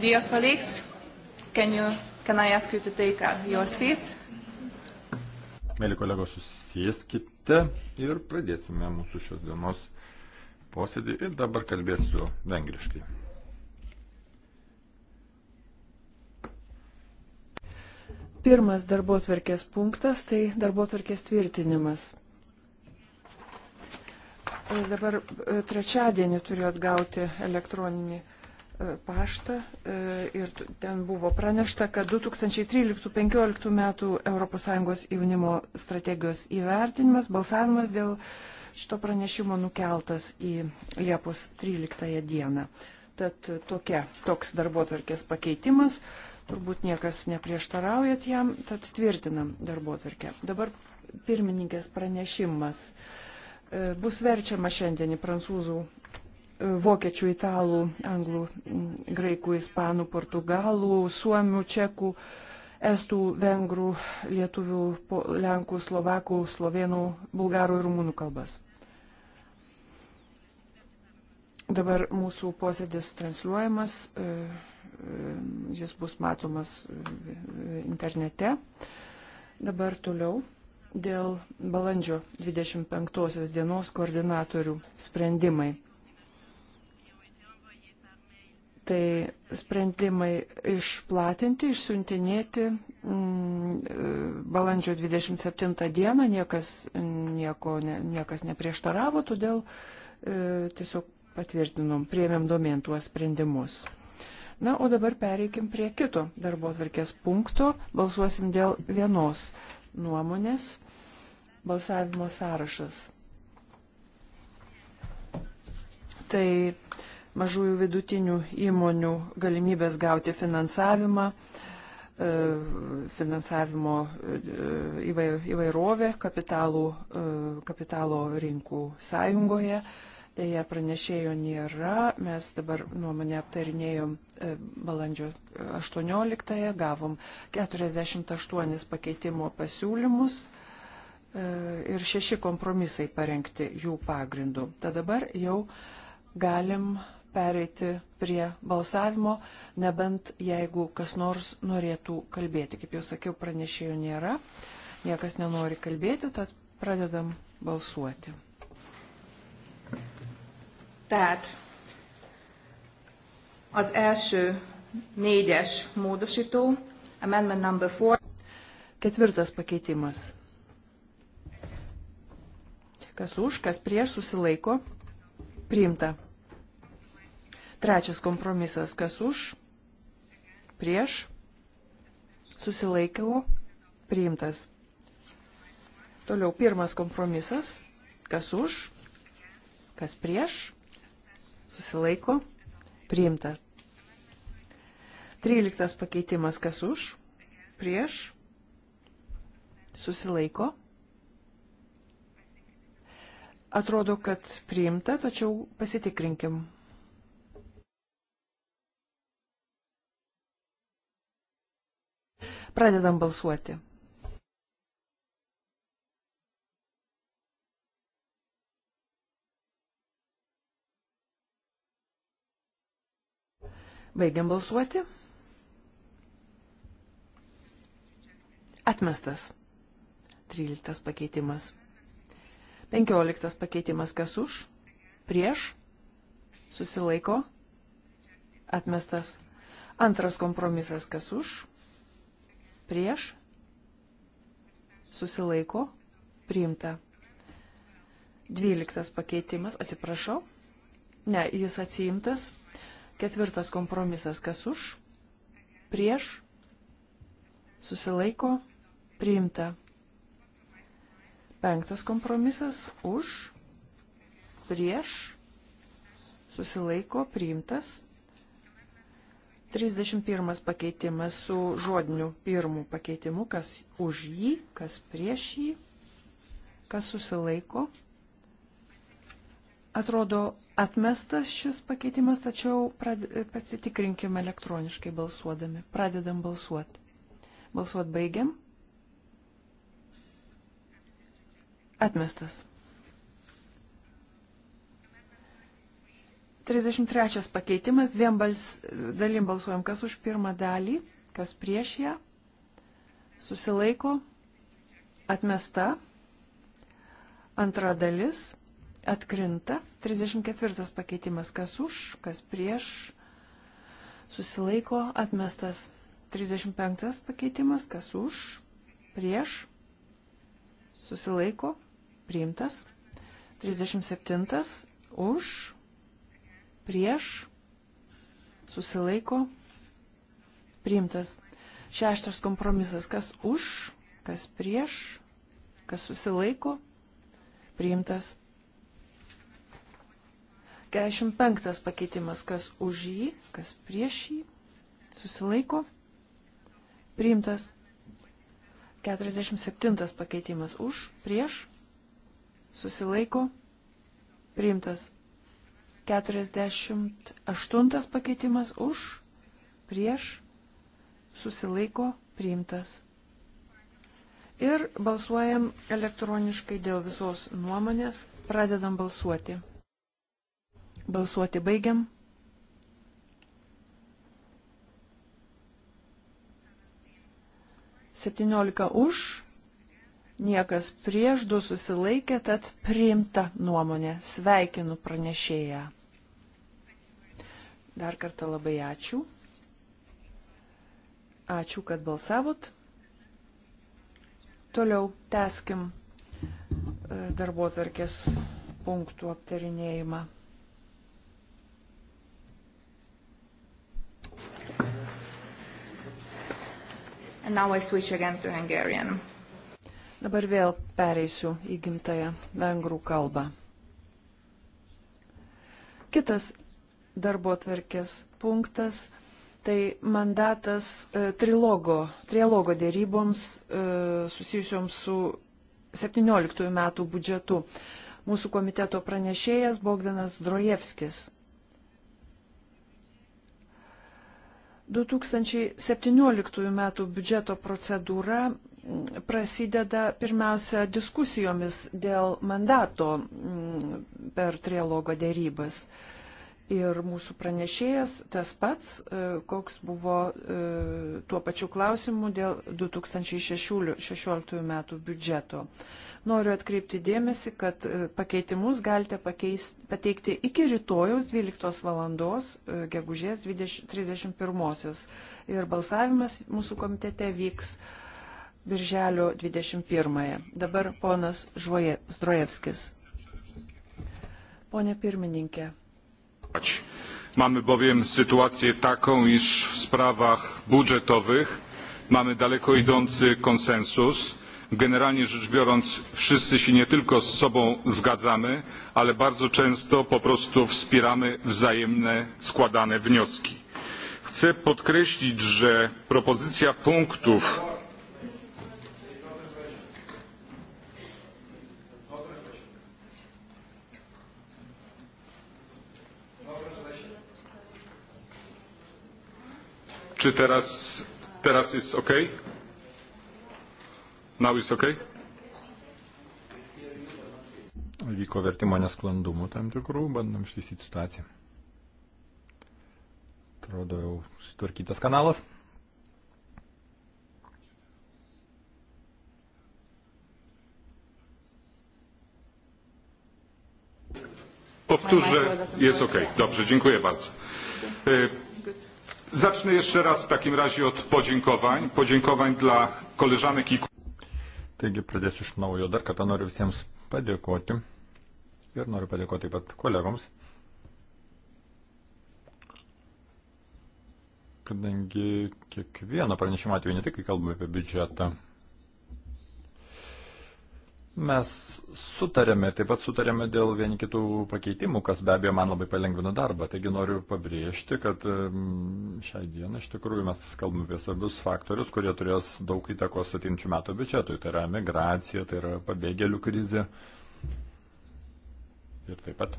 Dear colleagues, can, you, can I ask you to take up uh, your seats? Mėly kolegos, susėskite ir pradėsime mūsų šios dienos posėdį ir dabar kalbėsiu vengriškai. Pirmas darbo tvarkės punktas tai darbo tvarkės tvirtinimas. E, dabar e, trečiadienį turėjot gauti elektroninį e, paštą ir ten buvo pranešta, kad 2013-2015 metų ES jaunimo strategijos įvertinimas, balsavimas dėl šito pranešimo nukeltas į Liepos 13 dieną. Tad tokia, toks darbo tvarkės pakeitimas, turbūt niekas neprieštaraujat jam, tad tvirtinam darbo tvarkę. Dabar pirmininkės pranešimas. Uh, E, bus verčiama šiandien į prancūzų, e, vokiečių, italų, anglų, graikų, ispanų, portugalų, suomių, čekų, estų, vengrų, lietuvių, lenkų, slovakų, slovenų, bulgarų ir rumunų kalbas. Dabar mūsų posėdis transliuojamas, e, jis bus matomas internete. Dabar toliau dėl balandžio 25 dienos koordinatorių sprendimai. Tai sprendimai išplatinti, išsiuntinėti mm, balandžio 27 dieną, niekas, nieko, ne, niekas neprieštaravo, todėl e, tiesiog patvirtinom, priemėm domėn tuos sprendimus. Na, o dabar pereikim prie kito darbo atvarkės punkto. Balsuosim dėl vienos nuomonės. Balsavimo sąrašas. Tai mažųjų vidutinių įmonių galimybės gauti finansavimą, e, finansavimo e, įvairovė kapitalų, e, kapitalo rinkų sąjungoje. Mm Deja, pranešėjo nėra. Mes dabar nuomonę aptarinėjom e, balandžio 18-ąją, e, gavom 48 pakeitimo pasiūlymus e, ir šeši kompromisai parengti jų pagrindų. Tad dabar jau galim pereiti prie balsavimo, nebent jeigu kas nors norėtų kalbėti. Kaip jau sakiau, pranešėjų nėra, niekas nenori kalbėti, tad pradedam balsuoti. Tehát az első négyes módosító, amendment number four. Ketvirtas pakeitimas. Kas už, kas prieš susilaiko, priimta. Trečias kompromisas, kas už, prieš, susilaikalo, priimtas. Toliau pirmas kompromisas, kas už, kas prieš, susilaiko, priimta. 13 pakeitimas kas už, prieš, susilaiko. Atrodo, kad priimta, tačiau pasitikrinkim. Pradedam balsuoti. Baigiam balsuoti. Atmestas. 13 pakeitimas. 15 pakeitimas kas už, prieš, susilaiko, atmestas. Antras kompromisas kas už, prieš, susilaiko, priimta. 12 pakeitimas, atsiprašau. Ne, jis atsiimtas. Ketvirtas kompromisas, kas už, prieš, susilaiko, priimta. Penktas kompromisas, už, prieš, susilaiko, priimtas. 31 pakeitimas su žodiniu pirmu pakeitimu, kas už jį, kas prieš jį, kas susilaiko, priimtas Atrodo atmestas šis pakeitimas, tačiau prad... pasitikrinkim elektroniškai balsuodami. Pradedam balsuoti. Balsuot baigiam. Atmestas. 33 pakeitimas, dviem bals, dalim balsuojam, kas už pirmą dalį, kas prieš ją, susilaiko, atmesta, antra dalis, Atkrinta. 34 pakeitimas. Kas už, kas prieš. Susilaiko atmestas. 35 pakeitimas. Kas už, prieš. Susilaiko. Priimtas. 37 už, prieš. Susilaiko. Priimtas. Šeštas kompromisas. Kas už, kas prieš, kas susilaiko. Priimtas. 45 pakeitimas, kas už jį, kas prieš jį, susilaiko, priimtas. 47 pakeitimas už, prieš, susilaiko, priimtas. 48 pakeitimas už, prieš, susilaiko, priimtas. Ir balsuojam elektroniškai dėl visos nuomonės, pradedam balsuoti. Balsuoti baigiam. Septyniolika už, niekas prieš du susilaikė, tad priimta nuomonė. Sveikinu pranešėją. Dar kartą labai ačiū. Ačiū, kad balsavot. Toliau teskim e, darbo tvarkės punktų aptarinėjimą. And now I switch again to Hungarian. Dabar vėl pereisiu į gimtają vengrų kalbą. Kitas darbo tvarkės punktas - tai mandatas e, trilogo, trilogo dėryboms e, susijusioms su 17 metų biudžetu. Mūsų komiteto pranešėjas Bogdanas Drojevskis. 2017 m. biudžeto procedūra prasideda pirmiausia diskusijomis dėl mandato mm, per trialogo dėrybas. Ir mūsų pranešėjas tas pats, e, koks buvo e, tuo pačiu klausimu dėl 2016 metų biudžeto. Noriu atkreipti dėmesį, kad e, pakeitimus galite pakeis, pateikti iki rytojaus 12 valandos, e, gegužės 20, 31. Ir balsavimas mūsų komitete vyks birželio 21. Dabar ponas Žuoje Zdrojevskis. Pone pirmininkė. Ačiū. Mamy bowiem sytuację taką, iż w sprawach budżetowych mamy daleko idący konsensus generalnie rzecz biorąc wszyscy się nie tylko z sobą zgadzamy ale bardzo często po prostu wspieramy wzajemne składane wnioski. chcę podkreślić że propozycja punktów czy teraz, teraz jest ok? Now is okay? Vyko vertimo nesklandumų tam tikrų, bandom ištaisyti situaciją. Atrodo, jau sutvarkytas kanalas. Powtórzę. Jest ok. Dobrze, dziękuję bardzo. E, zacznę jeszcze raz w takim razie od podziękowań. Podziękowań dla koleżanek i Taigi pradėsiu iš naujo. Dar kartą noriu visiems padėkoti. Ir noriu padėkoti taip pat kolegoms. Kadangi kiekvieną pranešimą atveju ne tik, kai kalbame apie biudžetą, Mes sutarėme, taip pat sutarėme dėl vieni kitų pakeitimų, kas be abejo man labai palengvino darbą. Taigi noriu pabrėžti, kad mm, šiai dieną iš tikrųjų mes kalbame apie svarbius faktorius, kurie turės daug įtakos atinčių metų biudžetui. Tai yra migracija, tai yra pabėgėlių krizė. Ir taip pat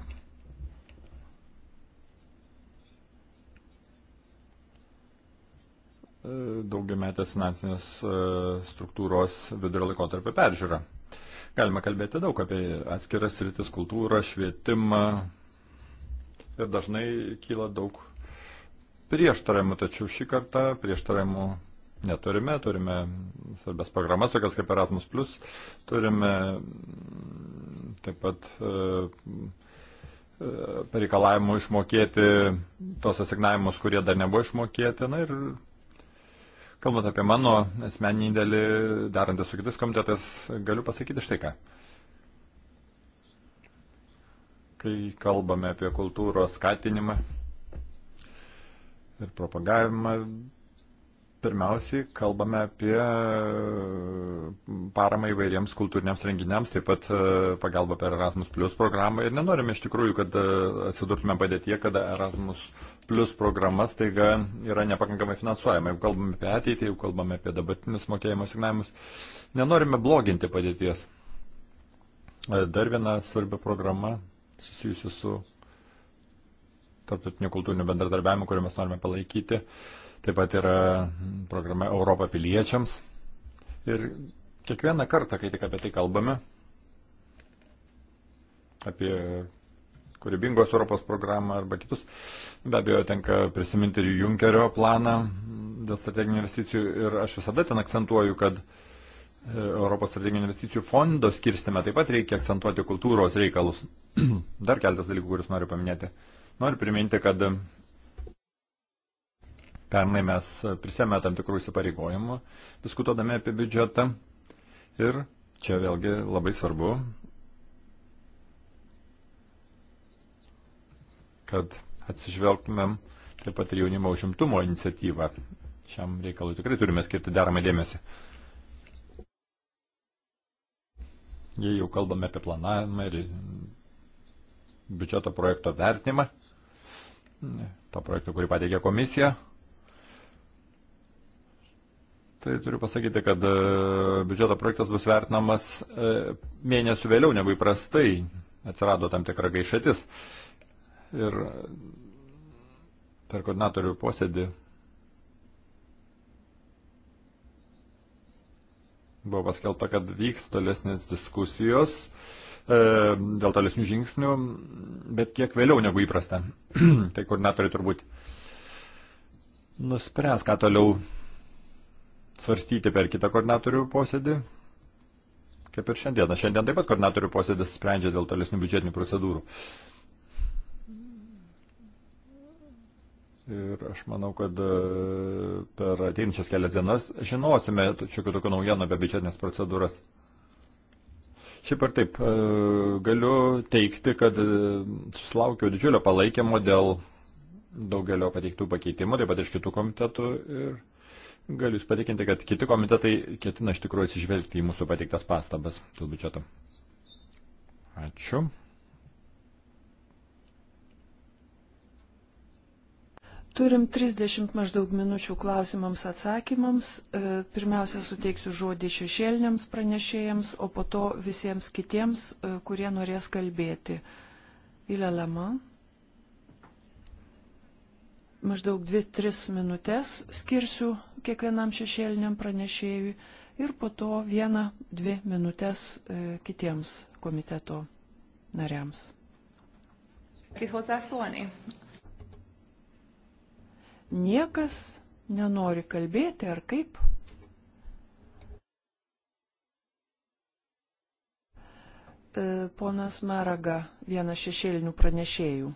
daugiametės finansinės e, struktūros vidurio laikotarpio peržiūra. Galima kalbėti daug apie atskiras rytis kultūrą, švietimą ir dažnai kyla daug prieštaravimų, tačiau šį kartą prieštaravimų neturime, turime svarbės programas, tokias kaip Erasmus, turime taip pat pareikalavimų e, e, išmokėti tos asignavimus, kurie dar nebuvo išmokėti. Na ir Kalbant apie mano asmeninį dėlį, darantį su kitais komitetais, galiu pasakyti štai ką. Kai kalbame apie kultūros skatinimą ir propagavimą, Pirmiausiai kalbame apie e, paramą įvairiems kultūriniams renginiams, taip pat e, pagalba per Erasmus Plus programą. Ir nenorime iš tikrųjų, kad e, atsidurtume padėtie, kada Erasmus Plus programa staiga yra nepakankamai finansuojama. Jau kalbame apie ateitį, jau kalbame apie dabartinius mokėjimo signavimus. Nenorime bloginti padėties. Dar viena svarbi programa susijusi su tarptautiniu kultūriniu bendradarbiavimu, kurį mes norime palaikyti. Uh, Taip pat yra programa Europa piliečiams. Ir kiekvieną kartą, kai tik apie tai kalbame, apie kūrybingos Europos programą arba kitus, be abejo, tenka prisiminti ir Junkerio planą dėl strateginių investicijų. Ir aš visada ten akcentuoju, kad e, Europos strateginių investicijų fondo skirstime taip pat reikia akcentuoti kultūros reikalus. Dar keltas dalykų, kuriuos noriu paminėti. Noriu priminti, kad Pernai mes prisėmė tam tikrų įsipareigojimų, diskutuodami apie biudžetą. Ir čia vėlgi labai svarbu, kad atsižvelgtumėm taip pat ir jaunimo užimtumo iniciatyvą. Šiam reikalui tikrai turime skirti deramą dėmesį. Jei jau kalbame apie planavimą ir biudžeto projekto vertinimą, to projekto, kurį pateikė komisija, Tai turiu pasakyti, kad e, biudžeto projektas bus vertinamas e, mėnesių vėliau negu įprastai. Atsirado tam tikra gaišatis. Ir per koordinatorių posėdį buvo paskelbta, kad vyks tolesnės diskusijos e, dėl tolesnių žingsnių, bet kiek vėliau negu įprasta. tai koordinatoriai turbūt nuspręs, ką toliau svarstyti per kitą koordinatorių posėdį, kaip ir šiandieną. Šiandien taip pat koordinatorių posėdis sprendžia dėl tolesnių biudžetinių procedūrų. Ir aš manau, kad e, per ateinančias kelias dienas žinosime šiokių tokių naujienų apie biudžetinės procedūras. Šiaip ar taip, e, galiu teikti, kad e, susilaukiau didžiulio palaikymo dėl daugelio pateiktų pakeitimų, taip pat iš kitų komitetų. Ir Galiu Jūs patikinti, kad kiti komitetai ketina iš tikrųjų atsižvelgti į mūsų pateiktas pastabas dėl biudžeto. Ačiū. Turim 30 maždaug minučių klausimams atsakymams. E, pirmiausia, suteiksiu žodį šešėliniams pranešėjams, o po to visiems kitiems, e, kurie norės kalbėti. Ilelema. Maždaug 2-3 minutės skirsiu kiekvienam šešėliniam pranešėjui ir po to vieną, dvi minutės e, kitiems komiteto nariams. Kit hozzászólni? Niekas nenori kalbėti, ar kaip? E, ponas Maraga, vienas šešėlinių pranešėjų.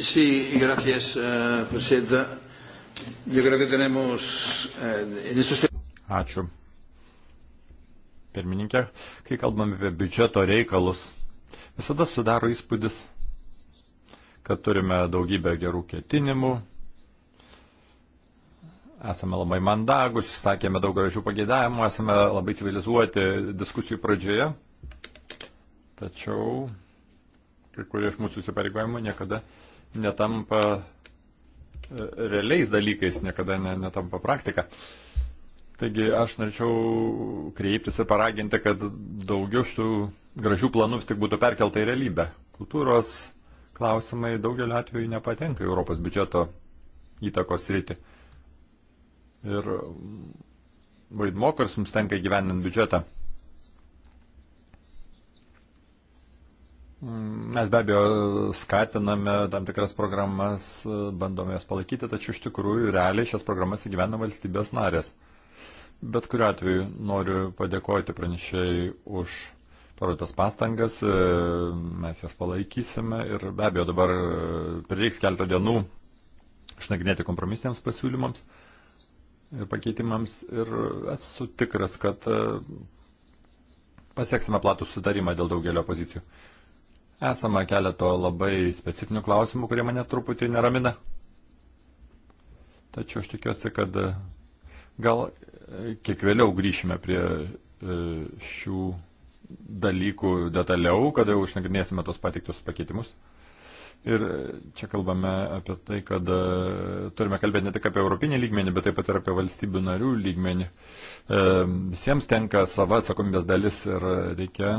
Sí, gracias, uh, presidenta. Eh, Ačiū. Pirmininkė, kai kalbam apie biudžeto reikalus, visada sudaro įspūdis, kad turime daugybę gerų ketinimų, esame labai mandagus, išsakėme daug gražių pagėdavimų, esame labai civilizuoti diskusijų pradžioje, tačiau kai kurie iš mūsų įsipareigojimų niekada netampa realiais dalykais, niekada ne, netampa praktika. Taigi aš norėčiau kreiptis ir paraginti, kad daugiau šių gražių planų vis tik būtų perkelta į realybę. Kultūros klausimai daugeliu atveju nepatenka į Europos biudžeto įtakos rytį. Ir vaidmo, kuris mums tenka gyvenant biudžetą. Mes be abejo skatiname tam tikras programas, bandome jas palaikyti, tačiau iš tikrųjų realiai šias programas įgyvena valstybės narės. Bet kuriu atveju noriu padėkoti pranešėjai už parodytas pastangas, e, mes jas palaikysime ir be abejo dabar e, prireiks keletą dienų išnagrinėti kompromisiniams pasiūlymams ir pakeitimams ir esu tikras, kad e, pasieksime platų sutarimą dėl daugelio pozicijų. Esama keleto labai specifinių klausimų, kurie mane truputį neramina. Tačiau aš tikiuosi, kad e, gal e, kiek vėliau grįšime prie e, šių dalykų detaliau, kada jau išnagrinėsime tos patiktus pakeitimus. Ir čia kalbame apie tai, kad turime kalbėti ne tik apie europinį lygmenį, bet taip pat ir apie valstybių narių lygmenį. Visiems tenka sava atsakomybės dalis ir reikia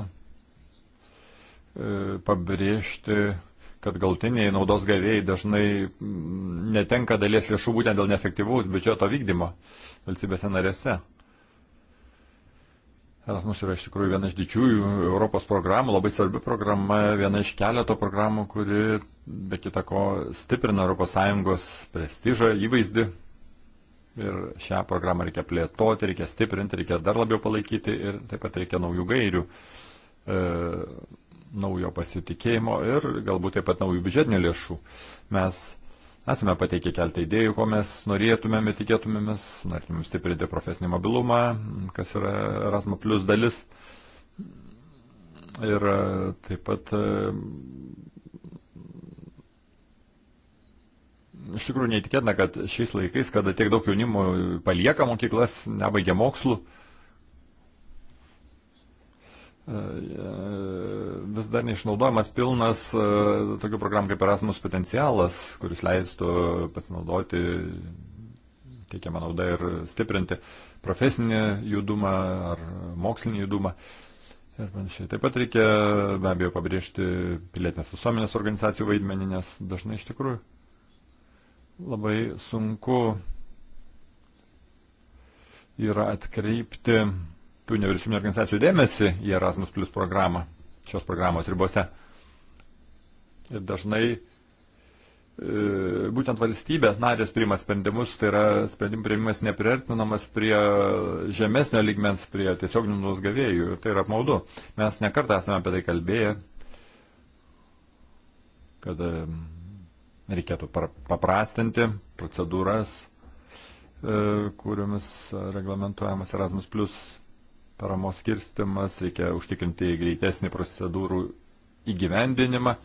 E, pabrėžti, kad galtiniai naudos gavėjai dažnai mm, netenka dalies lėšų būtent dėl neefektyvaus biudžeto vykdymo valstybėse narėse. Erasmus yra iš tikrųjų viena iš didžiųjų Europos programų, labai svarbi programa, viena iš keleto programų, kuri be kita ko stiprina ES prestižą, įvaizdį. Ir šią programą reikia plėtoti, reikia stiprinti, reikia dar labiau palaikyti ir taip pat reikia naujų gairių. E, naujo pasitikėjimo ir galbūt taip pat naujų biudžetinių lėšų. Mes esame pateikę keltą idėjų, ko mes norėtumėme, tikėtumėmės, norėtumėm stiprinti profesinį mobilumą, kas yra Erasmus Plus dalis. Ir e, taip pat e, iš tikrųjų neįtikėtina, kad šiais laikais, kada tiek daug jaunimų palieka mokyklas, nebaigia mokslų, vis dar neišnaudojamas pilnas e, tokių programų kaip Erasmus potencialas, kuris leistų pasinaudoti teikiamą naudą ir stiprinti profesinį judumą ar mokslinį judumą. Ir panašiai. Taip pat reikia be abejo pabrėžti pilietinės visuomenės organizacijų vaidmenį, nes dažnai iš tikrųjų labai sunku yra atkreipti tų nevyriausybinio organizacijų dėmesį į Erasmus Plus programą šios programos ribose. Ir dažnai e, būtent valstybės narės priima sprendimus, tai yra sprendimų priimimas nepriartinamas prie žemesnio ligmens, prie tiesioginių naudos gavėjų. Tai yra apmaudu. Mes nekartą esame apie tai kalbėję, kad e, reikėtų paprastinti procedūras, e, kuriomis reglamentuojamas Erasmus Plus paramos skirstimas, reikia užtikrinti greitesnį procedūrų įgyvendinimą.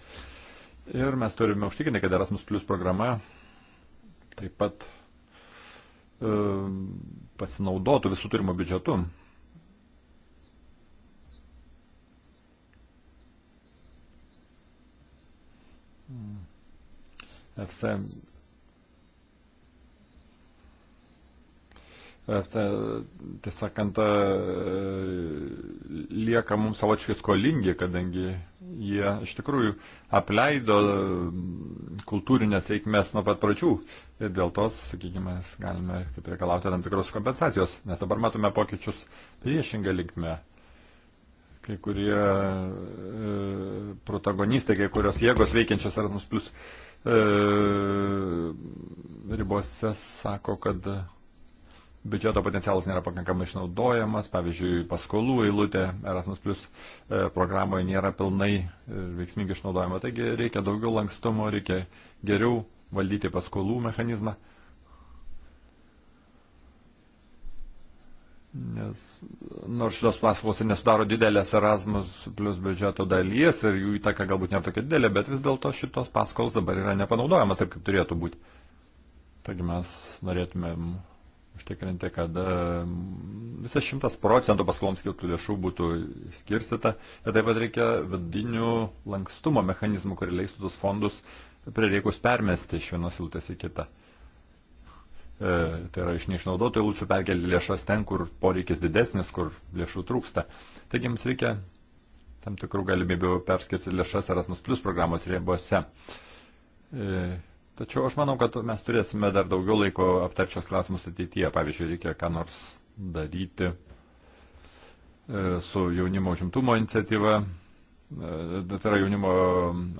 Ir mes turime užtikrinti, kad Erasmus Plus programa taip pat e, pasinaudotų visų turimo biudžetu. Hmm. FC E, tiesąkant, e, lieka mums savačiai skolingi, kadangi jie iš tikrųjų apleido kultūrinės reikmes nuo pat pradžių. Ir dėl tos, sakykime, galime kaip reikalauti tam tikros kompensacijos, nes dabar matome pokyčius priešingą linkmę. Kai kurie e, protagonistai, kai kurios jėgos veikiančios Erasmus Plus e, ribose sako, kad biudžeto potencialas nėra pakankamai išnaudojamas, pavyzdžiui, paskolų eilutė Erasmus Plus e, programoje nėra pilnai e, veiksmingai išnaudojama, taigi reikia daugiau lankstumo, reikia geriau valdyti paskolų mechanizmą. Nes nors šitos paskolos ir nesudaro didelės Erasmus plus biudžeto dalies ir jų įtaka galbūt nėra tokia didelė, bet vis dėlto šitos paskolos dabar yra nepanaudojamas taip, kaip turėtų būti. Taigi mes norėtumėm užtikrinti, kad e, visas šimtas procentų paskoloms skirtų lėšų būtų skirstita. Ir taip pat reikia vidinių lankstumo mechanizmų, kurie leistų tus fondus prireikus permesti iš vienos eilutės į kitą. E, tai yra iš neišnaudotų eilučių perkelti lėšas ten, kur poreikis didesnis, kur lėšų trūksta. Taigi jums reikia tam tikrų galimybių perskirti lėšas Erasmus Plus programos rėbose. E, Tačiau aš manau, kad mes turėsime dar daugiau laiko aptarčios klausimus ateityje. Pavyzdžiui, reikia ką nors daryti e, su jaunimo užimtumo iniciatyva. E, tai yra jaunimo,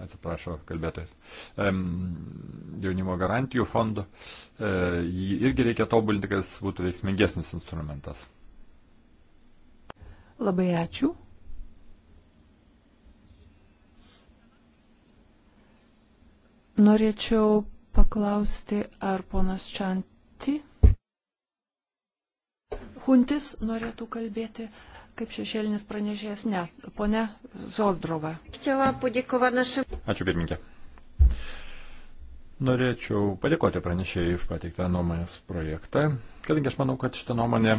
atsiprašau, kalbėtojas, jaunimo garantijų fondo. E, jį irgi reikia tobulinti, kad jis būtų veiksmingesnis instrumentas. Labai ačiū. Norėčiau paklausti, ar ponas Čanti. Huntis norėtų kalbėti kaip šešėlinis pranešėjas. Ne, ponia Zoldrova. Ačiū, pirmininkė. Norėčiau padėkoti pranešėjai už pateiktą nuomonės projektą, kadangi aš manau, kad šitą nuomonę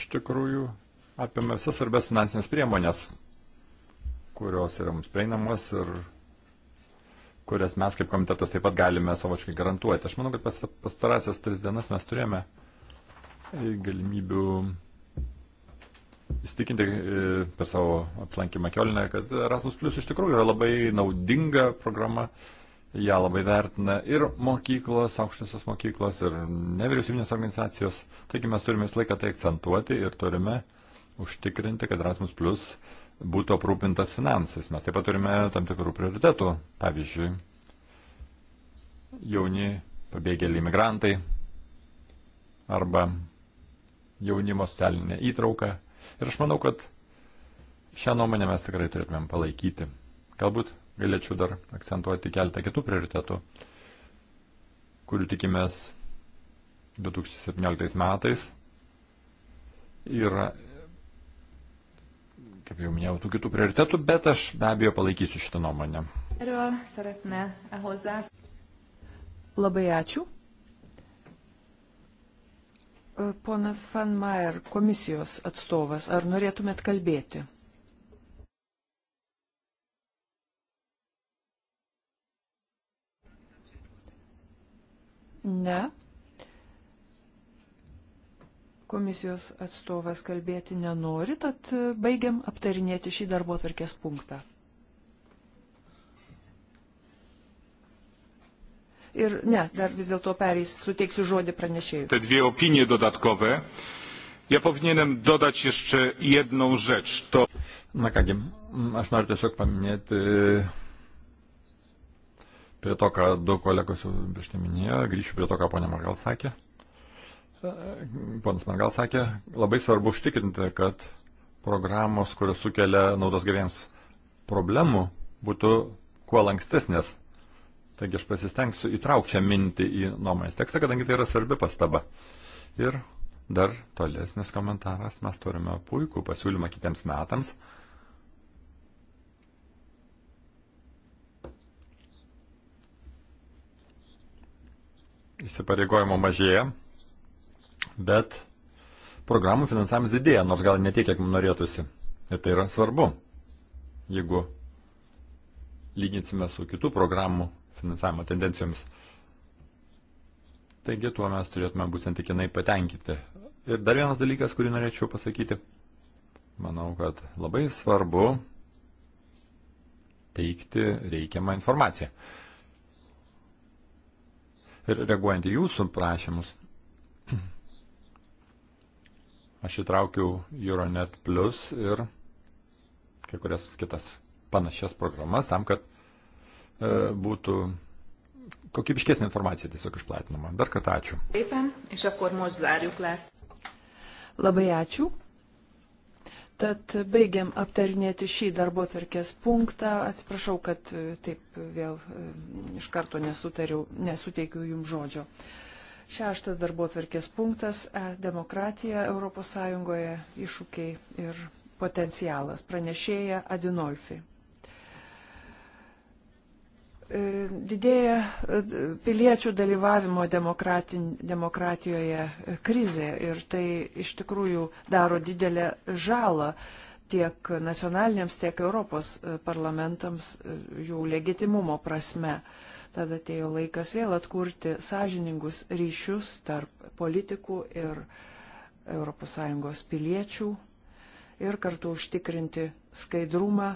iš tikrųjų apima visas svarbės finansinės priemonės, kurios yra mums prieinamos ir kurias mes kaip komitetas taip pat galime savočiai garantuoti. Aš manau, kad pastarąsias tris dienas mes turėjome e, galimybių įstikinti e, per savo aplankymą Kiolinę, kad Erasmus Plus iš tikrųjų yra labai naudinga programa, ją labai vertina ir mokyklos, aukštosios mokyklos, ir nevyriausybinės organizacijos. Taigi mes turime visą laiką tai akcentuoti ir turime užtikrinti, kad Erasmus Plus uh, būtų aprūpintas finansais. Mes taip pat turime tam tikrų prioritetų. Pavyzdžiui, jauni pabėgėliai migrantai arba jaunimo socialinė įtrauka. Ir aš manau, kad šią nuomonę mes tikrai turėtumėm palaikyti. Galbūt galėčiau dar akcentuoti keletą kitų prioritetų, kurių tikimės 2017 metais. Ir kaip jau minėjau, tų kitų prioritetų, bet aš be abejo palaikysiu šitą nuomonę. Labai ačiū. E, ponas Van Mayer, komisijos atstovas, ar norėtumėt kalbėti? Ne komisijos atstovas kalbėti nenori, tad e, baigiam aptarinėti šį darbo tvarkės punktą. Ir ne, dar vis dėlto pereis, suteiksiu žodį pranešėjui. Te dwie opinie dodatkowe. Ja powinienem dodać jeszcze jedną rzecz. To... Na kągi, aš noriu tiesiog paminėti e, prie to, ką du kolegos jau prieš tai minėjo, grįšiu prie to, ką ponia Margal sakė. Ponas man gal sakė, labai svarbu užtikrinti, kad programos, kurios sukelia naudos gavėjams problemų, būtų kuo lankstesnės. Taigi aš pasistengsiu įtraukti šią mintį į nuomonės tekstą, kadangi tai yra svarbi pastaba. Ir dar tolesnis komentaras, mes turime puikų pasiūlymą kitiems metams. Įsipareigojimo mažėja, bet programų finansavimas didėja, nors gal ne tiek, kiek norėtųsi. Ir tai yra svarbu, jeigu lyginsime su kitų programų finansavimo tendencijomis. Taigi tuo mes turėtume būti santykinai patenkinti. Ir dar vienas dalykas, kurį norėčiau pasakyti. Manau, kad labai svarbu teikti reikiamą informaciją. Ir reaguojant į jūsų prašymus, Aš įtraukiau Euronet Plus ir kai kurias kitas panašias programas tam, kad e, būtų kokybiškesnė informacija tiesiog išplatinama. Dar kartą ačiū. Labai ačiū. Tad baigiam aptarinėti šį darbo tvarkės punktą. Atsiprašau, kad taip vėl e, iš karto nesuteikiu jums žodžio. Šeštas darbo atvarkės punktas - e. demokratija ES iššūkiai ir potencialas. Pranešėja Adinolfi. E, didėja e, piliečių dalyvavimo demokratijoje krizė ir tai iš tikrųjų daro didelę žalą tiek nacionaliniams, tiek Europos parlamentams jų legitimumo prasme. Uh, Tad atėjo laikas vėl atkurti sąžiningus ryšius tarp politikų ir ES piliečių ir kartu užtikrinti skaidrumą,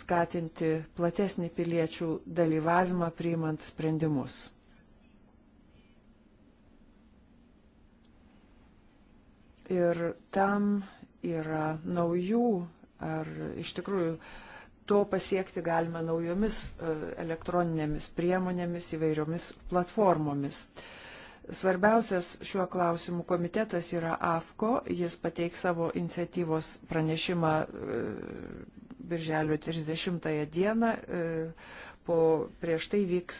skatinti platesnį piliečių dalyvavimą priimant sprendimus. Ir tam yra naujų ar iš tikrųjų to pasiekti galima naujomis e, elektroninėmis priemonėmis, įvairiomis platformomis. Svarbiausias šiuo klausimu komitetas yra AFKO, jis pateiks savo iniciatyvos pranešimą e, Birželio 30 dieną, e, po prieš tai vyks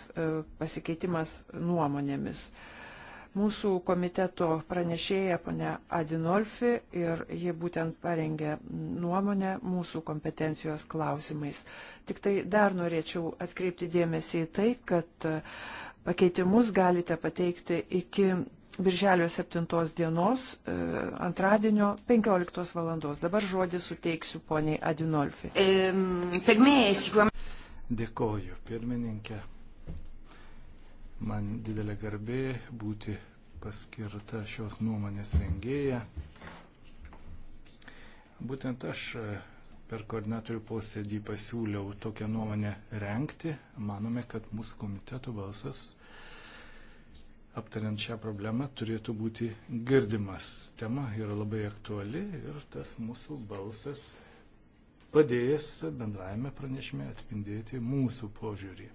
pasikeitimas nuomonėmis mūsų komiteto pranešėja ponia Adinolfi ir ji būtent parengė nuomonę mūsų kompetencijos klausimais. Tik tai dar norėčiau atkreipti dėmesį į tai, kad e, pakeitimus galite pateikti iki Birželio 7 dienos, e, antradienio 15 valandos. Dabar žodį suteiksiu poniai Adinolfi. Dėkoju, pirmininkė. Man didelė garbė būti paskirta šios nuomonės rengėja. Būtent aš e, per koordinatorių posėdį pasiūliau tokią nuomonę renkti. Manome, kad mūsų komiteto balsas, aptariant šią problemą, turėtų būti girdimas. Tema yra labai aktuali ir tas mūsų balsas padės bendrajame pranešime atspindėti mūsų požiūrį.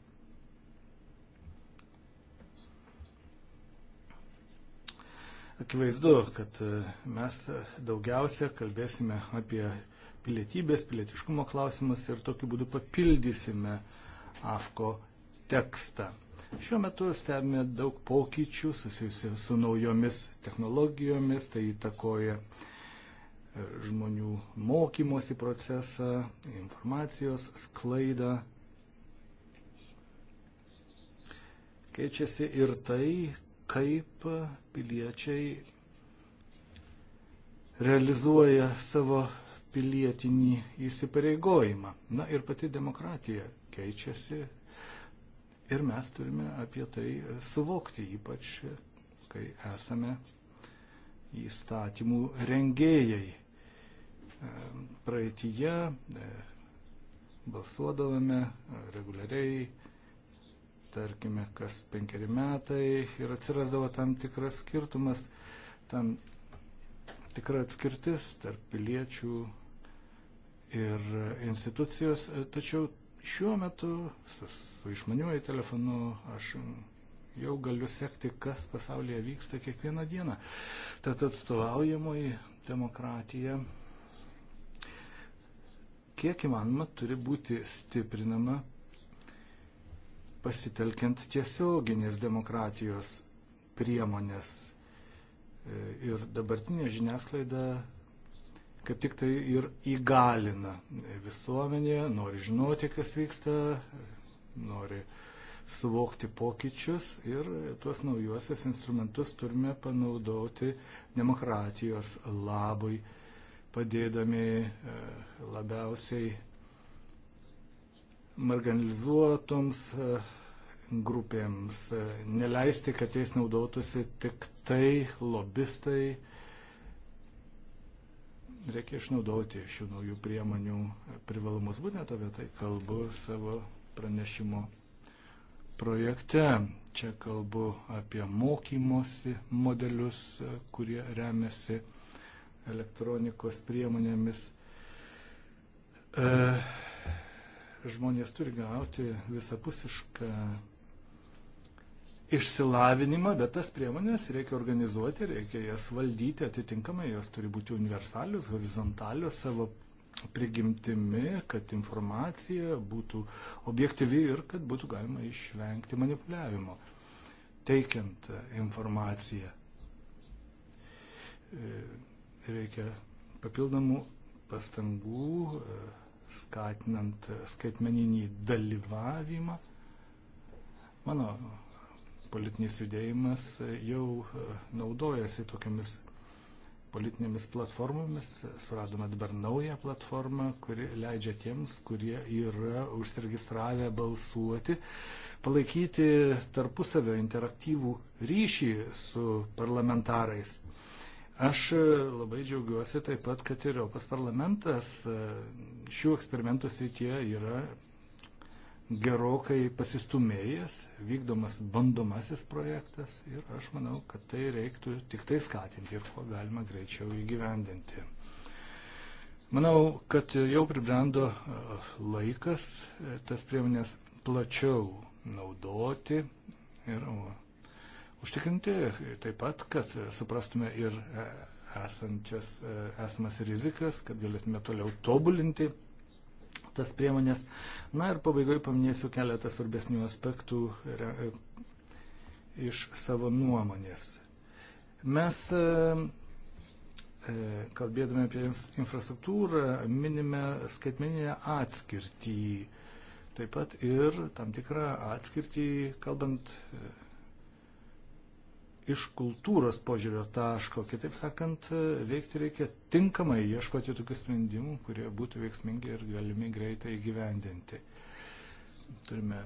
Akivaizdu, kad e, mes e, daugiausia kalbėsime apie pilietybės, pilietiškumo klausimus ir tokiu būdu papildysime AFKO tekstą. Šiuo metu stebime daug pokyčių susijusių su naujomis technologijomis, tai įtakoja e, žmonių mokymosi procesą, informacijos sklaidą. Keičiasi ir tai, kaip piliečiai realizuoja savo pilietinį įsipareigojimą. Na ir pati demokratija keičiasi ir mes turime apie tai suvokti, ypač kai esame įstatymų rengėjai. Ehm, Praeitįje e, balsuodavome reguliariai tarkime, kas penkeri metai ir atsirasdavo tam tikras skirtumas, tam tikra atskirtis tarp piliečių ir institucijos. Tačiau šiuo metu su, su išmaniuoju telefonu aš jau galiu sekti, kas pasaulyje vyksta kiekvieną dieną. Tad atstovaujamoji demokratija kiek įmanoma turi būti stiprinama pasitelkiant tiesioginės demokratijos priemonės. E, ir dabartinė žiniasklaida kaip tik tai ir įgalina visuomenė, nori žinoti, kas vyksta, nori suvokti pokyčius ir tuos naujuosius instrumentus turime panaudoti demokratijos labui, padėdami e, labiausiai marginalizuotoms e, grupėms, e, neleisti, kad jais naudotųsi tik tai lobistai. Reikia išnaudoti šių naujų priemonių privalumus. Būtent apie tai kalbu savo pranešimo projekte. Čia kalbu apie mokymosi modelius, e, kurie remiasi elektronikos priemonėmis. E, žmonės turi gauti visapusišką išsilavinimą, bet tas priemonės reikia organizuoti, reikia jas valdyti atitinkamai, jos turi būti universalius, horizontalius savo prigimtimi, kad informacija būtų objektyvi ir kad būtų galima išvengti manipuliavimo, teikiant informaciją. E, reikia papildomų pastangų e, skatinant skaitmeninį dalyvavimą. Mano politinis judėjimas jau e, naudojasi tokiamis politinėmis platformomis. Suradome dabar naują platformą, kuri leidžia tiems, kurie yra užsiregistravę balsuoti, palaikyti tarpusavio interaktyvų ryšį su parlamentarais. Aš e, labai džiaugiuosi taip pat, kad ir Europos parlamentas e, šių eksperimentų srityje yra gerokai pasistumėjęs, vykdomas bandomasis projektas ir aš manau, kad tai reiktų tik tai skatinti ir kuo galima greičiau įgyvendinti. Manau, kad jau pribrendo e, laikas tas priemonės plačiau naudoti ir užtikrinti taip pat, kad suprastume ir e, esančias, e, esamas rizikas, kad galėtume toliau tobulinti tas priemonės. Na ir pabaigoje paminėsiu keletą svarbesnių aspektų e, iš savo nuomonės. Mes kalbėdami apie infrastruktūrą, minime skaitmeninę atskirtį, taip pat ir tam tikrą atskirtį, kalbant iš kultūros požiūrio taško. Kitaip sakant, veikti reikia tinkamai ieškoti tokių sprendimų, kurie būtų veiksmingi ir galimi greitai įgyvendinti. Turime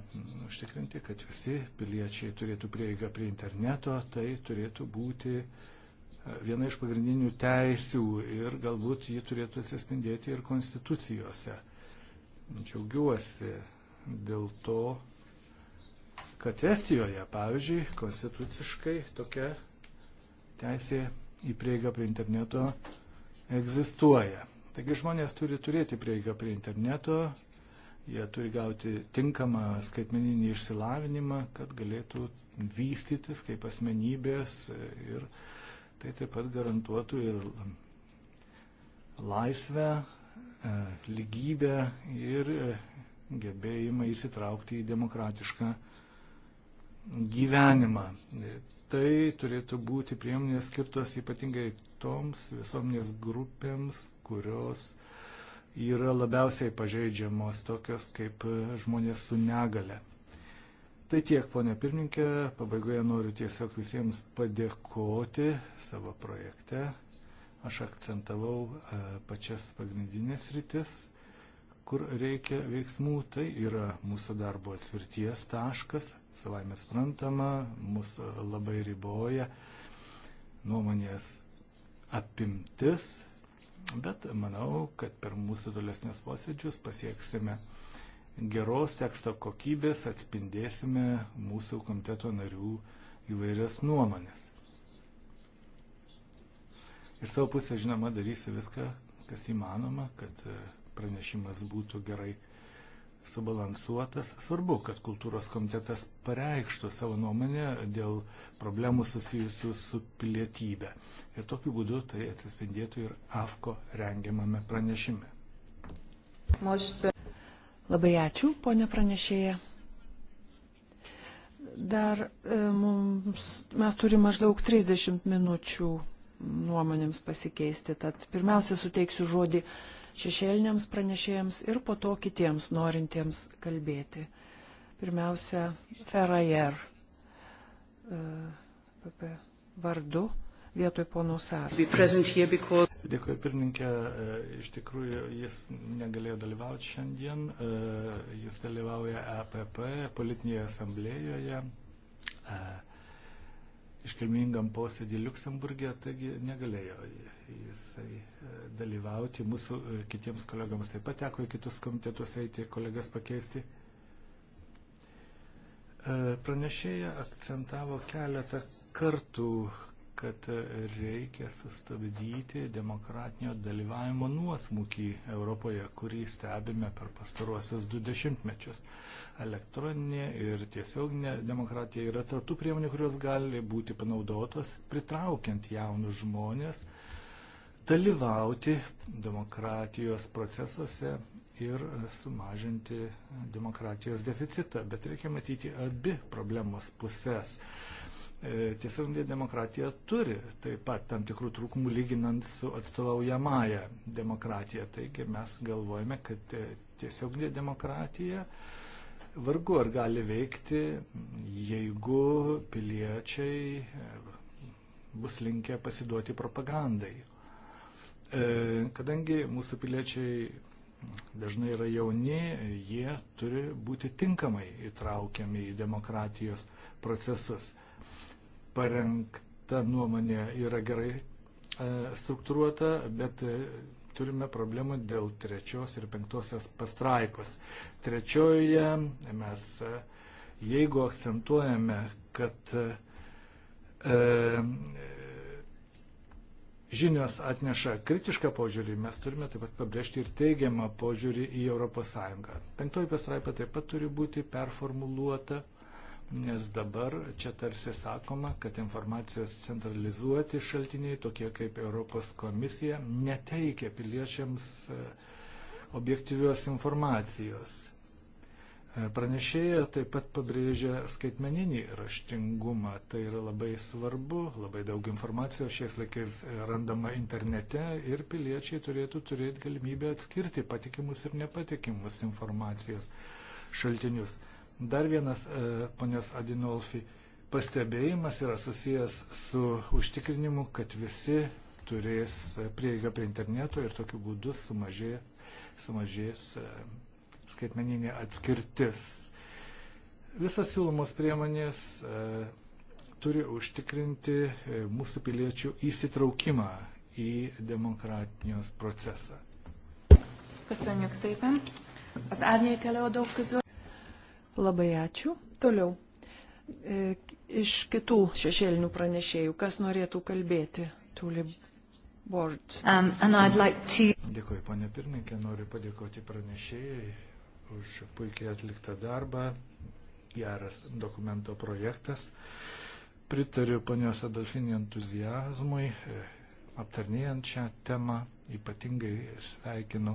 užtikrinti, kad visi piliečiai turėtų prieigą prie interneto, tai turėtų būti e, viena iš pagrindinių teisių ir galbūt ji turėtų atsispindėti ir konstitucijose. Džiaugiuosi dėl to, kad Estijoje, pavyzdžiui, konstituciškai tokia teisė į prieigą prie interneto egzistuoja. Taigi žmonės turi turėti prieigą prie interneto, jie turi gauti tinkamą skaitmeninį išsilavinimą, kad galėtų vystytis kaip asmenybės ir tai taip pat garantuotų ir laisvę, e, lygybę ir e, gebėjimą įsitraukti į demokratišką gyvenimą. Tai turėtų būti priemonės skirtos ypatingai toms visuomenės grupėms, kurios yra labiausiai pažeidžiamos, tokios kaip žmonės su negale. Tai tiek, ponė pirmininkė, pabaigoje noriu tiesiog visiems padėkoti savo projekte. Aš akcentavau e, pačias pagrindinės rytis kur reikia veiksmų, tai yra mūsų darbo atsvirties taškas, savaime suprantama, mus labai riboja nuomonės apimtis, bet manau, kad per mūsų tolesnės posėdžius pasieksime geros teksto kokybės, atspindėsime mūsų komiteto narių įvairias nuomonės. Ir savo pusę, žinoma, darysiu viską, kas įmanoma, kad pranešimas būtų gerai subalansuotas. Svarbu, kad kultūros komitetas pareikštų savo nuomonę dėl problemų susijusių su pilietybė. Ir tokiu būdu tai atsispindėtų ir AFKO rengiamame pranešime. Labai ačiū, ponė pranešėja. Dar e, mums, mes turime maždaug 30 minučių nuomonėms pasikeisti, tad pirmiausia suteiksiu žodį šešėliniams pranešėjams ir po to kitiems norintiems kalbėti. Pirmiausia, Ferrajer e, vardu vietoj pono Saro. Dėkui, pirmininkė. E, iš tikrųjų, jis negalėjo dalyvauti šiandien. E, jis dalyvauja APP politinėje asamblėjoje iškilmingam posėdį Luksemburgė, taigi negalėjo jisai e, dalyvauti. Mūsų e, kitiems kolegams taip pat teko į kitus komitetus eiti, kolegas pakeisti. E, pranešėja akcentavo keletą kartų, kad reikia sustabdyti demokratinio dalyvavimo nuosmukį Europoje, kurį stebime per pastaruosius du dešimtmečius. Elektroninė ir tiesioginė demokratija yra tarptų priemonių, kurios gali būti panaudotos pritraukiant jaunus žmonės dalyvauti demokratijos procesuose ir sumažinti demokratijos deficitą. Bet reikia matyti abi problemos pusės. E, tiesioginė demokratija turi taip pat tam tikrų trūkumų lyginant su atstovaujamąją demokratiją. Taigi mes galvojame, kad e, tiesioginė demokratija vargu ar gali veikti, jeigu piliečiai e, bus linkę pasiduoti propagandai. E, kadangi mūsų piliečiai dažnai yra jauni, jie turi būti tinkamai įtraukiami į demokratijos procesus. Parengta nuomonė yra gerai e, struktūruota, bet e, turime problemų dėl trečios ir penktosios pastraipos. Trečiojoje mes, jeigu akcentuojame, kad e, žinios atneša kritišką požiūrį, mes turime taip pat pabrėžti ir teigiamą požiūrį į ES. Penktoji pasraipa taip pat turi būti performuluota, nes dabar čia tarsi sakoma, kad informacijos centralizuoti šaltiniai, tokie kaip Europos komisija, neteikia piliečiams e, objektyvios informacijos. Pranešėja taip pat pabrėžia skaitmeninį raštingumą. Tai yra labai svarbu, labai daug informacijos šiais laikais randama internete ir piliečiai turėtų turėti galimybę atskirti patikimus ir nepatikimus informacijos šaltinius. Dar vienas e, ponios Adinolfi pastebėjimas yra susijęs su užtikrinimu, kad visi turės prieigą prie interneto ir tokiu būdu sumažės, sumažės e, skaitmeninė atskirtis. Visas siūlomos priemonės e, turi užtikrinti e, mūsų piliečių įsitraukimą į demokratijos procesą. Köszönjük szépen! Az árnyék előadók közül. Labai ačiū. Toliau. E, iš kitų šešėlinių pranešėjų, kas norėtų kalbėti? Tuli Board. Um, like to... Dėkui, ponė pirmininkė, noriu padėkoti pranešėjai už puikiai atliktą darbą. Geras dokumento projektas. Pritariu ponios Adolfinį entuzijazmui, e, aptarnėjant šią temą, ypatingai sveikinu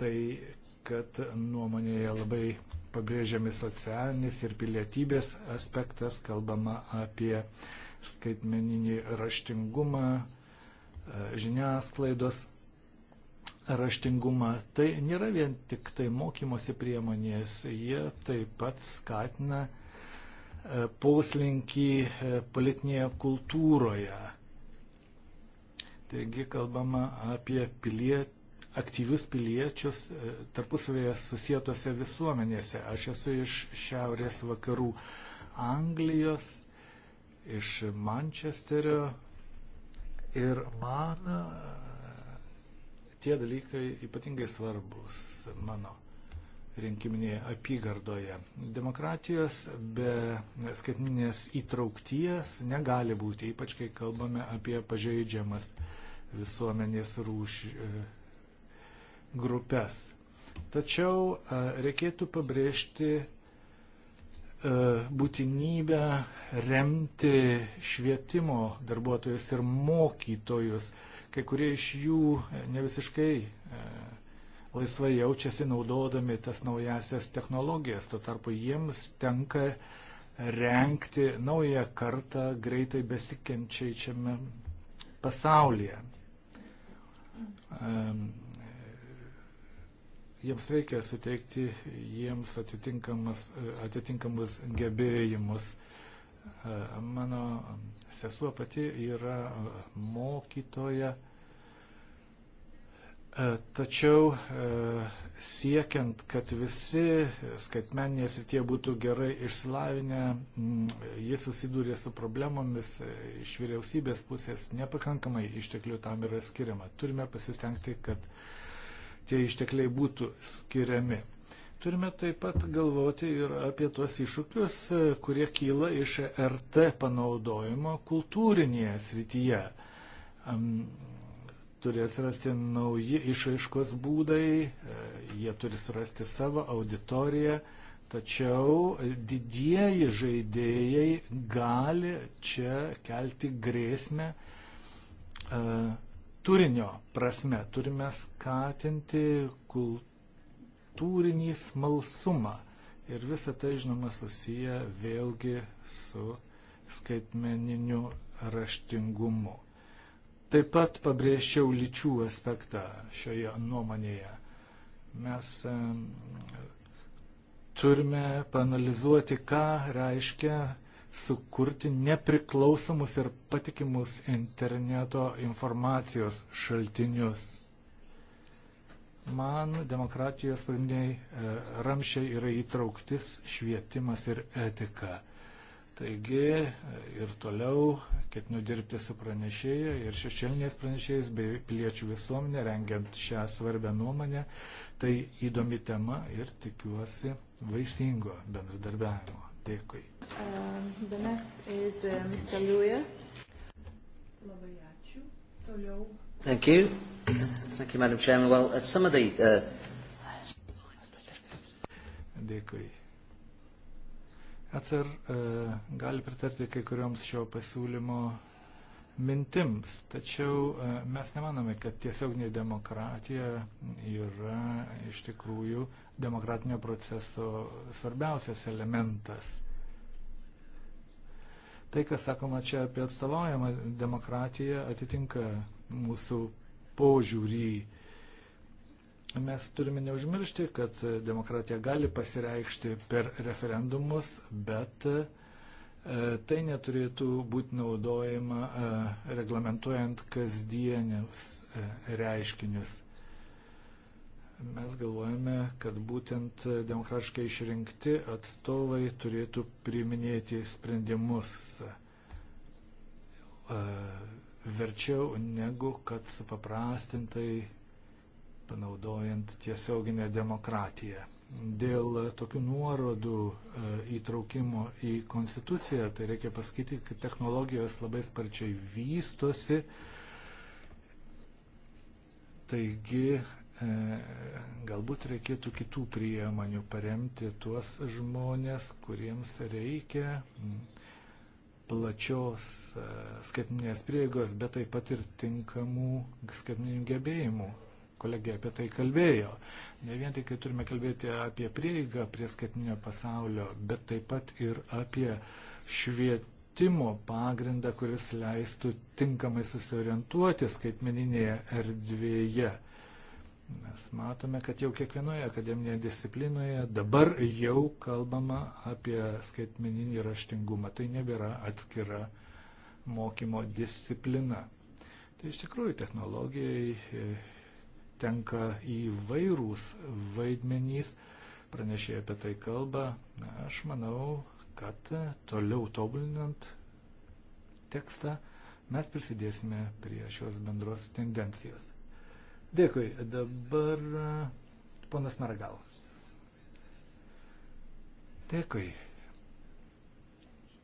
tai, kad nuomonėje labai pabrėžiami socialinis ir pilietybės aspektas, kalbama apie skaitmeninį raštingumą, e, žiniasklaidos raštingumą. Tai nėra vien tik tai mokymosi priemonės, jie taip pat skatina e, poslinkį e, politinėje kultūroje. Taigi kalbama apie piliet, aktyvius piliečius e, tarpusavėje susijėtose visuomenėse. Aš esu iš šiaurės vakarų Anglijos, iš Mančesterio ir man Tie dalykai ypatingai svarbus mano rinkiminėje apygardoje. Demokratijos be skaitminės įtraukties negali būti, ypač kai kalbame apie pažeidžiamas visuomenės rūš e, grupės. Tačiau e, reikėtų pabrėžti e, būtinybę remti švietimo darbuotojus ir mokytojus, Kai kurie iš jų e, ne visiškai e, laisvai jaučiasi naudodami tas naujasias technologijas, tuo tarpu jiems tenka renkti naują kartą greitai besikenčiaičiame pasaulyje. Jiems reikia suteikti jiems atitinkamus, e, atitinkamus gebėjimus. Mano sesuo pati yra mokytoja E, tačiau e, siekiant, kad visi skaitmeninėje srityje būtų gerai išsilavinę, jie susidūrė su problemomis e, iš vyriausybės pusės, nepakankamai išteklių tam yra skiriama. Turime pasistengti, kad tie ištekliai būtų skiriami. Turime taip pat galvoti ir apie tuos iššūkius, kurie kyla iš RT panaudojimo kultūrinėje srityje turės rasti nauji išaiškos būdai, e, jie turi surasti savo auditoriją, tačiau didieji žaidėjai gali čia kelti grėsmę e, turinio prasme. Turime skatinti kultūrinį smalsumą ir visa tai, žinoma, susiję vėlgi su skaitmeniniu raštingumu. Taip pat pabrėžčiau lyčių aspektą šioje nuomonėje. Mes turime panalizuoti, ką reiškia sukurti nepriklausomus ir patikimus interneto informacijos šaltinius. Man demokratijos pagrindiniai e, ramšiai yra įtrauktis, švietimas ir etika. Taigi ir toliau ketinu dirbti su pranešėja ir šešėliniais pranešėjais bei piliečių visuomenė, rengiant šią svarbę nuomonę. Tai įdomi tema ir tikiuosi vaisingo bendradarbiavimo. Dėkui. Um, is, uh, Labai ačiū. Toliau. Thank you. Thank you, Madam Chairman. Well, uh, some of the... Uh... Dėkui. Atsar e, gali pritarti kai kurioms šio pasiūlymo mintims, tačiau e, mes nemanome, kad tiesioginė demokratija yra iš tikrųjų demokratinio proceso svarbiausias elementas. Tai, kas sakoma čia apie atstovaujamą demokratiją, atitinka mūsų požiūrį mes turime neužmiršti, kad demokratija gali pasireikšti per referendumus, bet e, tai neturėtų būti naudojama e, reglamentuojant kasdienius e, reiškinius. Mes galvojame, kad būtent demokratiškai išrinkti atstovai turėtų priiminėti sprendimus verčiau negu kad supaprastintai panaudojant tiesioginę demokratiją. Dėl tokių nuorodų e, įtraukimo į konstituciją, tai reikia pasakyti, kad technologijos labai sparčiai vystosi. Taigi e, galbūt reikėtų kitų priemonių paremti tuos žmonės, kuriems reikia plačios e, skaitinės prieigos, bet taip pat ir tinkamų skaitinių gebėjimų kolegė apie tai kalbėjo. Ne vien tik tai turime kalbėti apie prieigą prie skaitinio pasaulio, bet taip pat ir apie švietimo pagrindą, kuris leistų tinkamai susiorientuoti skaitmeninėje erdvėje. Mes matome, kad jau kiekvienoje akademinėje disciplinoje dabar jau kalbama apie skaitmeninį raštingumą. Tai nebėra atskira mokymo disciplina. Tai iš tikrųjų technologijai tenka įvairūs vaidmenys, pranešėjai apie tai kalba. Aš manau, kad toliau tobulinant tekstą mes prisidėsime prie šios bendros tendencijos. Dėkui. Dabar ponas Margal. Dėkui.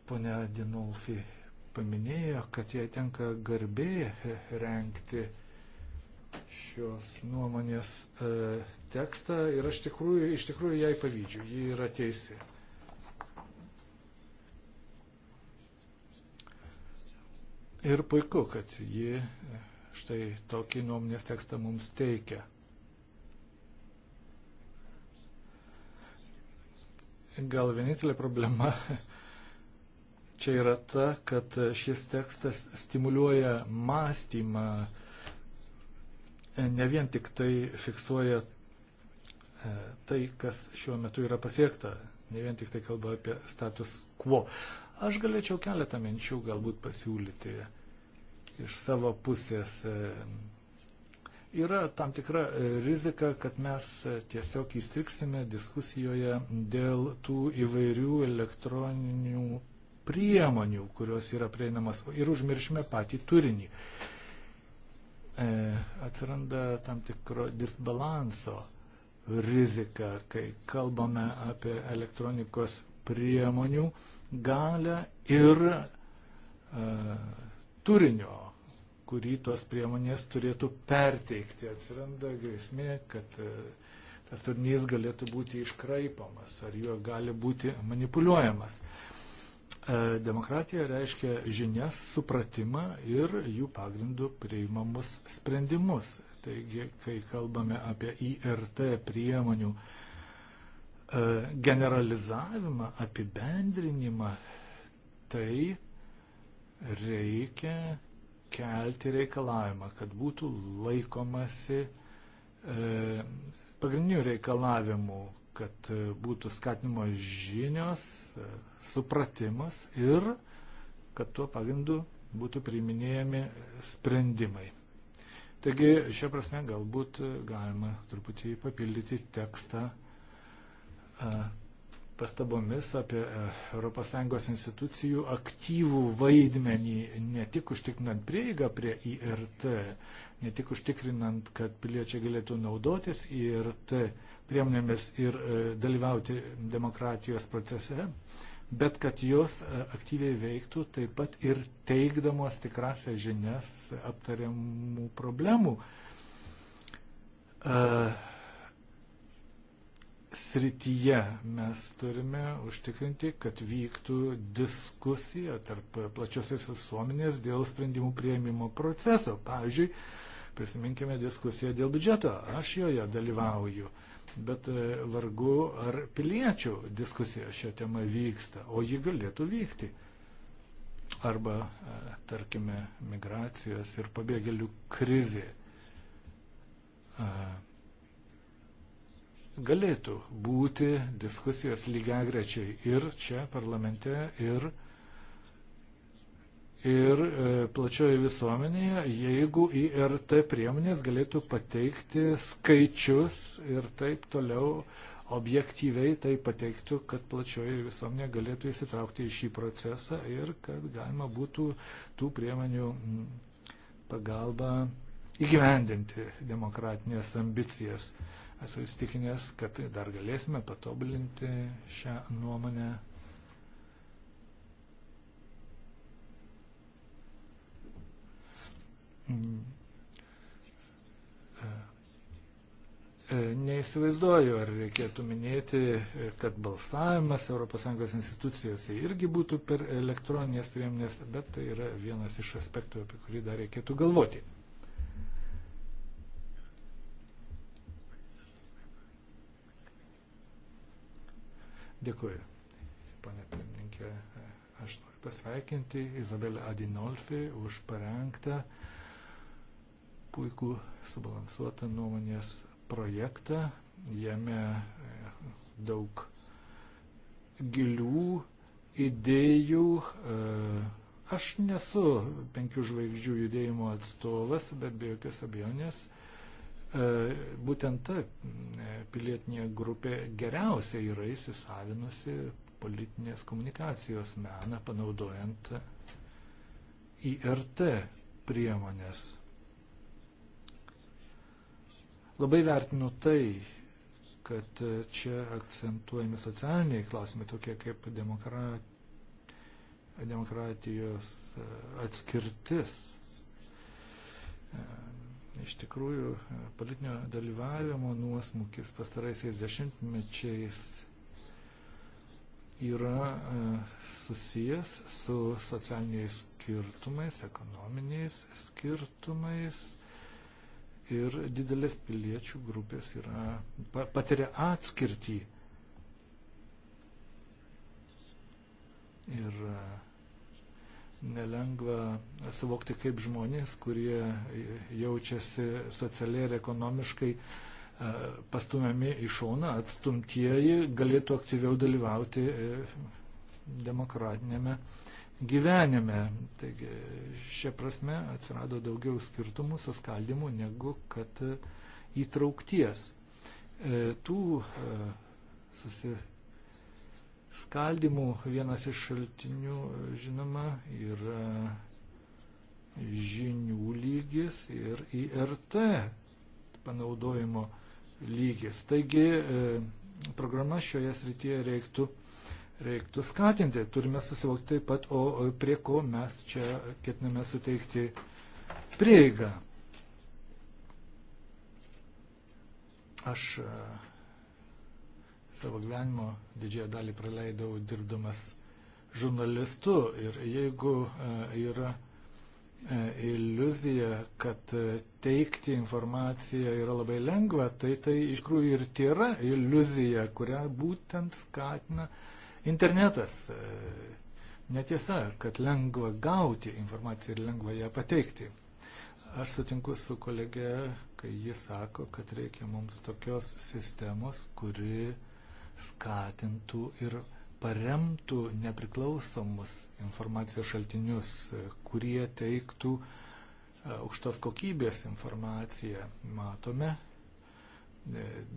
Pone Dinulfi paminėjo, kad jai tenka garbė renkti šios nuomonės e, tekstą ir aš tikrųjų, iš tikrųjų jai pavydžiu, ji yra teisi. Ir puiku, kad ji e, štai tokį nuomonės tekstą mums teikia. Gal vienintelė problema čia yra ta, kad šis tekstas stimuliuoja mąstymą, ne vien tik tai fiksuoja e, tai, kas šiuo metu yra pasiekta, ne vien tik tai kalba apie status quo. Aš galėčiau keletą minčių galbūt pasiūlyti iš savo pusės. E, yra tam tikra e, rizika, kad mes tiesiog įstriksime diskusijoje dėl tų įvairių elektroninių priemonių, kurios yra prieinamas ir užmiršime patį turinį. E, atsiranda tam tikro disbalanso rizika, kai kalbame apie elektronikos priemonių galę ir e, turinio, kurį tos priemonės turėtų perteikti. Atsiranda grėsmė, kad e, tas turinys galėtų būti iškraipamas ar juo gali būti manipuliuojamas. E, E, demokratija reiškia žinias, supratimą ir jų pagrindų priimamus sprendimus. Taigi, kai kalbame apie IRT priemonių e, generalizavimą, apibendrinimą, tai reikia kelti reikalavimą, kad būtų laikomasi e, pagrindinių reikalavimų, kad būtų skatinimo žinios, e, supratimas ir kad tuo pagrindu būtų priiminėjami sprendimai. Taigi, šią prasme galbūt galima truputį papildyti tekstą e, pastabomis apie e, ES institucijų aktyvų vaidmenį, ne tik užtikrinant prieigą prie IRT, ne tik užtikrinant, kad piliečiai galėtų naudotis IRT priemonėmis ir e, dalyvauti demokratijos procese, bet kad jos e, aktyviai veiktų taip pat ir teikdamos tikrasią žinias aptariamų problemų e, srityje mes turime užtikrinti, kad vyktų diskusija tarp plačiosios visuomenės dėl sprendimų prieimimo proceso. Pavyzdžiui, prisiminkime diskusiją dėl biudžeto. Aš joje dalyvauju. Uh, bet e, vargu ar piliečių diskusija šią temą vyksta, o ji galėtų vykti. Arba, e, tarkime, migracijos ir pabėgėlių krizė e, galėtų būti diskusijos lygiagrečiai ir čia parlamente, ir ir e, plačioje visuomenėje, jeigu IRT priemonės galėtų pateikti skaičius ir taip toliau objektyviai tai pateiktų, kad plačioje visuomenė galėtų įsitraukti į šį procesą ir kad galima būtų tų priemonių pagalba įgyvendinti demokratinės ambicijas. Esu įstikinęs, kad dar galėsime patobulinti šią nuomonę Mm. E, neįsivaizduoju, ar reikėtų minėti, kad balsavimas ES institucijose irgi būtų per elektroninės priemonės, bet tai yra vienas iš aspektų, apie kurį dar reikėtų galvoti. Dėkuoju, pane pirmininkė. Aš noriu pasveikinti Izabelę Adinolfi už parengtą uh, puikų subalansuotą nuomonės projektą. Jame e, daug gilių idėjų. E, aš nesu penkių žvaigždžių judėjimo atstovas, bet be jokios abejonės e, būtent ta pilietinė grupė geriausiai yra įsisavinusi politinės komunikacijos meną, panaudojant IRT priemonės. Labai vertinu tai, kad čia akcentuojami socialiniai klausimai, tokie kaip demokratijos e, atskirtis. E, iš tikrųjų, e, politinio dalyvavimo nuosmukis pastaraisiais dešimtmečiais yra susijęs su socialiniais skirtumais, ekonominiais skirtumais, ir didelės piliečių grupės yra, patiria atskirtį. Ir e, nelengva suvokti, kaip žmonės, kurie jaučiasi socialiai ir ekonomiškai e, pastumiami į šoną, atstumtieji, galėtų aktyviau dalyvauti e, demokratinėme uh, gyvenime. Taigi šia prasme atsirado daugiau skirtumų, suskaldimų negu kad e, įtraukties. E, tų e, susiskaldimų vienas iš šaltinių, žinoma, yra žinių lygis ir IRT panaudojimo lygis. Taigi programa šioje srityje reiktų reiktų skatinti. Turime susivokti taip pat, o prie ko mes čia ketiname suteikti prieigą. Aš e, savo gyvenimo didžiąją dalį praleidau dirbdamas žurnalistu ir jeigu e, yra e, iliuzija, kad teikti informaciją yra labai lengva, tai tai iš tikrųjų ir tėra iliuzija, kurią būtent skatina uh, Internetas e, netiesa, kad lengva gauti informaciją ir lengva ją pateikti. Aš sutinku su kolege, kai jis sako, kad reikia mums tokios sistemos, kuri skatintų ir paremtų nepriklausomus informacijos šaltinius, e, kurie teiktų e, aukštos kokybės informaciją. Matome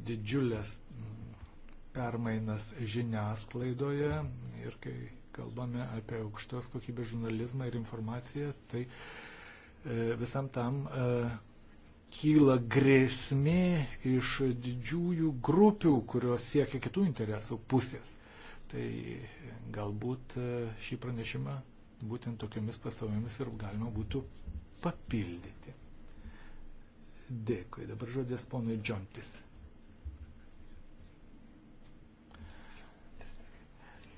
didžiulės permainas žiniasklaidoje ir kai kalbame apie aukštos kokybės žurnalizmą ir informaciją, tai e, visam tam e, kyla grėsmė iš didžiųjų grupių, kurios siekia kitų interesų pusės. Tai galbūt e, šį pranešimą būtent tokiamis pastovomis ir galima būtų papildyti. Dėkui. Dabar žodis ponui Džontis.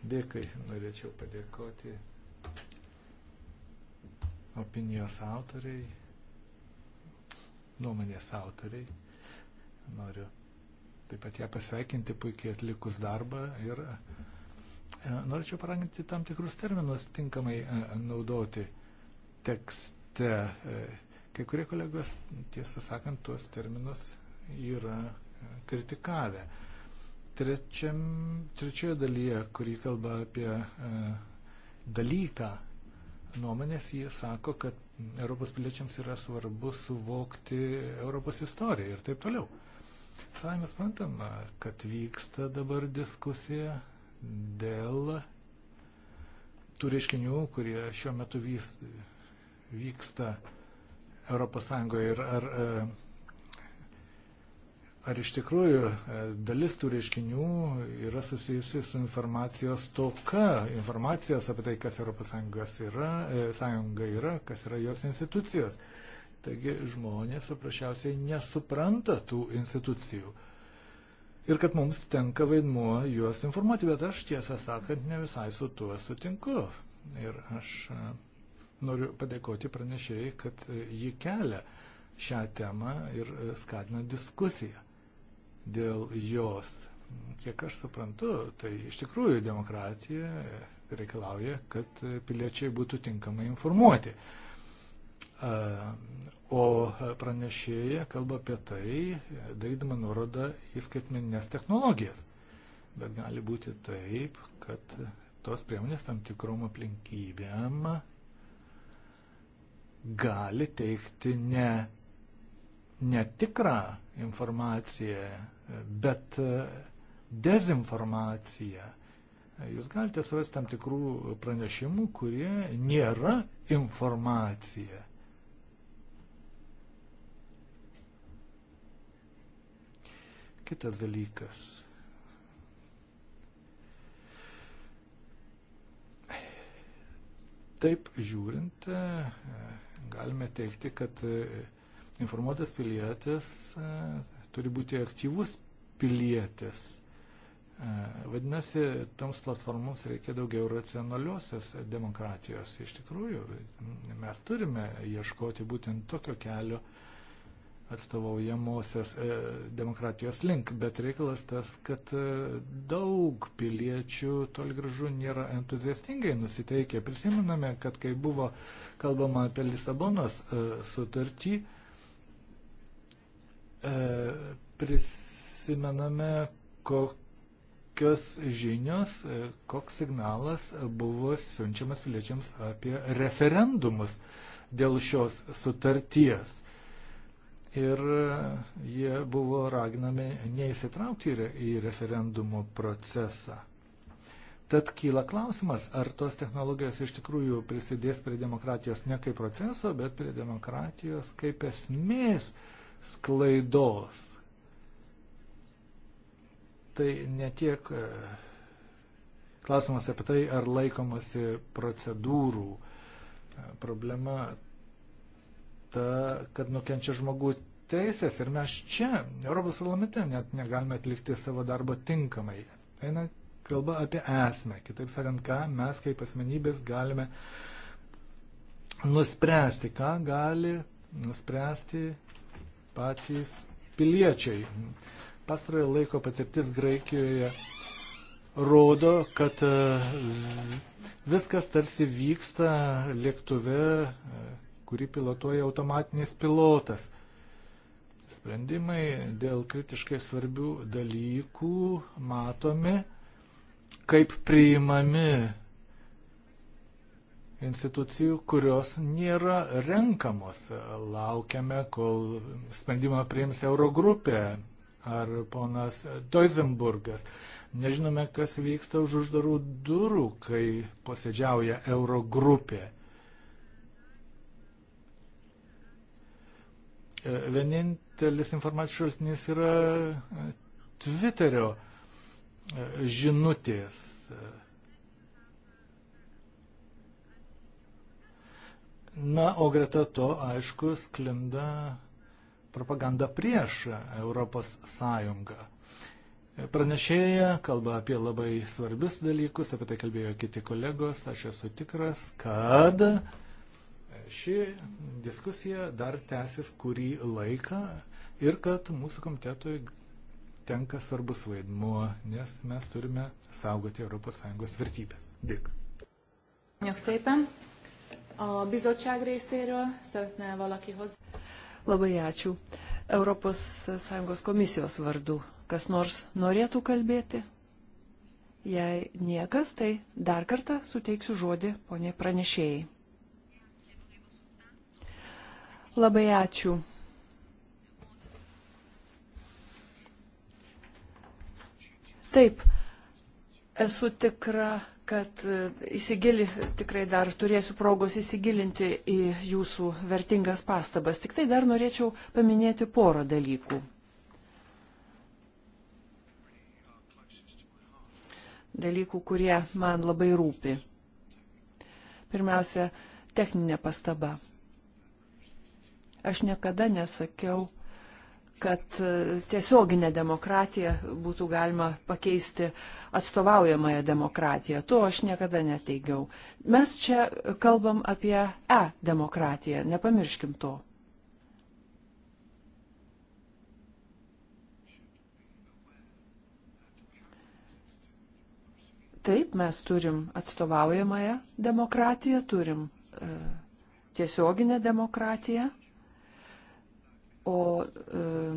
Dėkui, norėčiau padėkoti opinijos autoriai, nuomonės autoriai. Noriu taip pat ją pasveikinti puikiai atlikus darbą ir e, norėčiau paraginti tam tikrus terminus tinkamai e, naudoti tekste. E, kai kurie kolegos, tiesą sakant, tuos terminus yra kritikavę. Trečiam, trečioje dalyje, kurį kalba apie e, dalyką nuomonės, jie sako, kad Europos piliečiams yra svarbu suvokti Europos istoriją ir taip toliau. Savai mes prantama, kad vyksta dabar diskusija dėl tų reiškinių, kurie šiuo metu vyksta Europos Sąjungoje ir ar e, ar iš tikrųjų e, dalis tų reiškinių yra susijusi su informacijos toka, informacijos apie tai, kas ES yra, e, sąjunga yra, kas yra jos institucijos. Taigi žmonės paprasčiausiai nesupranta tų institucijų. Ir kad mums tenka vaidmuo juos informuoti, bet aš tiesą sakant ne visai su tuo sutinku. Ir aš e, noriu padėkoti pranešėjai, kad ji kelia šią temą ir skatina diskusiją dėl jos. Kiek aš suprantu, tai iš tikrųjų demokratija reikalauja, kad piliečiai būtų tinkamai informuoti. O pranešėja kalba apie tai, darydama nuorodą į skaitmeninės technologijas. Bet gali būti taip, kad tos priemonės tam tikrom aplinkybėm gali teikti ne netikrą informaciją, bet dezinformaciją. Jūs galite surasti tam tikrų pranešimų, kurie nėra informacija. Kitas dalykas. Taip žiūrint, galime teikti, kad Informuotas pilietis e, turi būti aktyvus pilietis. E, vadinasi, toms platformoms reikia daugiau racionaliosios demokratijos. Iš tikrųjų, mes turime ieškoti būtent tokio kelio atstovaujamosios e, demokratijos link, bet reikalas tas, kad daug piliečių toli gražu nėra entuziastingai nusiteikę. Prisimename, kad kai buvo kalbama apie Lisabonos sutartį, E, prisimename, kokios žinios, e, koks signalas buvo siunčiamas piliečiams apie referendumus dėl šios sutarties. Ir e, jie buvo raginami neįsitraukti į referendumo procesą. Tad kyla klausimas, ar tos technologijos iš tikrųjų prisidės prie demokratijos ne kaip proceso, bet prie demokratijos kaip esmės uh, sklaidos. Tai ne tiek e, klausimas apie tai, ar laikomasi procedūrų. E, problema ta, kad nukenčia žmogų teisės ir mes čia, Europos parlamente, net negalime atlikti savo darbo tinkamai. Eina kalba apie esmę. Kitaip sakant, ką mes kaip asmenybės galime nuspręsti, ką gali nuspręsti patys piliečiai. Pastarojo laiko patirtis Graikijoje rodo, kad e, viskas tarsi vyksta lėktuve, e, kurį pilotuoja automatinis pilotas. Sprendimai dėl kritiškai svarbių dalykų matomi, kaip priimami institucijų, kurios nėra renkamos. Laukiame, kol sprendimą priims Eurogrupė ar ponas Doisenburgas. Nežinome, kas vyksta už uždarų durų, kai posėdžiauja Eurogrupė. E, vienintelis informacijos šaltinis yra Twitterio e, žinutės e, Na, o greta to, aišku, sklinda propaganda prieš Europos Sąjungą. Pranešėja kalba apie labai svarbius dalykus, apie tai kalbėjo kiti kolegos, aš esu tikras, kad ši diskusija dar tęsis kurį laiką ir kad mūsų komitetui tenka svarbus vaidmuo, nes mes turime saugoti ES vertybės. Dėkui. Jok szépen. A bizottság részéről szeretne valaki hozzá? Labai ačiū. Europos Sąjungos komisijos vardu. Kas nors norėtų kalbėti? Jei niekas, tai dar kartą suteiksiu žodį poniai pranešėjai. Labai ačiū. Taip, esu tikra, kad e, įsigili, tikrai dar turėsiu progos įsigilinti į jūsų vertingas pastabas. Tik tai dar norėčiau paminėti porą dalykų. Dalykų, kurie man labai rūpi. Pirmiausia, techninė pastaba. Aš niekada nesakiau, kad e, tiesioginę demokratiją būtų galima pakeisti atstovaujamąją demokratiją. To aš niekada neteigiau. Mes čia kalbam apie e-demokratiją, nepamirškim to. Taip, mes turim atstovaujamąją demokratiją, turim e, tiesioginę demokratiją. O e,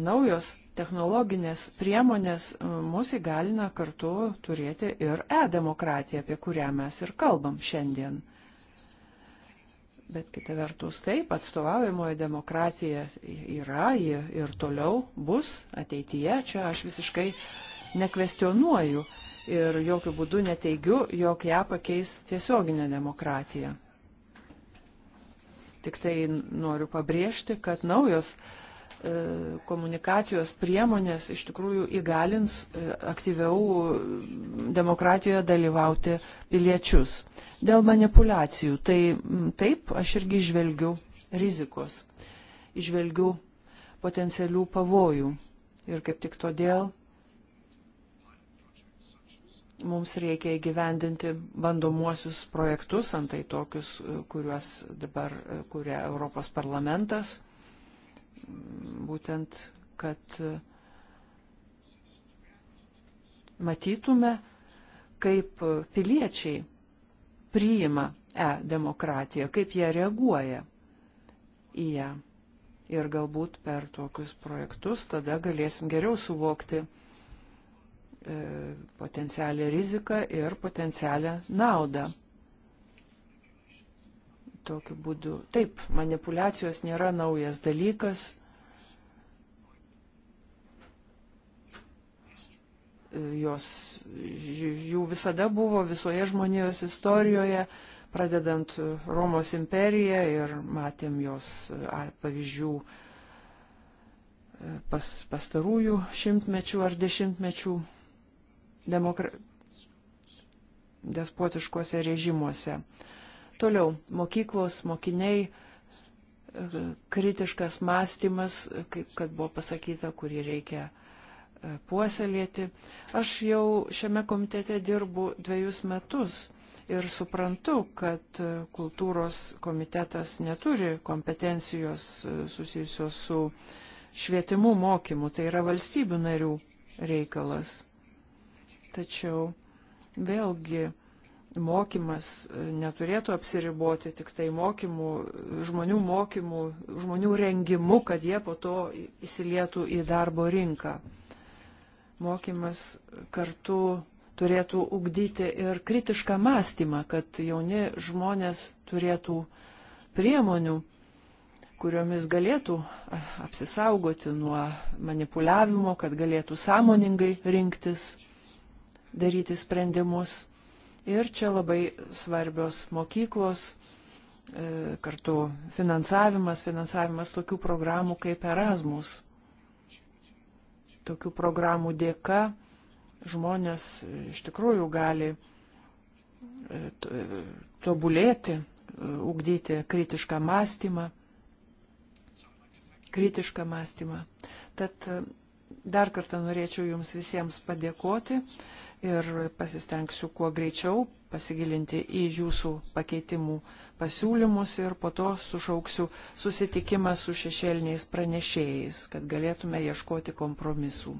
naujos technologinės priemonės e, mus įgalina kartu turėti ir e-demokratiją, apie kurią mes ir kalbam šiandien. Bet kita vertus taip, atstovaujamoji demokratija yra, ji ir toliau bus ateityje, čia aš visiškai nekvestionuoju ir jokių būdų neteigiu, jog ją pakeis tiesioginė demokratija. Tik tai noriu pabrėžti, kad naujos uh, E, komunikacijos priemonės iš tikrųjų įgalins e, aktyviau demokratijoje dalyvauti piliečius. Dėl manipulacijų, tai taip, aš irgi žvelgiu rizikos, žvelgiu potencialių pavojų. Ir kaip tik todėl mums reikia įgyvendinti bandomuosius projektus, antai tokius, e, kuriuos dabar kuria Europos parlamentas būtent, kad e, matytume, kaip piliečiai priima e-demokratiją, kaip jie reaguoja į ją. Ir galbūt per tokius projektus tada galėsim geriau suvokti e, potencialią riziką ir potencialią naudą tokiu būdu. Taip, manipulacijos nėra naujas dalykas. Jos, jų visada buvo visoje žmonijos istorijoje, pradedant Romos imperiją ir matėm jos pavyzdžių e, pas, pastarųjų šimtmečių ar dešimtmečių demokra... despotiškuose režimuose. Toliau mokyklos, mokiniai, kritiškas mąstymas, kaip kad buvo pasakyta, kurį reikia e, puoselėti. Aš jau šiame komitete dirbu dviejus metus ir suprantu, kad e, kultūros komitetas neturi kompetencijos e, susijusios su švietimu mokymu, tai yra valstybių narių reikalas. Tačiau vėlgi mokymas e, neturėtų apsiriboti tik tai mokymų, žmonių mokymų, žmonių rengimu, kad jie po to įsilietų į darbo rinką. Mokymas kartu turėtų ugdyti ir kritišką mąstymą, kad jauni žmonės turėtų priemonių, kuriomis galėtų apsisaugoti nuo manipuliavimo, kad galėtų sąmoningai rinktis, daryti sprendimus Ir čia labai svarbios mokyklos, e, kartu finansavimas, finansavimas tokių programų kaip Erasmus. Tokių programų dėka žmonės iš tikrųjų gali e, e, tobulėti, ugdyti kritišką mąstymą. Kritišką mąstymą. Tad dar kartą norėčiau Jums visiems padėkoti ir pasistengsiu kuo greičiau pasigilinti į jūsų pakeitimų pasiūlymus ir po to sušauksiu susitikimą su šešėliniais pranešėjais, kad galėtume ieškoti kompromisų.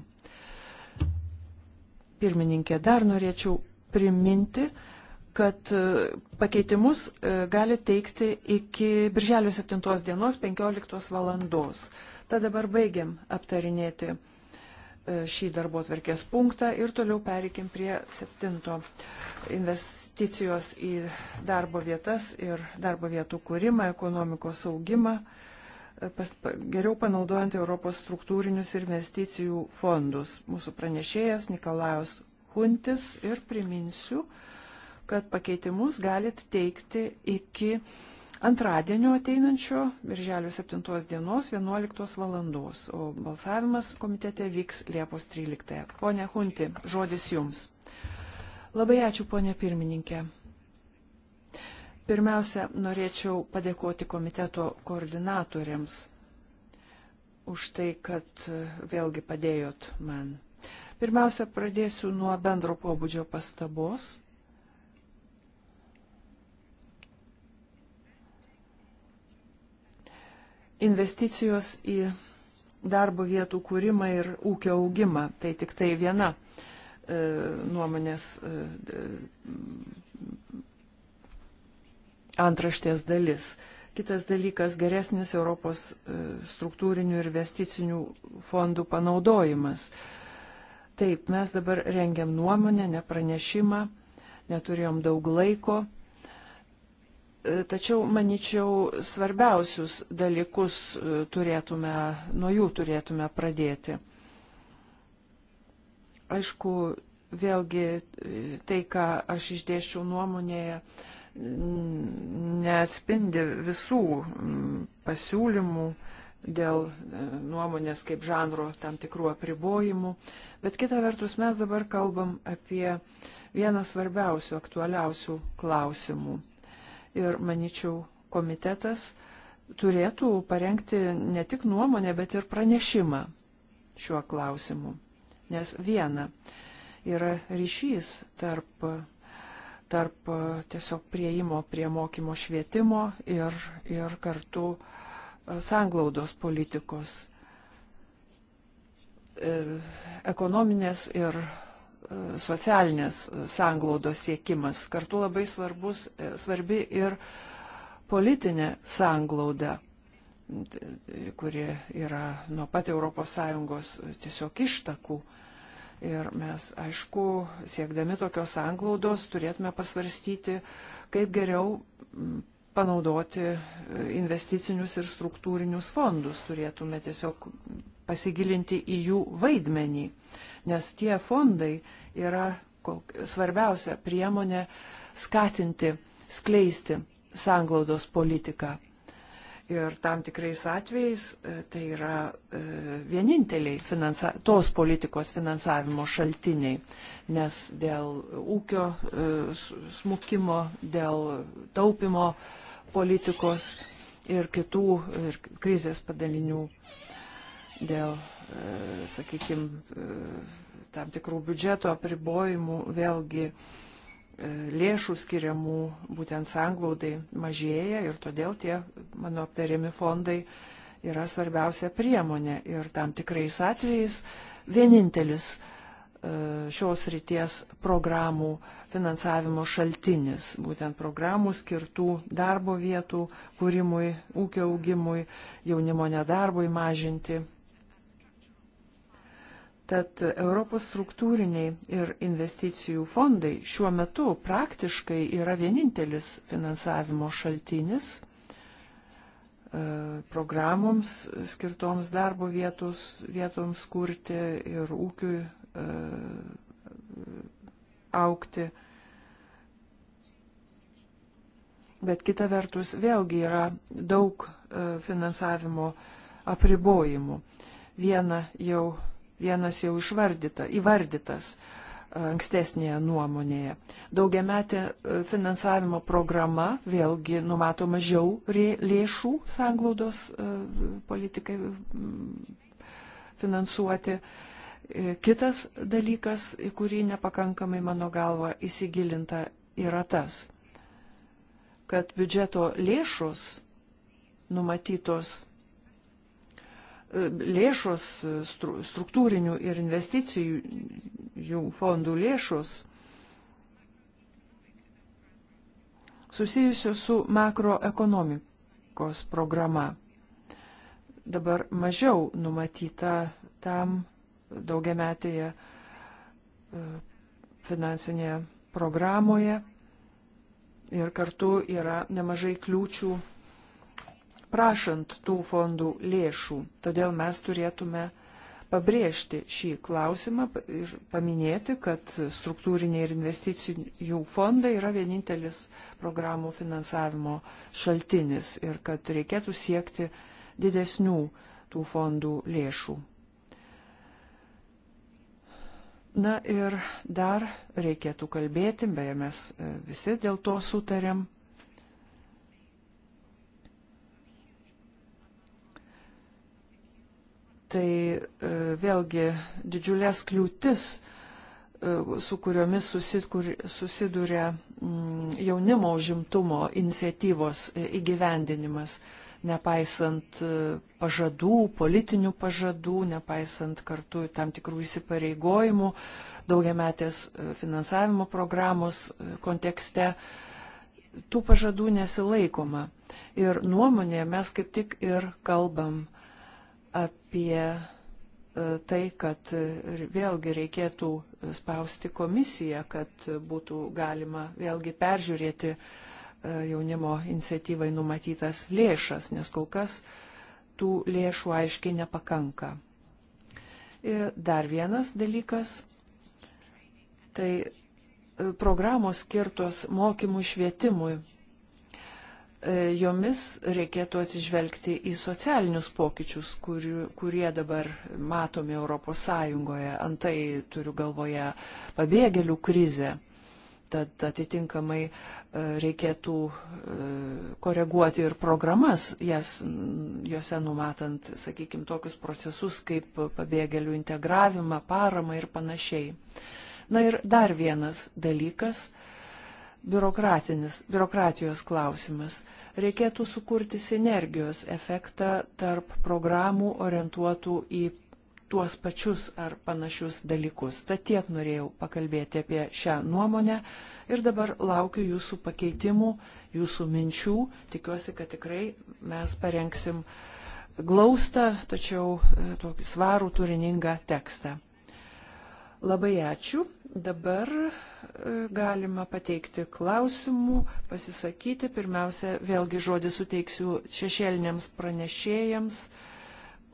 Pirmininkė, dar norėčiau priminti, kad e, pakeitimus e, gali teikti iki birželio 7 dienos 15 valandos. Tad dabar baigiam aptarinėti E, šį darbo atverkės punktą ir toliau pereikim prie septinto investicijos į darbo vietas ir darbo vietų kūrimą, ekonomikos augimą, e, pas, geriau panaudojant Europos struktūrinius ir investicijų fondus. Mūsų pranešėjas Nikolajos Huntis ir priminsiu, kad pakeitimus galit teikti iki antradienio ateinančio, birželio 7 dienos, 11 valandos, o balsavimas komitete vyks Liepos 13. Pone Hunti, žodis Jums. Labai ačiū, ponė pirmininkė. Pirmiausia, norėčiau padėkoti komiteto koordinatoriams už tai, kad e, vėlgi padėjot man. Pirmiausia, pradėsiu nuo bendro pobūdžio pastabos investicijos į darbo vietų kūrimą ir ūkio augimą. Tai tik tai viena e, nuomonės e, antraštės dalis. Kitas dalykas - geresnis Europos e, struktūrinių ir investicinių fondų panaudojimas. Taip, mes dabar rengiam nuomonę, nepranešimą, neturėjom daug laiko E, tačiau, manyčiau, svarbiausius dalykus e, turėtume, nuo jų turėtume pradėti. Aišku, vėlgi e, tai, ką aš išdėščiau nuomonėje, neatspindi visų pasiūlymų dėl nuomonės kaip žanro tam tikrų apribojimų. Bet kita vertus, mes dabar kalbam apie vieną svarbiausių, aktualiausių klausimų ir, manyčiau, komitetas turėtų parengti ne tik nuomonę, bet ir pranešimą šiuo klausimu. Nes viena yra ryšys tarp, tarp tiesiog prieimo prie mokymo švietimo ir, ir kartu e, sanglaudos politikos e, ekonominės ir socialinės sanglaudos siekimas. Kartu labai svarbus, e, svarbi ir politinė sanglauda, kuri yra nuo pat ES tiesiog ištakų. Ir mes, aišku, siekdami tokios anglaudos turėtume pasvarstyti, kaip geriau panaudoti investicinius ir struktūrinius fondus. Turėtume tiesiog pasigilinti į jų vaidmenį, nes tie fondai yra svarbiausia priemonė skatinti, skleisti sanglaudos politiką. Ir tam tikrais atvejais e, tai yra e, vieninteliai finansa, tos politikos finansavimo šaltiniai, nes dėl ūkio e, smukimo, dėl taupimo politikos ir kitų ir krizės padalinių dėl, e, sakykime, tam tikrų biudžeto apribojimų vėlgi e, lėšų skiriamų būtent sanglaudai mažėja ir todėl tie mano aptariami fondai yra svarbiausia priemonė ir tam tikrais atvejais vienintelis e, šios ryties programų finansavimo šaltinis, būtent programų skirtų darbo vietų kūrimui, ūkio augimui, jaunimo nedarbui mažinti Tad Europos struktūriniai ir investicijų fondai šiuo metu praktiškai yra vienintelis finansavimo šaltinis e, programoms skirtoms darbo vietos, vietoms kurti ir ūkiui e, aukti. Bet kita vertus vėlgi yra daug e, finansavimo apribojimų. Vieną jau vienas jau išvardyta, įvardytas e, ankstesnėje nuomonėje. Daugiametė e, finansavimo programa vėlgi numato mažiau lėšų sanglaudos e, politikai finansuoti. Kitas dalykas, į kurį nepakankamai mano galva įsigilinta, yra tas, kad biudžeto lėšos numatytos lėšos, struktūrinių ir investicijų fondų lėšos susijusios su makroekonomikos programa. Dabar mažiau numatyta tam daugiametėje e, finansinėje programoje ir kartu yra nemažai kliūčių prašant tų fondų lėšų. Todėl mes turėtume pabrėžti šį klausimą ir paminėti, kad struktūriniai ir investicijų fondai yra vienintelis programų finansavimo šaltinis ir kad reikėtų siekti didesnių tų fondų lėšų. Na ir dar reikėtų kalbėti, beje, mes e, visi dėl to sutarėm, tai e, vėlgi didžiulės kliūtis, e, su kuriomis susiduria mm, jaunimo užimtumo iniciatyvos e, įgyvendinimas, nepaisant pažadų, politinių pažadų, nepaisant kartu tam tikrų įsipareigojimų daugiametės finansavimo programos kontekste tų pažadų nesilaikoma. Ir nuomonėje mes kaip tik ir kalbam apie e, tai, kad vėlgi reikėtų spausti komisiją, kad būtų galima vėlgi peržiūrėti e, jaunimo iniciatyvai numatytas lėšas, nes kol kas tų lėšų aiškiai nepakanka. Ir dar vienas dalykas - tai e, programos skirtos mokymui švietimui E, jomis reikėtų atsižvelgti į socialinius pokyčius, kurių, kurie dabar matomi ES. Antai turiu galvoje pabėgėlių krizę. Tad atitinkamai e, reikėtų e, koreguoti ir programas, jas, juose numatant, sakykime, tokius procesus kaip pabėgėlių integravimą, paramą ir panašiai. Na ir dar vienas dalykas biurokratijos klausimas. Reikėtų sukurti sinergijos efektą tarp programų orientuotų į tuos pačius ar panašius dalykus. Tad tiek norėjau pakalbėti apie šią nuomonę ir dabar laukiu jūsų pakeitimų, jūsų minčių. Tikiuosi, kad tikrai mes parengsim glaustą, tačiau e, tokį svarų turiningą tekstą. Labai ačiū. Dabar e, galima pateikti klausimų, pasisakyti. Pirmiausia, vėlgi žodį suteiksiu šešėliniams pranešėjams,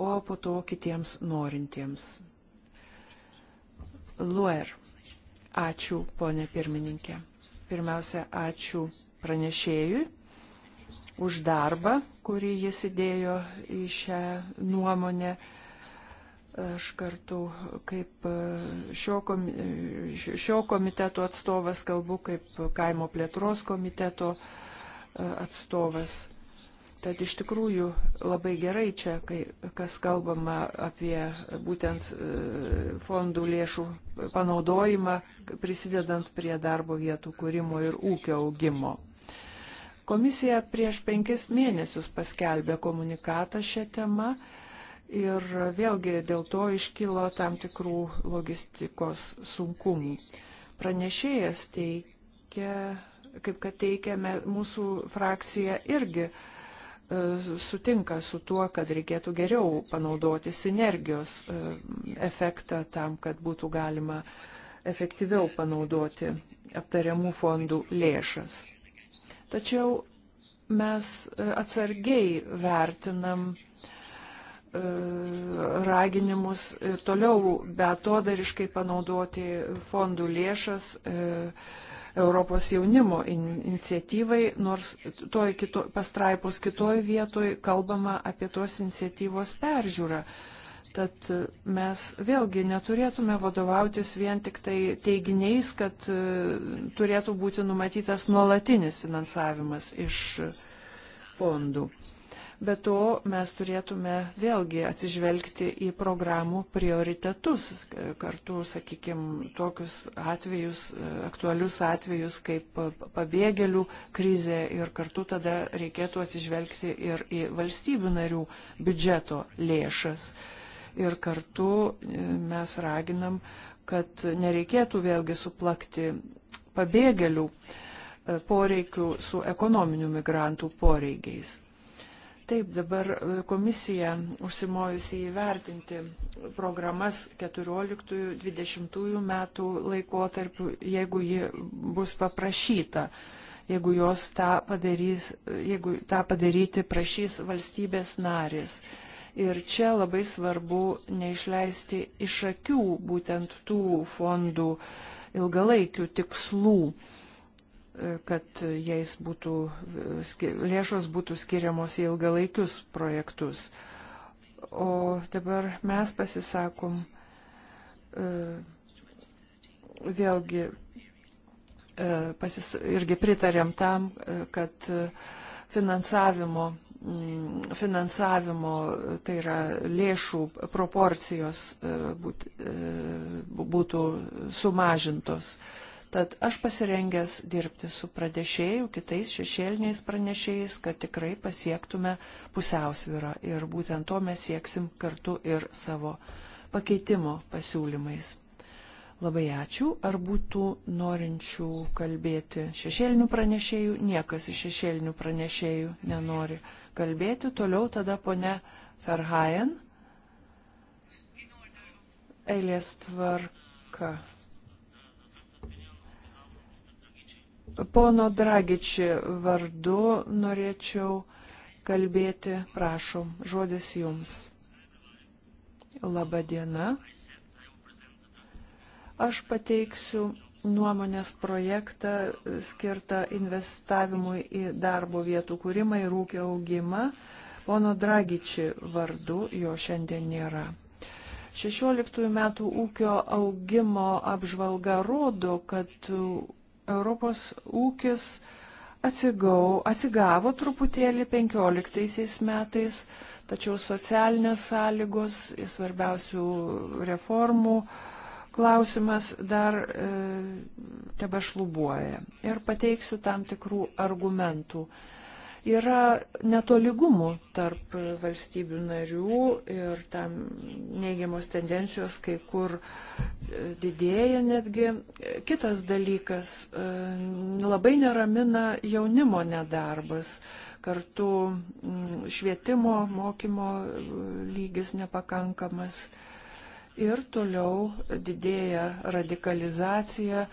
o po to kitiems norintiems. Luer. Ačiū, ponė pirmininkė. Pirmiausia, ačiū pranešėjui už darbą, kurį jis įdėjo į šią nuomonę. Aš kartu kaip e, šio, e, šio komiteto atstovas kalbu, kaip kaimo plėtros komiteto e, atstovas. Tad iš tikrųjų labai gerai čia, kai, kas kalbama apie būtent fondų lėšų panaudojimą, prisidedant prie darbo vietų kūrimo ir ūkio augimo. Komisija prieš penkis mėnesius paskelbė komunikatą šią temą Ir vėlgi dėl to iškilo tam tikrų logistikos sunkumų. Pranešėjas teikia, kaip kad teikiame, mūsų frakcija irgi e, sutinka su tuo, kad reikėtų geriau panaudoti sinergijos e, efektą tam, kad būtų galima efektyviau panaudoti aptariamų fondų lėšas. Tačiau mes e, atsargiai vertinam E, raginimus ir toliau betodariškai panaudoti fondų lėšas e, Europos jaunimo iniciatyvai, nors toj kito, pastraipos kitoj vietoj kalbama apie tos iniciatyvos peržiūrą. Tad mes vėlgi neturėtume vadovautis vien tik tai teiginiais, kad e, turėtų būti numatytas nuolatinis finansavimas iš fondų. Be to mes turėtume vėlgi atsižvelgti į programų prioritetus, kartu, sakykime, tokius atvejus, aktualius atvejus kaip pabėgėlių krizė ir kartu tada reikėtų atsižvelgti ir į valstybių narių biudžeto lėšas ir kartu e, mes raginam, kad nereikėtų vėlgi suplakti pabėgėlių e, poreikių su ekonominių migrantų poreikiais. Taip, dabar e, komisija užsimojusi įvertinti programas 14-20 metų laikotarpių, jeigu ji bus paprašyta, jeigu jos tą, padarys, jeigu tą padaryti prašys valstybės narės. Ir čia labai svarbu neišleisti iš akių būtent tų fondų ilgalaikių tikslų kad jais būtų, lėšos būtų skiriamos į ilgalaikius projektus. O dabar mes pasisakom e, vėlgi e, pasis, irgi pritarėm tam, e, kad finansavimo, mm, finansavimo, tai yra lėšų proporcijos būt, būtų sumažintos. Uh, Tad aš pasirengęs dirbti su pranešėjų, kitais šešėliniais pranešėjais, kad tikrai pasiektume pusiausvyrą. Ir būtent to mes sieksim kartu ir savo pakeitimo pasiūlymais. Labai ačiū. Ar būtų norinčių kalbėti šešėlinių pranešėjų? Niekas iš šešėlinių pranešėjų nenori kalbėti. Toliau tada ponia Ferhajen. Eilės tvarka. Pono Dragiči vardu norėčiau kalbėti, prašom, žodis jums. Labą dieną. Aš pateiksiu nuomonės projektą skirtą investavimui į darbo vietų kūrimą ir ūkio augimą. Pono Dragiči vardu jo šiandien nėra. 16 metų ūkio augimo apžvalga rodo, kad Europos ūkis atsigau, atsigavo truputėlį 15 metais, tačiau socialinės sąlygos, svarbiausių reformų klausimas dar e, tebe šlubuoja. Ir pateiksiu tam tikrų argumentų. E, Yra netoligumų tarp valstybių narių ir tam neigiamos tendencijos kai kur e, didėja netgi. Kitas dalykas e, labai neramina jaunimo nedarbas. Kartu švietimo, mokymo e, lygis nepakankamas ir toliau didėja radikalizacija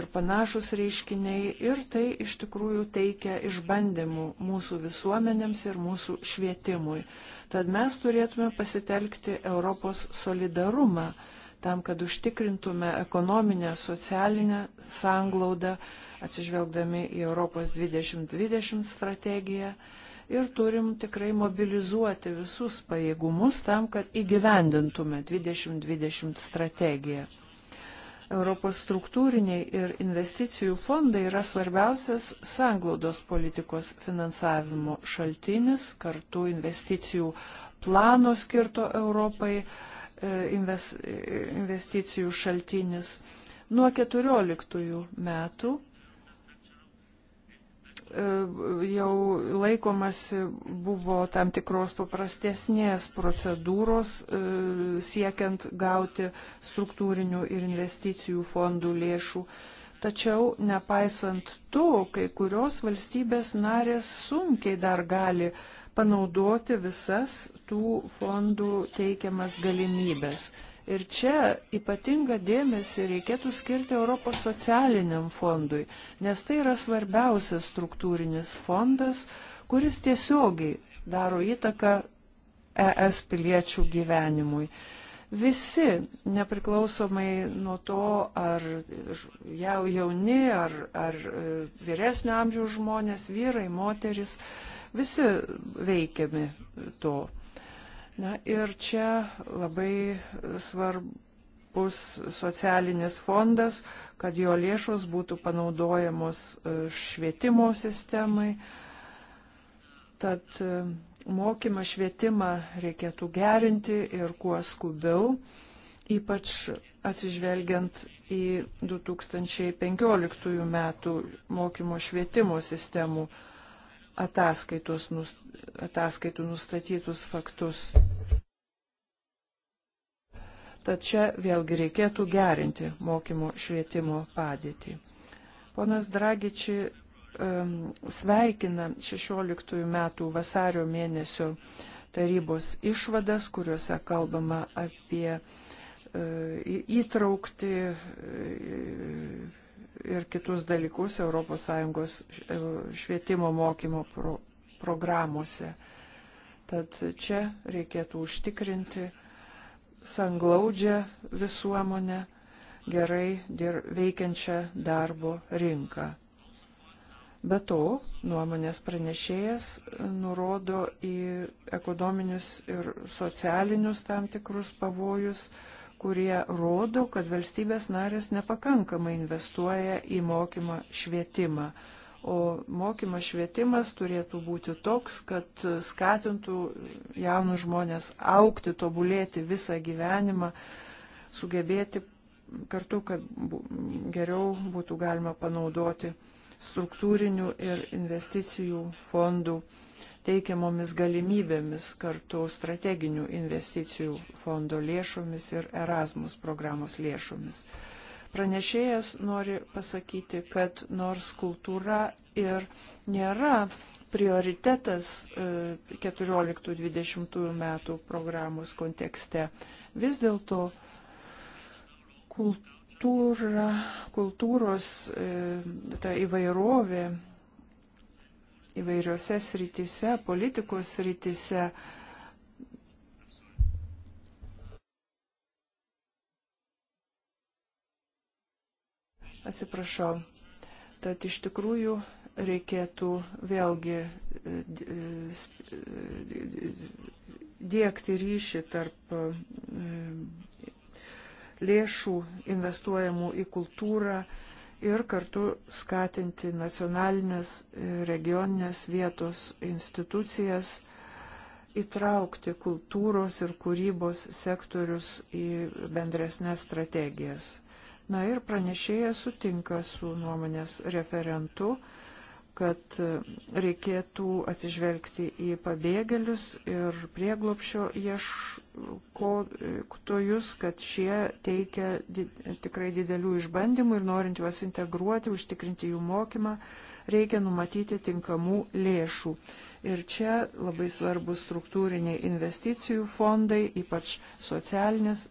ir panašus reiškiniai ir tai iš tikrųjų teikia išbandymų mūsų visuomenėms ir mūsų švietimui. Tad mes turėtume pasitelkti Europos solidarumą tam, kad užtikrintume ekonominę, socialinę sanglaudą, atsižvelgdami į Europos 2020 strategiją ir turim tikrai mobilizuoti visus pajėgumus tam, kad įgyvendintume 2020 strategiją. Europos struktūriniai ir investicijų fondai yra svarbiausias sanglaudos politikos finansavimo šaltinis, kartu investicijų plano skirto Europai e, investicijų šaltinis. Nuo 14 metų E, jau laikomasi buvo tam tikros paprastesnės procedūros e, siekiant gauti struktūrinių ir investicijų fondų lėšų. Tačiau nepaisant to, kai kurios valstybės narės sunkiai dar gali panaudoti visas tų fondų teikiamas galimybės. Ir čia ypatingą dėmesį reikėtų skirti Europos socialiniam fondui, nes tai yra svarbiausias struktūrinis fondas, kuris tiesiogiai daro įtaką ES piliečių gyvenimui. Visi, nepriklausomai nuo to, ar jau jauni, ar, ar e, vyresnio amžiaus žmonės, vyrai, moteris, visi veikiami to. Na ir čia labai svarbus socialinis fondas, kad jo lėšos būtų panaudojamos e, švietimo sistemai. Tad e, mokymą, švietimą reikėtų gerinti ir kuo skubiau, ypač atsižvelgiant į 2015 metų mokymo švietimo sistemų ataskaitų nustatytus faktus. Tad čia vėlgi reikėtų gerinti mokymo švietimo padėtį. Ponas Dragiči um, sveikina 16 metų vasario mėnesio tarybos išvadas, kuriuose kalbama apie e, įtraukti e, ir kitus dalykus ES e, švietimo mokymo pro, programuose. Tad čia reikėtų užtikrinti, sanglaudžią visuomonę, gerai dir, veikiančią darbo rinką. Be to, nuomonės pranešėjas nurodo į ekonominius ir socialinius tam tikrus pavojus, kurie rodo, kad valstybės narės nepakankamai investuoja į mokymą švietimą. O mokymas švietimas turėtų būti toks, kad skatintų jaunus žmonės aukti, tobulėti visą gyvenimą, sugebėti kartu, kad geriau būtų galima panaudoti struktūrinių ir investicijų fondų teikiamomis galimybėmis kartu strateginių investicijų fondo lėšomis ir Erasmus programos lėšomis. Pranešėjas nori pasakyti, kad nors kultūra ir nėra prioritetas 14-20 e, metų programos kontekste, vis dėlto kultūra, kultūros e, ta įvairovė įvairiose srityse, politikos srityse, Atsiprašau. Tad iš tikrųjų reikėtų vėlgi e, dėkti e, e, ryšį tarp lėšų investuojamų į kultūrą ir kartu skatinti nacionalinės, regioninės vietos institucijas įtraukti kultūros ir kūrybos sektorius į bendresnės strategijas. Na ir pranešėjas sutinka su nuomonės referentu, kad reikėtų atsižvelgti į pabėgėlius ir prieglopšio ieškotojus, kad šie teikia did, tikrai didelių išbandymų ir norint juos integruoti, užtikrinti jų mokymą, reikia numatyti tinkamų lėšų. Ir čia labai svarbus struktūriniai investicijų fondai, ypač socialinis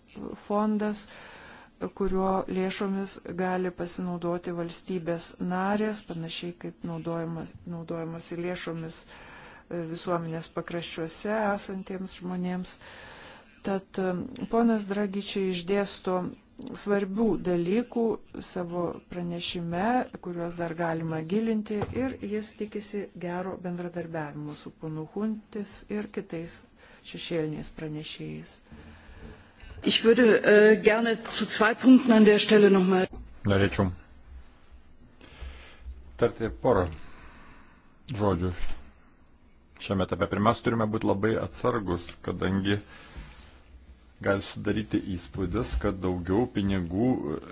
fondas, uh, kurio lėšomis gali pasinaudoti valstybės narės, panašiai kaip naudojamas, naudojamas lėšomis e, visuomenės pakraščiuose esantiems žmonėms. Tad e, ponas Dragičiai išdėsto svarbių dalykų savo pranešime, kuriuos dar galima gilinti ir jis tikisi gero bendradarbiavimo su ponu Huntis ir kitais šešėliniais pranešėjais. Ich würde äh, gerne zu zwei Punkten an der Stelle nochmal. Norėčiau tarti porą žodžių. Šiame etape pirmiausia turime būti labai atsargus, kadangi gali sudaryti įspūdis, kad daugiau pinigų e,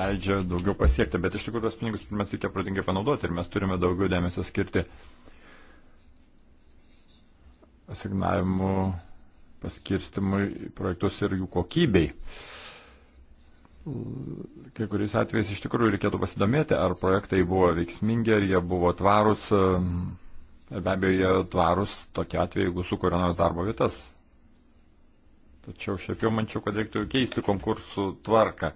leidžia daugiau pasiekti, bet iš tikrųjų tos pinigus mes reikia protingai panaudoti ir mes turime daugiau dėmesio skirti asignavimų paskirstimui projektus ir jų kokybei. Kai kuriais atvejais iš tikrųjų reikėtų pasidomėti, ar projektai buvo veiksmingi, ar jie buvo tvarūs. Be abejo, jie tvarūs tokia atveju, jeigu sukuria nors darbo vietas. Tačiau šiaip jau mančiau, kad reiktų keisti konkursų tvarką.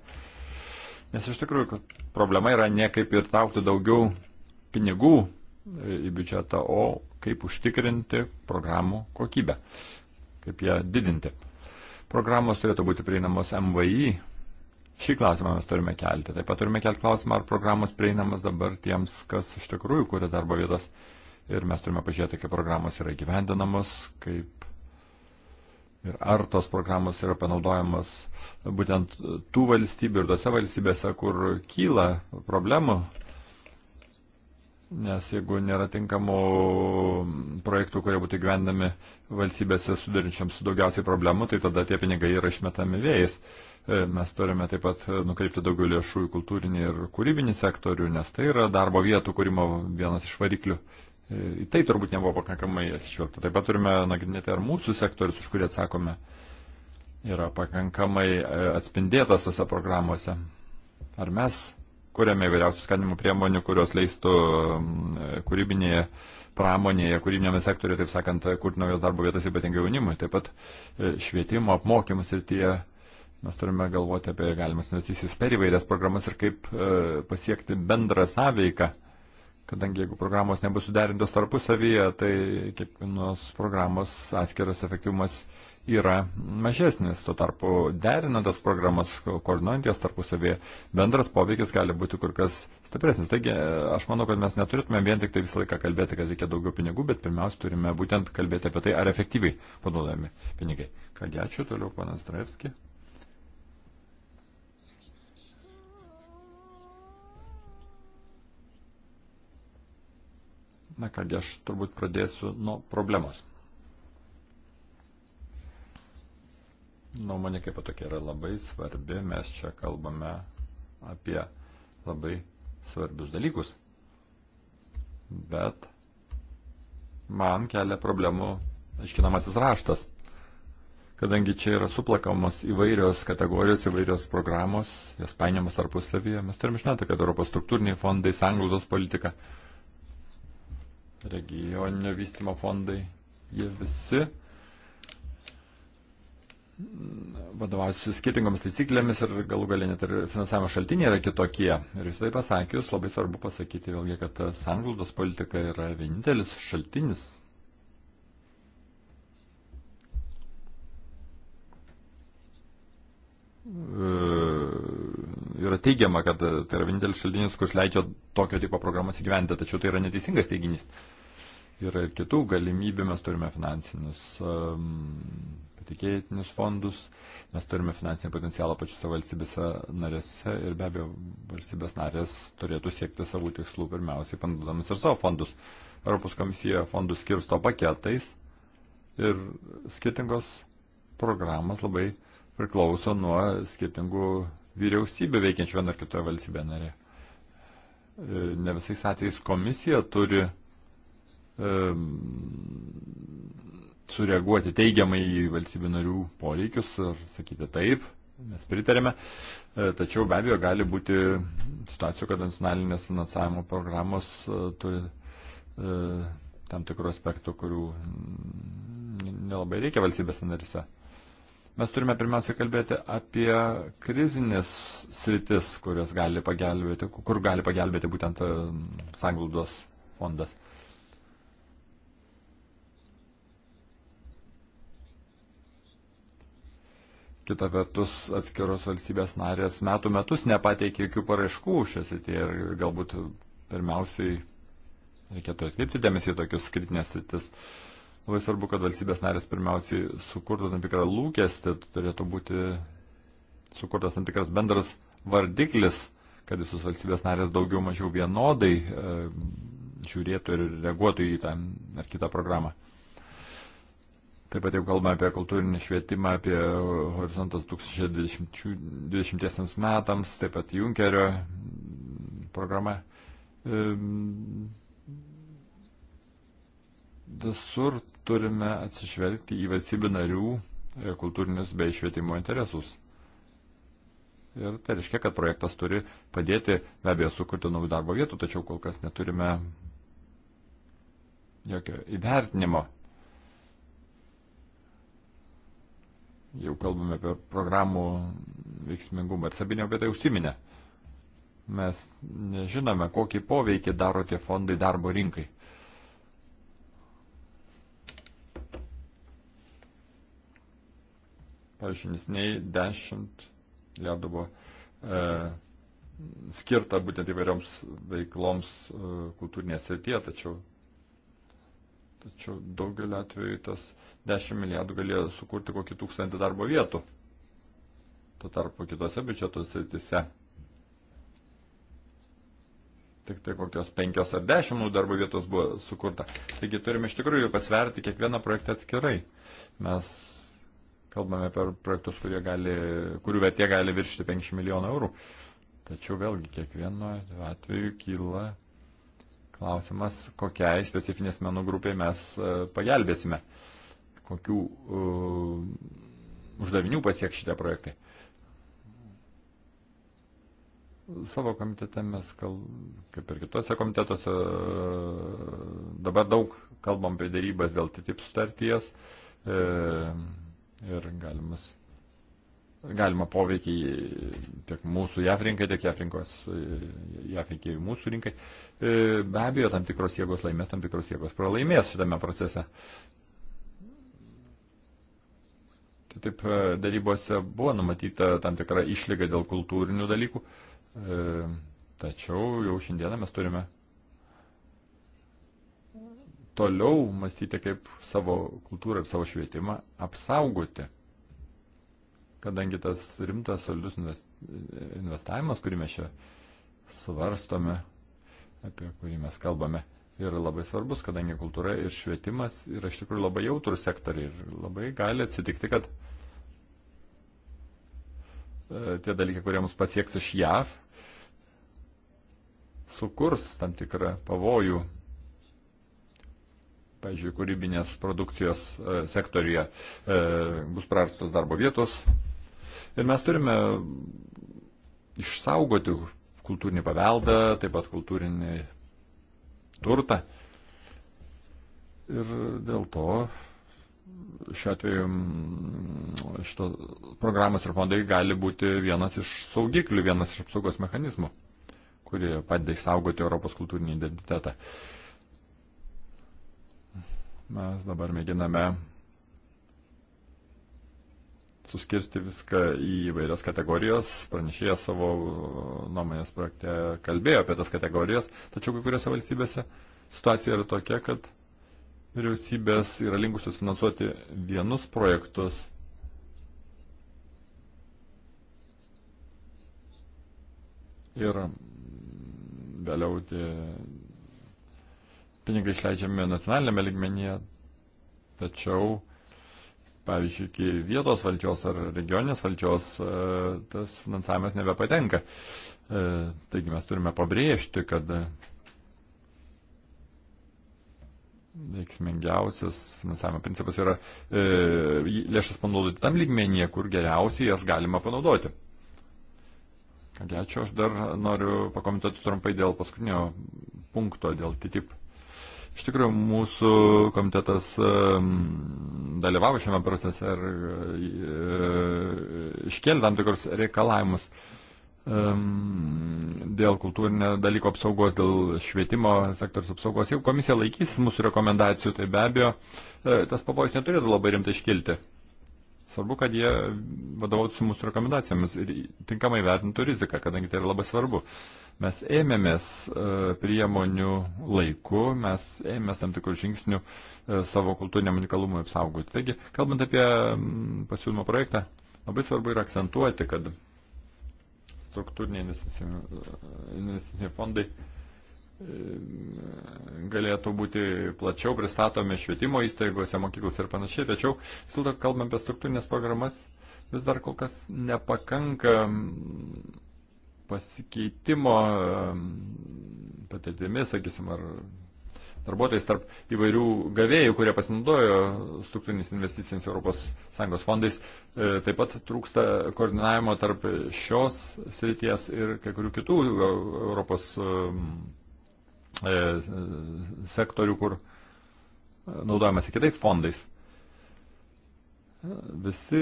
Nes iš tikrųjų problema yra ne kaip ir traukti daugiau pinigų į biudžetą, o kaip užtikrinti programų kokybę kaip ją didinti. Programos turėtų būti prieinamos MVI. Šį klausimą mes turime kelti. Taip pat turime kelti klausimą, ar programos prieinamas dabar tiems, kas iš tikrųjų kuria darbo vietas. Ir mes turime pažiūrėti, kaip programos yra gyvendinamos, kaip ir ar tos programos yra panaudojamos būtent tų valstybių ir tose valstybėse, kur kyla problemų Nes jeigu nėra tinkamų projektų, kurie būtų gyvendami valstybėse sudarinčiams su daugiausiai problemų, tai tada tie pinigai yra išmetami vėjais. E, mes turime taip pat nukreipti daugiau lėšų į kultūrinį ir kūrybinį sektorių, nes tai yra darbo vietų kūrimo vienas iš variklių. E, į tai turbūt nebuvo pakankamai atsižvelgta. Taip pat turime nagrinėti, ar mūsų sektorius, už kurį atsakome, yra pakankamai e, atspindėtas tose programuose. Ar mes kuriame įvairiausių skatinimo priemonių, kurios leistų mm, kūrybinėje pramonėje, kūrybinėme sektoriuje, taip sakant, kurti naujas darbo vietas ypatingai jaunimui. Taip pat e, švietimo, apmokymus ir tie mes turime galvoti apie galimas investicijas per įvairias programas ir kaip e, pasiekti bendrą sąveiką. Kadangi jeigu programos nebus suderintos tarpusavyje, tai kiekvienos programos atskiras efektyvumas yra mažesnis. Tuo tarpu derinant tas programas, koordinuojant jas tarpusavėje, bendras poveikis gali būti kur kas stipresnis. Taigi aš manau, kad mes neturėtume vien tik tai visą laiką kalbėti, kad reikia daugiau pinigų, bet pirmiausia turime būtent kalbėti apie tai, ar efektyviai panaudojami pinigai. Kągi ačiū, toliau panas Draevski. Na kągi, aš turbūt pradėsiu nuo problemos. nuomonė kaip tokia yra labai svarbi, mes čia kalbame apie labai svarbius dalykus. Bet man kelia problemų aiškinamasis raštas, kadangi čia yra suplakamos įvairios kategorijos, įvairios programos, jas painiamos tarpusavyje. Mes turime žinoti, kad Europos struktūriniai fondai, sanglaudos politika, regioninio vystimo fondai, jie visi vadovausiu skirtingomis taisyklėmis ir galų galia net ir finansavimo šaltiniai yra kitokie. Ir visai pasakius, labai svarbu pasakyti vėlgi, kad sanglaudos politika yra vienintelis šaltinis. E, yra teigiama, kad tai yra vienintelis šaltinis, kuris leidžia tokio tipo programas įgyventi, tačiau tai yra neteisingas teiginys. Uh, yra ir kitų galimybių, mes turime finansinius um, patikėtinius fondus, mes turime finansinį potencialą pačiose valstybėse narėse ir be abejo valstybės narės turėtų siekti savo tikslų pirmiausiai, panaudodamas ir savo fondus. Europos komisija fondus skirsto paketais ir skirtingos programos labai priklauso nuo skirtingų vyriausybė veikiančių vienoje ar kitoje valstybėje narė. E, ne visais atvejais komisija turi sureaguoti teigiamai į valstybių narių poreikius ir sakyti taip, mes pritarėme, e, tačiau be abejo gali būti situacijų, kad nacionalinės finansavimo programos e, turi e, tam tikrų aspektų, kurių nelabai reikia valstybės narise. Mes turime pirmiausia kalbėti apie krizinės sritis, kurios gali pagelbėti, kur gali pagelbėti būtent sanglaudos fondas. Uh, Kita vertus, atskiros valstybės narės metų metus nepateikė jokių paraiškų šiose tie ir galbūt pirmiausiai reikėtų atkreipti dėmesį į tokius kritinės sritis. Labai svarbu, kad valstybės narės pirmiausiai sukurtų tam tikrą lūkestį, turėtų būti sukurtas tam tikras bendras vardiklis, kad visus valstybės narės daugiau mažiau vienodai e, žiūrėtų ir reaguotų į tą ar kitą programą. Taip pat jau kalbame apie kultūrinį švietimą, apie horizontas 2020 metams, taip pat Junkerio programa. Visur turime atsižvelgti į valstybių narių e, kultūrinius bei švietimo interesus. Ir tai reiškia, kad projektas turi padėti be abejo sukurti naujų darbo vietų, tačiau kol kas neturime jokio įvertinimo jau kalbame apie programų veiksmingumą ir Sabinė apie tai užsiminė. Mes nežinome, kokį poveikį daro tie fondai darbo rinkai. Pavyzdžiui, nesiniai 10 milijardų buvo e, skirta būtent įvairioms veikloms e, kultūrinėje srityje, tačiau Tačiau daugeliu atveju tas 10 milijardų galėjo sukurti kokį tūkstantį darbo vietų. Tuo tarpu kitose biudžeto sritise tik tai kokios penkios ar dešimt darbo vietos buvo sukurta. Taigi turime iš tikrųjų pasverti kiekvieną projektą atskirai. Mes kalbame apie projektus, gali, kurių vertė gali viršti 5 milijonų eurų. Tačiau vėlgi kiekvieno atveju kyla klausimas, kokiai specifinės menų grupiai mes e, pagelbėsime. Uh, kokių uh, uždavinių pasieks šitie projektai. Savo komitete mes, kal, kaip ir kitose komitetuose, e, dabar daug kalbam apie darybas dėl TTIP sutarties e, ir galimas, galima poveikiai tiek mūsų JAF rinkai, tiek JAF rinkos, e, JAF iki mūsų rinkai. E, be abejo, tam tikros jėgos laimės, tam tikros jėgos pralaimės šitame procese. E, Taip, e, darybose buvo numatyta tam tikra išlyga dėl kultūrinių dalykų, e, tačiau jau šiandieną mes turime toliau mąstyti, kaip savo kultūrą ir savo švietimą apsaugoti. Kadangi tas rimtas solidus investavimas, kurį mes čia svarstome, apie kurį mes kalbame, yra labai svarbus, kadangi kultūra ir švietimas yra iš tikrųjų labai jautrų sektoriai ir labai gali atsitikti, kad e, tie dalykai, kurie mus pasieks iš JAV, sukurs tam tikrą pavojų, pavyzdžiui, kūrybinės produkcijos e, sektorija e, bus prarastos darbo vietos. Ir mes turime išsaugoti kultūrinį paveldą, taip pat kultūrinį turtą. Ir dėl to šiuo atveju mm, šitos programos ir fondai gali būti vienas iš saugiklių, vienas iš apsaugos mechanizmų, kurie padeda išsaugoti Europos kultūrinį identitetą. Mes dabar mėginame suskirsti viską į vairias kategorijas, pranešėjas savo nuomonės projekte kalbėjo apie tas kategorijas, tačiau kai kuriuose valstybėse situacija yra tokia, kad vyriausybės yra linkusios finansuoti vienus projektus. Ir vėliau tie pinigai išleidžiami nacionalinėme ligmenyje, tačiau pavyzdžiui, iki vietos valdžios ar regioninės valdžios e, tas finansavimas nebepatenka. E, taigi mes turime pabrėžti, kad veiksmingiausias finansavimo principas yra e, lėšas panaudoti tam lygmenyje, kur geriausiai jas galima panaudoti. Kągi ačiū, aš dar noriu pakomentuoti trumpai dėl paskutinio punkto, dėl TTIP. Iš tikrųjų, mūsų komitetas dalyvavo šiame procese ir e, iškėlė tam tikrus reikalavimus dėl kultūrinio dalyko apsaugos, dėl švietimo sektoriaus apsaugos. Jeigu komisija laikysis mūsų rekomendacijų, tai be abejo, e, tas pavojus neturėtų labai rimtai iškilti. Svarbu, kad jie vadovautųsi mūsų rekomendacijomis ir tinkamai vertintų riziką, kadangi tai yra labai svarbu. Uh, Mes ėmėmės e, priemonių laiku, mes ėmėmės tam tikrų žingsnių e, savo kultūriniam unikalumui apsaugoti. Taigi, kalbant apie pasiūlymo projektą, labai svarbu yra akcentuoti, kad struktūriniai investiciniai e, fondai galėtų būti plačiau pristatomi švietimo įstaigose, mokyklose ir panašiai. Tačiau, vis dėlto, kalbant apie struktūrinės programas, vis dar kol kas nepakanka pasikeitimo patirtimis, sakysim, ar darbuotojais tarp įvairių gavėjų, kurie pasinaudojo struktūrinis investicinis ES fondais. E, taip pat trūksta koordinavimo tarp šios srities ir kai kurių kitų e, Europos e, sektorių, kur naudojamasi kitais fondais visi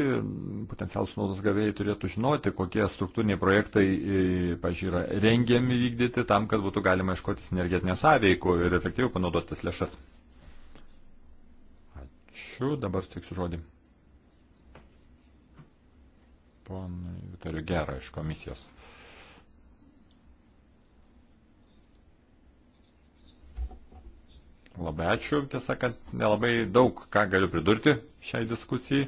potencialus naudos gavėjai turėtų žinoti, kokie struktūriniai projektai, e, pažiūrė, rengiami vykdyti tam, kad būtų galima iškoti sinergetinio sąveikų ir efektyviau panaudotis lėšas. Ačiū, dabar suteiksiu žodį. Ponai Vitorijų Gerą iš komisijos. Labai ačiū, tiesą sakant, nelabai daug ką galiu pridurti šiai diskusijai.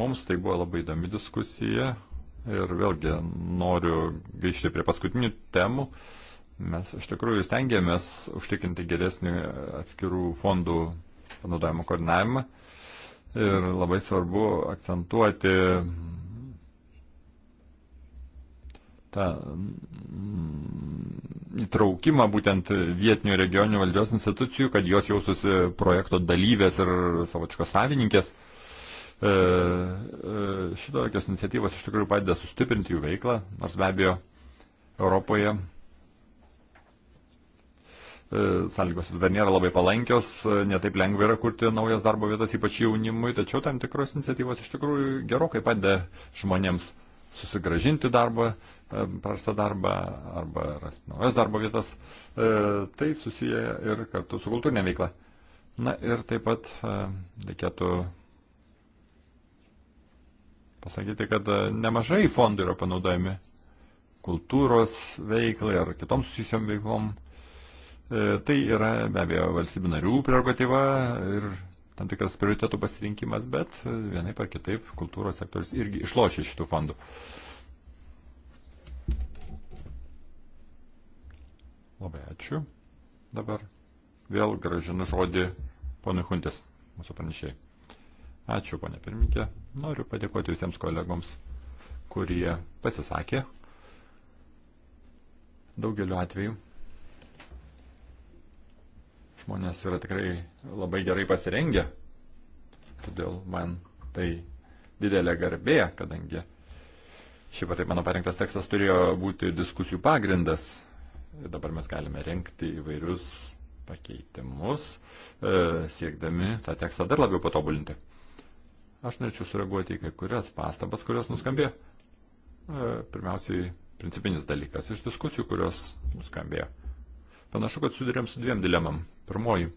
Mums tai buvo labai įdomi diskusija ir vėlgi noriu grįžti prie paskutinių temų. Mes iš tikrųjų stengiamės užtikrinti geresnį atskirų fondų panaudojimo koordinavimą ir labai svarbu akcentuoti tą mm, įtraukimą būtent vietinių regioninių valdžios institucijų, kad jos jaustųsi projekto dalyvės ir savočkos savininkės. E, e, šitokios iniciatyvos iš tikrųjų padeda sustiprinti jų veiklą, nors be abejo Europoje e, sąlygos vis dar nėra labai palankios, netaip lengva yra kurti naujas darbo vietas, ypač jaunimui, tačiau tam tikros iniciatyvos iš tikrųjų gerokai padeda žmonėms susigražinti darbą, e, prastą darbą arba rasti naujas darbo vietas, e, tai susiję ir kartu su kultūrinė veikla. Na ir taip pat e, reikėtų pasakyti, kad nemažai fondų yra panaudojami kultūros veiklai ar kitoms susijusiam veiklom. Tai yra be abejo valstybių narių prerogatyva ir tam tikras prioritetų pasirinkimas, bet e, vienaip ar kitaip kultūros sektorius irgi išlošia šitų fondų. Labai ačiū. Dabar vėl gražinu žodį ponui Huntis, mūsų pranešėjai. Ačiū, ponė pirmininkė. Noriu padėkoti visiems kolegoms, kurie pasisakė. Daugeliu atveju Žmonės yra tikrai labai gerai pasirengę, todėl man tai didelė garbė, kadangi šiaip ar taip mano parengtas tekstas turėjo būti diskusijų pagrindas. Dabar mes galime renkti įvairius pakeitimus, e, siekdami tą tekstą dar labiau patobulinti. Aš norėčiau sureaguoti į kai kurias pastabas, kurios nuskambėjo. E, pirmiausiai, principinis dalykas iš diskusijų, kurios nuskambėjo. Panašu, kad sudarėm su dviem dilemam. Pirmoji,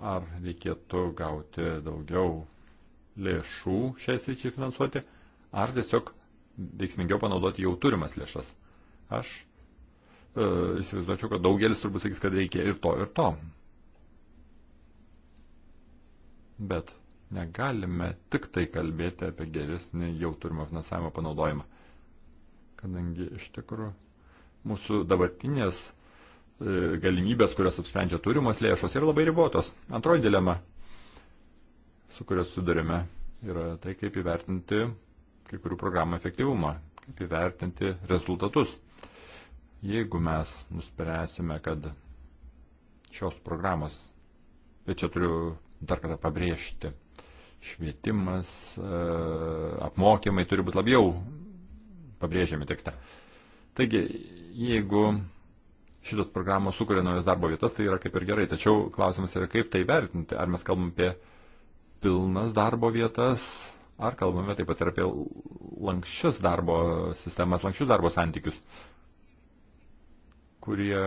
ar reikėtų gauti daugiau lėšų šiai sričiai finansuoti, ar tiesiog veiksmingiau panaudoti jau turimas lėšas. Aš e, įsivaizduočiau, kad daugelis turbūt sakys, kad reikia ir to, ir to. Bet negalime tik tai kalbėti apie geresnį jau turimo finansavimo panaudojimą. Kadangi iš tikrųjų mūsų dabartinės E, galimybės, kurias apsprendžia turimos lėšos, yra labai ribotos. Antroji dilema, su kuria sudarėme, yra tai, kaip įvertinti kai kurių programų efektyvumą, kaip įvertinti rezultatus. Jeigu mes nuspręsime, kad šios programos, bet čia turiu dar kartą pabrėžti, švietimas, e, apmokymai turi būti labiau pabrėžiami tekste. Taigi, jeigu šitos programos sukuria naujas darbo vietas, tai yra kaip ir gerai. Tačiau klausimas yra, kaip tai vertinti. Ar mes kalbam apie pilnas darbo vietas, ar kalbame taip pat ir apie lankščius darbo sistemas, lankščius darbo santykius, kurie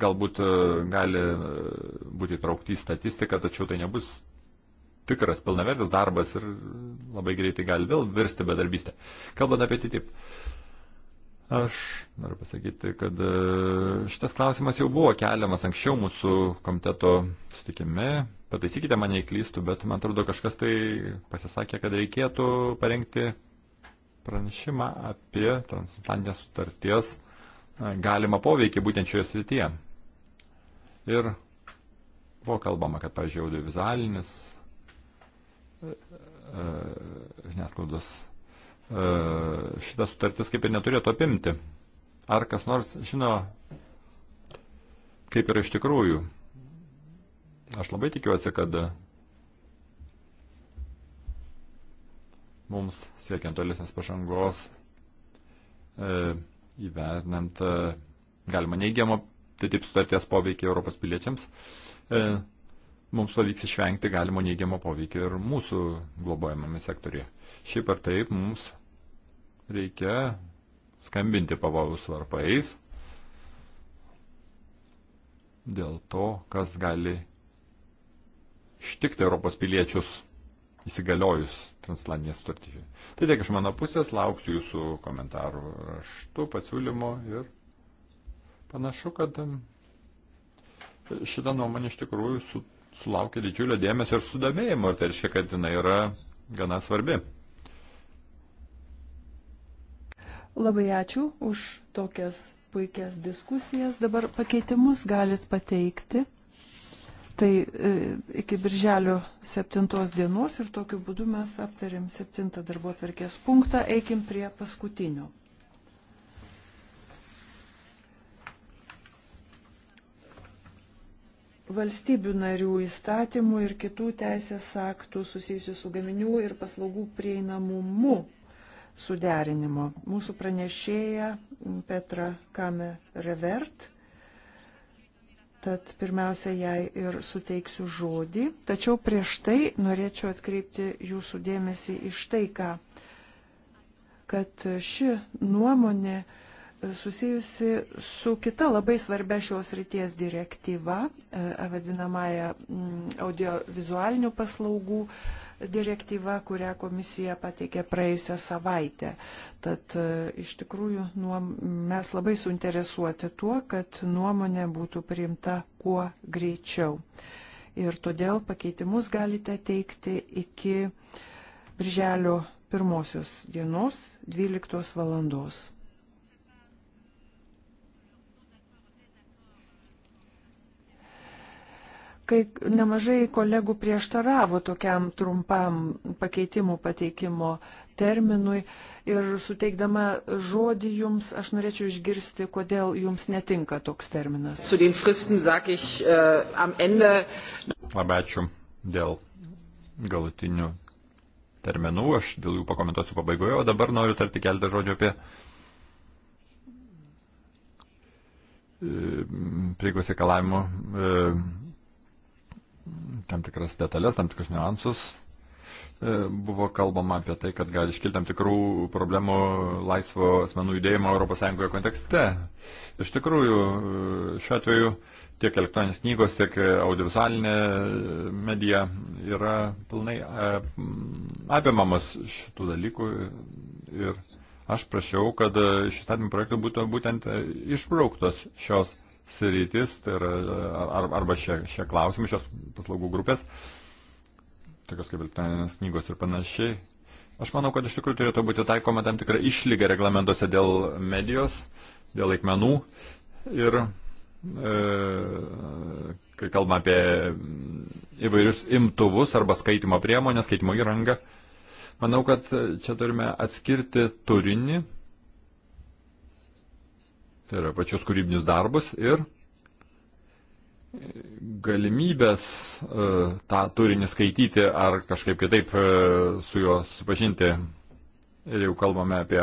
galbūt e, gali e, būti traukti į statistiką, tačiau tai nebus tikras pilnavertis darbas ir labai greitai gali vėl virsti bedarbystę. Kalbant apie tai taip Aš noriu pasakyti, kad e, šitas klausimas jau buvo keliamas anksčiau mūsų komiteto sutikime. Pataisykite mane įklystų, bet man atrodo kažkas tai pasisakė, kad reikėtų parengti pranešimą apie transatlantinės sutarties e, galimą poveikį būtent šioje srityje. Ir buvo kalbama, kad, pavyzdžiui, audiovizualinis žiniasklaidos e, e, E, šitas sutartis kaip ir neturėtų apimti. Ar kas nors žino, kaip yra iš tikrųjų? Aš labai tikiuosi, kad mums siekiant tolesnės pažangos, e, įvertinant e, galima neigiamą tai taip sutarties poveikį Europos piliečiams, e, mums pavyks išvengti galimo neigiamo poveikio ir mūsų globojamame sektoriuje. Šiaip ar taip mums reikia skambinti pavojus varpais dėl to, kas gali ištikti Europos piliečius įsigaliojus transatlantinės sutartyčiai. Tai tiek iš mano pusės, lauksiu jūsų komentarų raštų, pasiūlymų ir panašu, kad um, šita nuomonė iš tikrųjų su, sulaukė didžiulio dėmesio ir sudomėjimo ir tai reiškia, kad jinai yra gana svarbi. Labai ačiū už tokias puikias diskusijas. Dabar pakeitimus galit pateikti. Tai e, iki birželio 7 dienos ir tokiu būdu mes aptarėm 7 darbo atvarkės punktą. Eikim prie paskutinio. Valstybių narių įstatymų ir kitų teisės aktų susijusių su gaminių ir paslaugų prieinamumu suderinimo. Mūsų pranešėja Petra Kame Revert. Tad pirmiausia, jai ir suteiksiu žodį. Tačiau prieš tai norėčiau atkreipti jūsų dėmesį iš tai, ką, kad ši nuomonė uh, susijusi su kita labai svarbia šios ryties direktyva, e, e, vadinamąją mm, audiovizualinių paslaugų direktyva, kurią komisija pateikė praėjusią savaitę. Tad e, iš tikrųjų nuom, mes labai suinteresuoti tuo, kad nuomonė būtų priimta kuo greičiau. Ir todėl pakeitimus galite teikti iki Birželio pirmosios dienos 12 valandos. kai nemažai kolegų prieštaravo tokiam trumpam pakeitimų pateikimo terminui ir suteikdama žodį jums, aš norėčiau išgirsti, kodėl jums netinka toks terminas. Su den fristen, sak ich, uh, am ende. Labai ačiū dėl galutinių terminų, aš dėl jų pakomentuosiu pabaigoje, o dabar noriu tarti keletą žodžių apie e, prieigos reikalavimų e, tam tikras detalės, tam tikrus niuansus. E, buvo kalbama apie tai, kad gali iškilti tam tikrų problemų laisvo asmenų judėjimo ES kontekste. Iš tikrųjų, e, šiuo atveju tiek elektroninės knygos, tiek audiovizualinė medija yra pilnai e, apimamas šitų dalykų. Ir aš prašiau, kad iš įstatymų projektų būtų būtent išbrauktos šios sritis, tai yra, ar, arba šie, šie klausimai, šios paslaugų grupės, tokios kaip elektroninės knygos ir panašiai. Aš manau, kad iš tikrųjų turėtų būti taikoma tam tikra išlyga reglamentuose dėl medijos, dėl laikmenų ir e, kai kalbame apie įvairius imtuvus arba skaitimo priemonę, skaitimo įrangą, manau, kad čia turime atskirti turinį tai yra pačius kūrybinius darbus ir galimybės e, tą turinį skaityti ar kažkaip kitaip e, su juo supažinti. Ir jau kalbame apie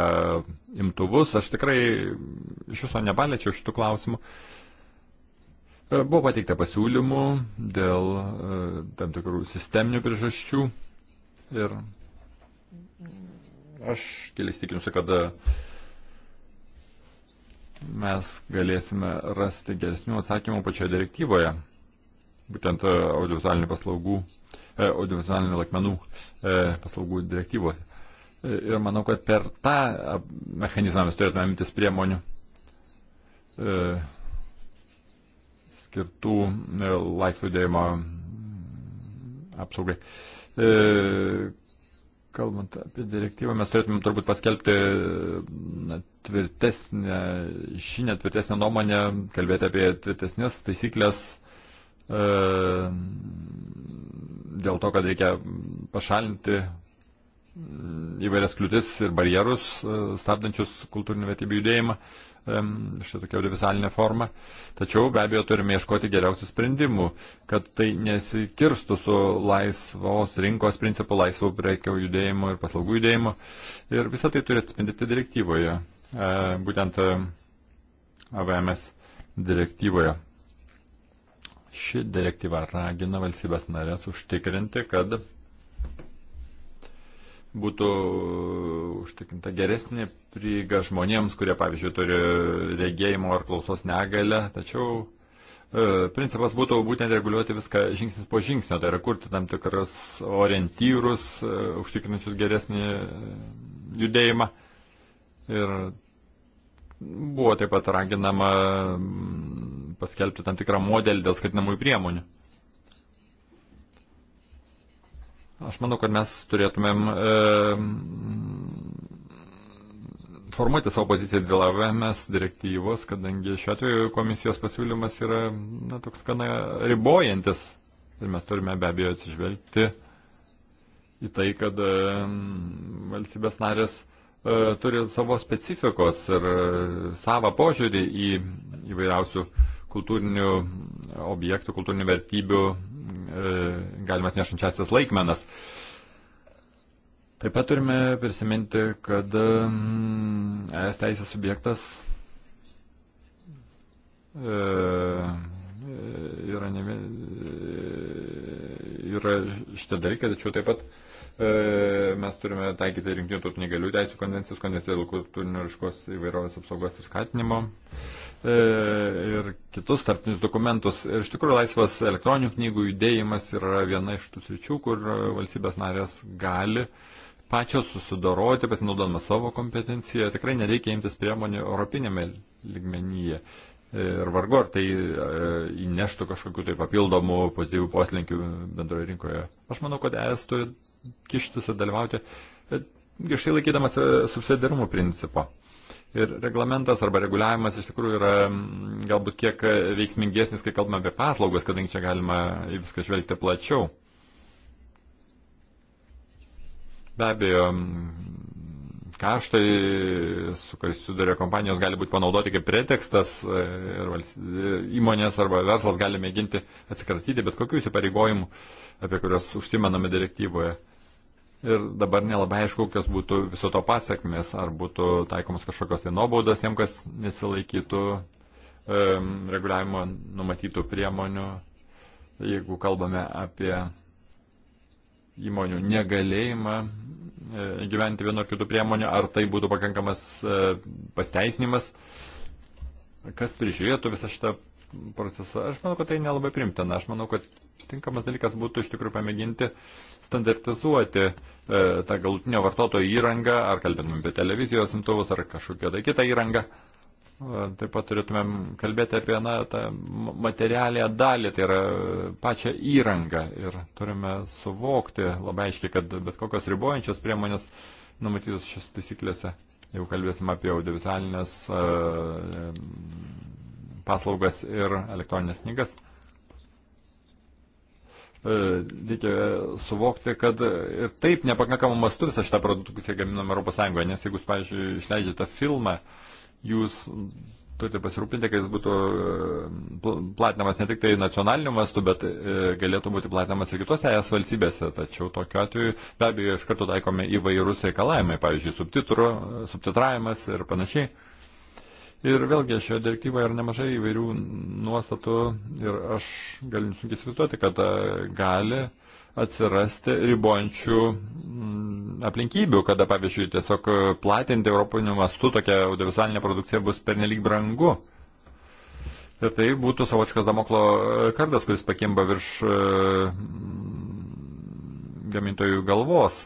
imtuvus, aš tikrai iš viso nepaliečiau šitų klausimų. E, buvo pateikta pasiūlymų dėl tam tikrų sisteminių priežasčių ir aš kelias tikinuosi, kad mes galėsime rasti geresnių atsakymų pačioje direktyvoje, būtent e, audiovizualinių paslaugų, e, audiovizualinių lakmenų e, paslaugų direktyvoje. Ir manau, kad per tą mechanizmą mes turėtume imtis priemonių skirtų laisvo judėjimo mm, apsaugai. Kalbant apie direktyvą, mes turėtume turbūt paskelbti na, tvirtesnę žinę, tvirtesnę nuomonę, kalbėti apie tvirtesnės taisyklės e, dėl to, kad reikia pašalinti įvairias kliūtis ir barjerus, e, stabdančius kultūrinį vertybių judėjimą e, šitą tokia audiovizualinė forma. Tačiau be abejo turime ieškoti geriausių sprendimų, kad tai nesikirstų su laisvos rinkos principu, laisvo prekio judėjimo ir paslaugų judėjimo. Ir visą tai turi atspindėti direktyvoje, e, būtent AVMS direktyvoje. Ši direktyva ragina valstybės narės užtikrinti, kad būtų uh, užtikrinta geresnė prieiga žmonėms, kurie, pavyzdžiui, turi regėjimo ar klausos negalę, tačiau e, principas būtų būtent reguliuoti viską žingsnis po žingsnio, tai yra kurti tam tikrus orientyrus, e, užtikrinančius geresnį judėjimą. Ir buvo taip pat raginama mm, paskelbti tam tikrą modelį dėl skatinamųjų priemonių. Aš manau, kad mes turėtumėm e, formuoti savo poziciją dėl AVMS direktyvos, kadangi šiuo atveju komisijos pasiūlymas yra na, toks gana ribojantis ir mes turime be abejo atsižvelgti į tai, kad e, valstybės narės e, turi savo specifikos ir e, savo požiūrį į įvairiausių kultūrinių objektų, kultūrinių vertybių E, galima atnešančiasias laikmenas. Taip pat turime prisiminti, kad mm, ES teisės subjektas e, yra, ne, e, yra šitie dalykai, tačiau taip pat E, mes turime taikyti rinkinių tautų negalių teisų konvencijas, konvenciją dėl kultūrinio ryškos įvairovės apsaugos ir skatinimo e, ir kitus tarptinius dokumentus. Ir iš tikrųjų laisvas elektroninių knygų judėjimas yra viena iš tų sričių, kur valstybės narės gali pačios susidoroti, pasinaudodama savo kompetenciją. Tikrai nereikia imtis priemonių europinėme ligmenyje. Ir vargu ar tai e, įneštų kažkokiu tai papildomu pozityvių poslinkių bendroje rinkoje. Aš manau, kad ES turi kištis ir dalyvauti, griežtai e, laikydamas e, subsidiarumo principo. Ir reglamentas arba reguliavimas iš tikrųjų yra galbūt kiek e, veiksmingesnis, kai kalbame apie paslaugas, kadangi čia galima į viską žvelgti plačiau. Be abejo, kaštai, su kuriais sudarė kompanijos, gali būti panaudoti kaip pretekstas ir įmonės arba verslas gali mėginti atsikratyti bet kokių įsipareigojimų, apie kuriuos užsimename direktyvoje ir dabar nelabai aišku, kokios būtų viso to pasiekmes, ar būtų taikomas kažkokios tai nuobaudos tiem, kas nesilaikytų e, reguliavimo numatytų priemonių, jeigu kalbame apie įmonių negalėjimą e, gyventi vienu ar kitų priemonių, ar tai būtų pakankamas e, pasteisinimas, kas prižiūrėtų visą šitą procesą. Aš manau, kad tai nelabai primtina. Aš manau, kad tinkamas dalykas būtų iš tikrųjų pamėginti standartizuoti uh, E, tą galutinio vartotojo įrangą, ar kalbėtumėm apie televizijos imtuvus, ar kažkokią tai kitą įrangą. E, taip pat turėtumėm kalbėti apie na, tą materialę dalį, tai yra pačią įrangą. Ir turime suvokti labai aiškiai, kad bet kokios ribojančios priemonės numatytos šios taisyklėse, jau kalbėsim apie audiovizualinės e, paslaugas ir elektroninės knygas, E, reikia suvokti, kad ir taip nepakankama mastu visą šitą produkciją gaminam Europos Sąjungoje, nes jeigu, pavyzdžiui, išleidžiate filmą, jūs turite pasirūpinti, kad jis būtų e, platinamas ne tik tai nacionaliniu mastu, bet e, galėtų būti platinamas ir kitose ES valstybėse. Tačiau tokiu atveju be abejo iš karto taikome įvairūs reikalavimai, pavyzdžiui, subtitrų, subtitravimas ir panašiai. Ir vėlgi šioje direktyvoje yra nemažai įvairių nuostatų ir aš galiu sunkiai įsivaizduoti, kad e, gali atsirasti ribojančių mm, aplinkybių, kada, pavyzdžiui, tiesiog platinti europiniu mastu tokią audiovizualinę produkciją bus pernelyg brangu. Ir tai būtų savočkas damoklo kardas, kuris pakimba virš e, gamintojų galvos,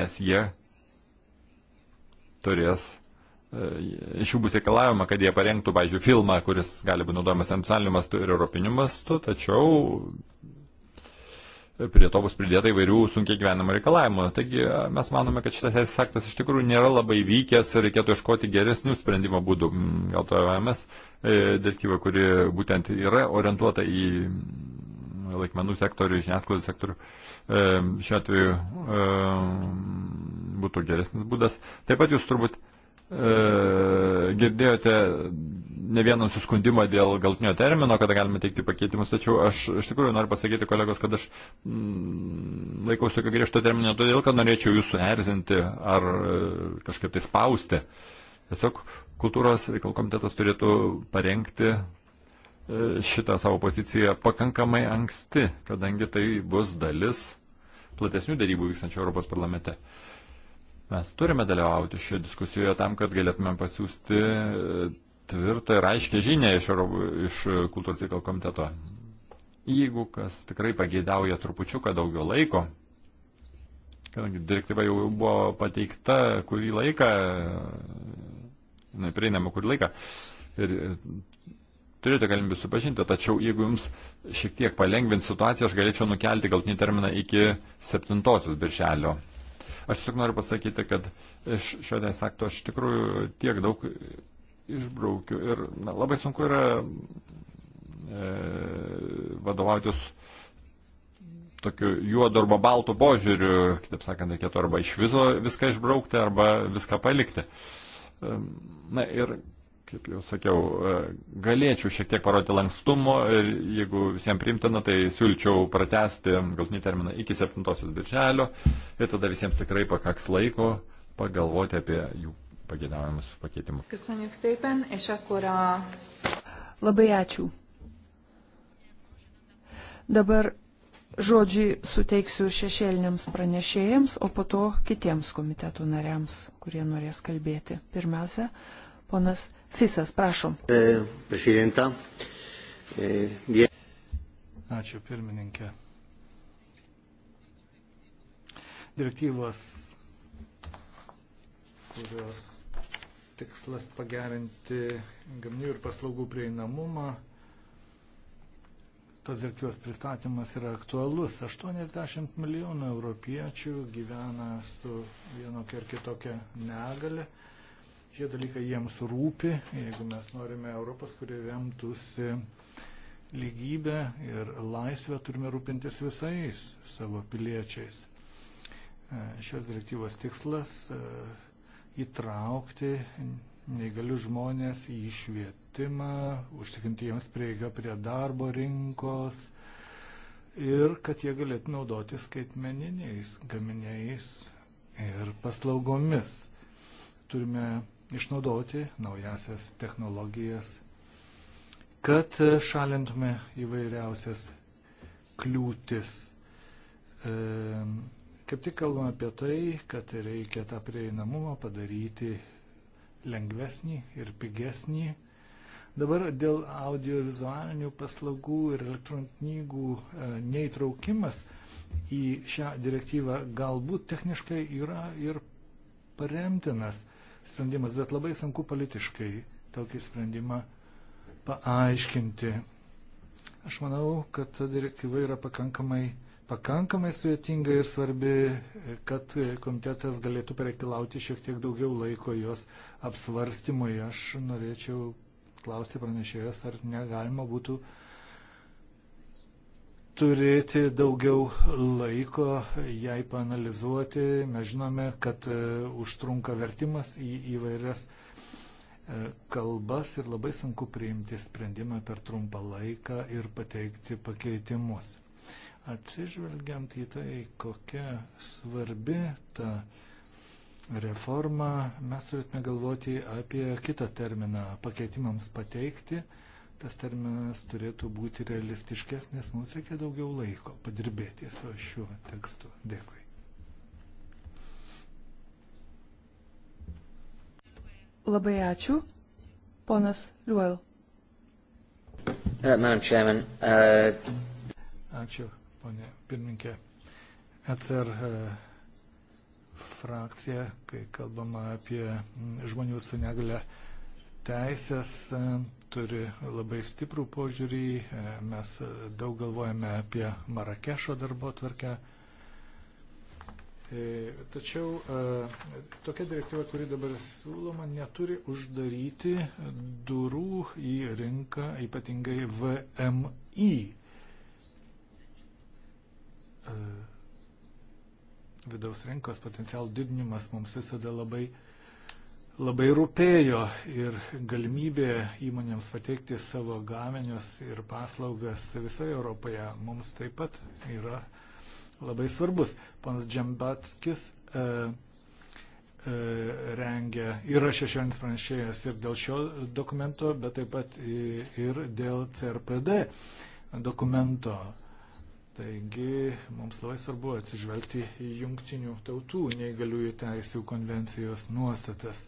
nes jie turės E, iš jų bus reikalavima, kad jie parengtų, pavyzdžiui, filmą, kuris gali būti naudojamas nacionaliniu mastu ir europiniu mastu, tačiau prie to bus pridėta įvairių sunkiai gyvenimo reikalavimų. Taigi e, mes manome, kad šitas teisės aktas iš tikrųjų nėra labai vykęs ir reikėtų ieškoti geresnių sprendimo būdų. Mm, gal to EMS e, direktyva, kuri būtent yra orientuota į laikmenų sektorių, žiniasklaidų sektorių, šiuo atveju būtų geresnis būdas. Taip pat jūs turbūt E, girdėjote ne vieną nusiskundimą dėl galtinio termino, kada galime teikti pakeitimus, tačiau aš iš tikrųjų noriu pasakyti kolegos, kad aš mm, laikausi tokio griežto termino todėl, kad norėčiau jūsų erzinti ar e, kažkaip tai spausti. Tiesiog kultūros reikalų komitetas turėtų parengti e, šitą savo poziciją pakankamai anksti, kadangi tai bus dalis platesnių darybų vykstančių Europos parlamente. Uh, Mes turime dalyvauti šioje diskusijoje tam, kad galėtume pasiūsti e, tvirtą ir aiškę žinę iš, Euro, iš kultūros ciklo komiteto. Jeigu kas tikrai pageidauja trupučiuką daugiau laiko, kadangi direktyva jau buvo pateikta kurį laiką, prieinama kurį laiką, ir e, turite galimybę supažinti, tačiau jeigu jums šiek tiek palengvint situaciją, aš galėčiau nukelti galtinį terminą iki 7 birželio Aš tik noriu pasakyti, kad iš šio teisės akto aš tikrųjų tiek daug išbraukiu ir na, labai sunku yra e, vadovautis tokiu juodu arba baltu požiūriu, kitaip sakant, reikėtų arba iš viso viską išbraukti, arba viską palikti. E, na ir kaip jau sakiau, e, galėčiau šiek tiek parodyti lankstumo ir jeigu visiems primtina, tai siūlyčiau pratesti galtinį terminą iki 7 birželio ir tada visiems tikrai pakaks laiko pagalvoti apie jų pagėdavimus pakeitimus. Labai ačiū. Dabar žodžiai suteiksiu šešėliniams pranešėjams, o po to kitiems komitetų nariams, kurie norės kalbėti. Pirmiausia, ponas Fisas, prašom. E, Prezidentą. E, Ačiū, pirmininkė. Direktyvos, kurios tikslas pagerinti gaminių ir paslaugų prieinamumą, tos direktyvos pristatymas yra aktualus. 80 milijonų europiečių gyvena su vienokia ir kitokia negale. Šie dalykai jiems rūpi, jeigu mes norime Europos, kurie remtųsi lygybę ir laisvę, turime rūpintis visais savo piliečiais. E, šios direktyvos tikslas e, įtraukti neįgalius žmonės į švietimą, užtikrinti jiems prieigą prie darbo rinkos ir kad jie galėtų naudoti skaitmeniniais gaminiais ir paslaugomis. Turime išnaudoti naujasias technologijas, kad e, šalintume įvairiausias kliūtis. E, kaip tik kalbame apie tai, kad reikia tą prieinamumą padaryti lengvesnį ir pigesnį. Dabar dėl audiovizualinių paslaugų ir elektronknygų e, neįtraukimas į šią direktyvą galbūt techniškai yra ir paremtinas sprendimas, bet labai sunku politiškai tokį sprendimą paaiškinti. Aš manau, kad ta direktyva yra pakankamai, pakankamai sudėtinga ir svarbi, kad komitetas galėtų pareikalauti šiek tiek daugiau laiko jos apsvarstymui. Aš norėčiau klausti pranešėjas, ar negalima būtų uh, turėti daugiau laiko jai panalizuoti. Mes žinome, kad e, užtrunka vertimas į įvairias e, kalbas ir labai sunku priimti sprendimą per trumpą laiką ir pateikti pakeitimus. Atsižvelgiant į tai, kokia svarbi ta reforma, mes turėtume galvoti apie kitą terminą pakeitimams pateikti tas terminas turėtų būti realistiškesnis, mums reikia daugiau laiko padirbėti su šiuo tekstu. Dėkui. Labai ačiū. Ponas Liuel. Uh, Madam Chairman. Uh... Ačiū, ponė pirmininkė. ECR uh, frakcija, kai kalbama apie mm, žmonių su negale uh, teisės e, turi labai stiprų požiūrį. E, mes daug galvojame apie Marakešo darbo tvarkę. E, tačiau tokia direktyva, kuri dabar siūloma, neturi uždaryti durų į rinką, ypatingai VMI. Vidaus rinkos potencial didinimas mums visada labai svarbu labai rūpėjo ir galimybė įmonėms pateikti savo gaminius ir paslaugas visoje Europoje mums taip pat yra labai svarbus. Pons Džembatskis e, e, rengia, yra šešėlinis pranešėjas ir dėl šio dokumento, bet taip pat ir dėl CRPD dokumento. Taigi mums labai svarbu atsižvelgti į jungtinių tautų neįgaliųjų teisų konvencijos nuostatas.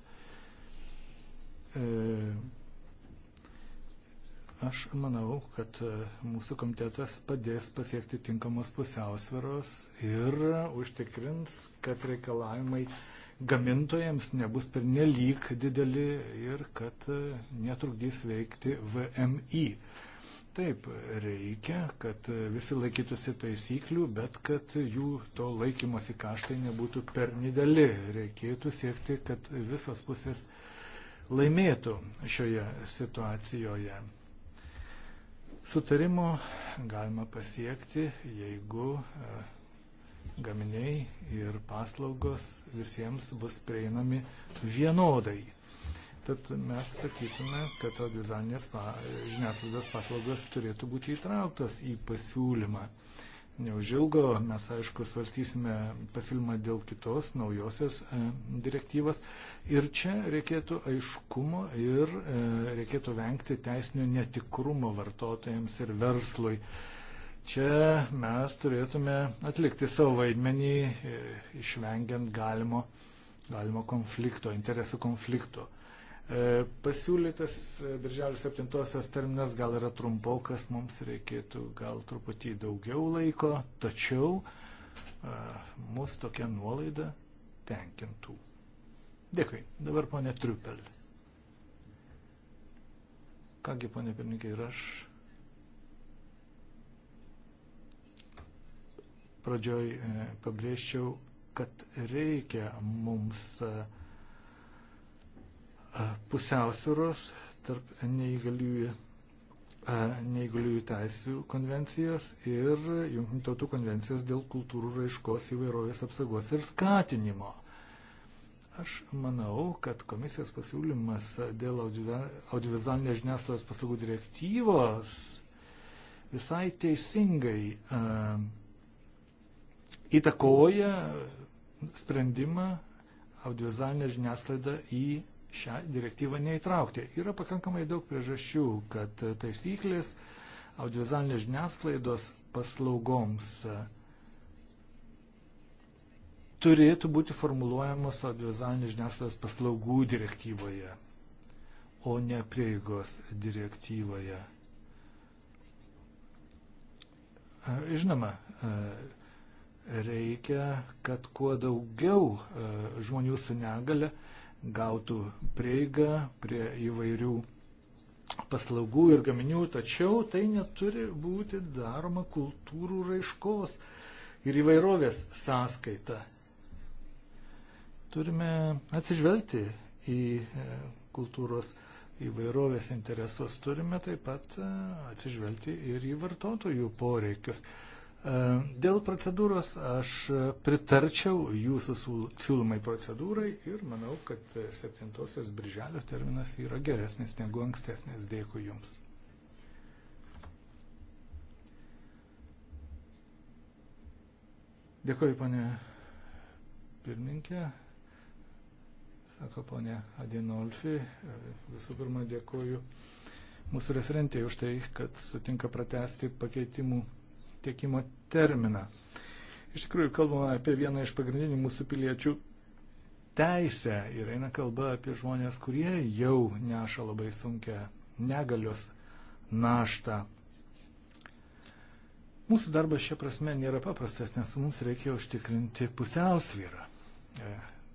E, aš manau, kad e, mūsų komitetas padės pasiekti tinkamos pusiausviros ir užtikrins, kad reikalavimai gamintojams nebus pernelyg dideli ir kad e, netrukdys veikti VMI. Taip, reikia, kad visi laikytųsi taisyklių, bet kad jų to laikymosi kaštai nebūtų per dideli. Reikėtų siekti, kad visos pusės laimėtų šioje situacijoje. Sutarimo galima pasiekti, jeigu e, gaminiai ir paslaugos visiems bus prieinami vienodai. Tad mes sakytume, kad audiovizualinės žiniasklaidos paslaugos turėtų būti įtrauktos į pasiūlymą neužilgo. Mes, aišku, svarstysime pasiūlymą dėl kitos naujosios e, direktyvos. Ir čia reikėtų aiškumo ir e, reikėtų vengti teisinio netikrumo vartotojams ir verslui. Čia mes turėtume atlikti savo vaidmenį, e, išvengiant galimo, galimo konflikto, interesų konflikto. E, pasiūlytas e, birželio 7-osios terminas gal yra trumpaukas, mums reikėtų gal truputį daugiau laiko, tačiau e, mus tokia nuolaida tenkintų. Dėkui. Dabar ponė Triupel. Kągi, ponė pirmininkai, ir aš pradžioj pabrėžčiau, kad reikia mums uh, pusiausvėros tarp neįgaliųjų, neįgaliųjų teisų konvencijos ir Junktinių tautų konvencijos dėl kultūrų raiškos įvairovės apsaugos ir skatinimo. Aš manau, kad komisijos pasiūlymas dėl audiovizualinės žiniasklaidos paslaugų direktyvos visai teisingai a, įtakoja sprendimą audiovizualinę žiniasklaidą į šią direktyvą neįtraukti. Yra pakankamai daug priežasčių, kad taisyklės audiovizualinės žiniasklaidos paslaugoms e, turėtų būti formuluojamos audiovizualinės žiniasklaidos paslaugų direktyvoje, o ne prieigos direktyvoje. E, žinoma, e, reikia, kad kuo daugiau žmonių su negale gautų prieigą prie įvairių paslaugų ir gaminių, tačiau tai neturi būti daroma kultūrų raiškos ir įvairovės sąskaita. Turime atsižvelgti į e, kultūros įvairovės interesus, turime taip pat e, atsižvelgti ir į vartotojų poreikius. E, dėl procedūros aš pritarčiau jūsų siūlomai procedūrai ir manau, kad 7 birželio terminas yra geresnis negu ankstesnis. Dėkui Jums. Dėkui, ponė pirmininkė. Sako ponė Adinolfi. Visų pirma, dėkoju mūsų referentė už tai, kad sutinka pratesti pakeitimų tiekimo terminą. Iš tikrųjų, kalbame apie vieną iš pagrindinių mūsų piliečių teisę ir eina kalba apie žmonės, kurie jau neša labai sunkę negalios naštą. Mūsų darbas šia prasme nėra paprastas, nes mums reikia užtikrinti pusiausvyrą. E,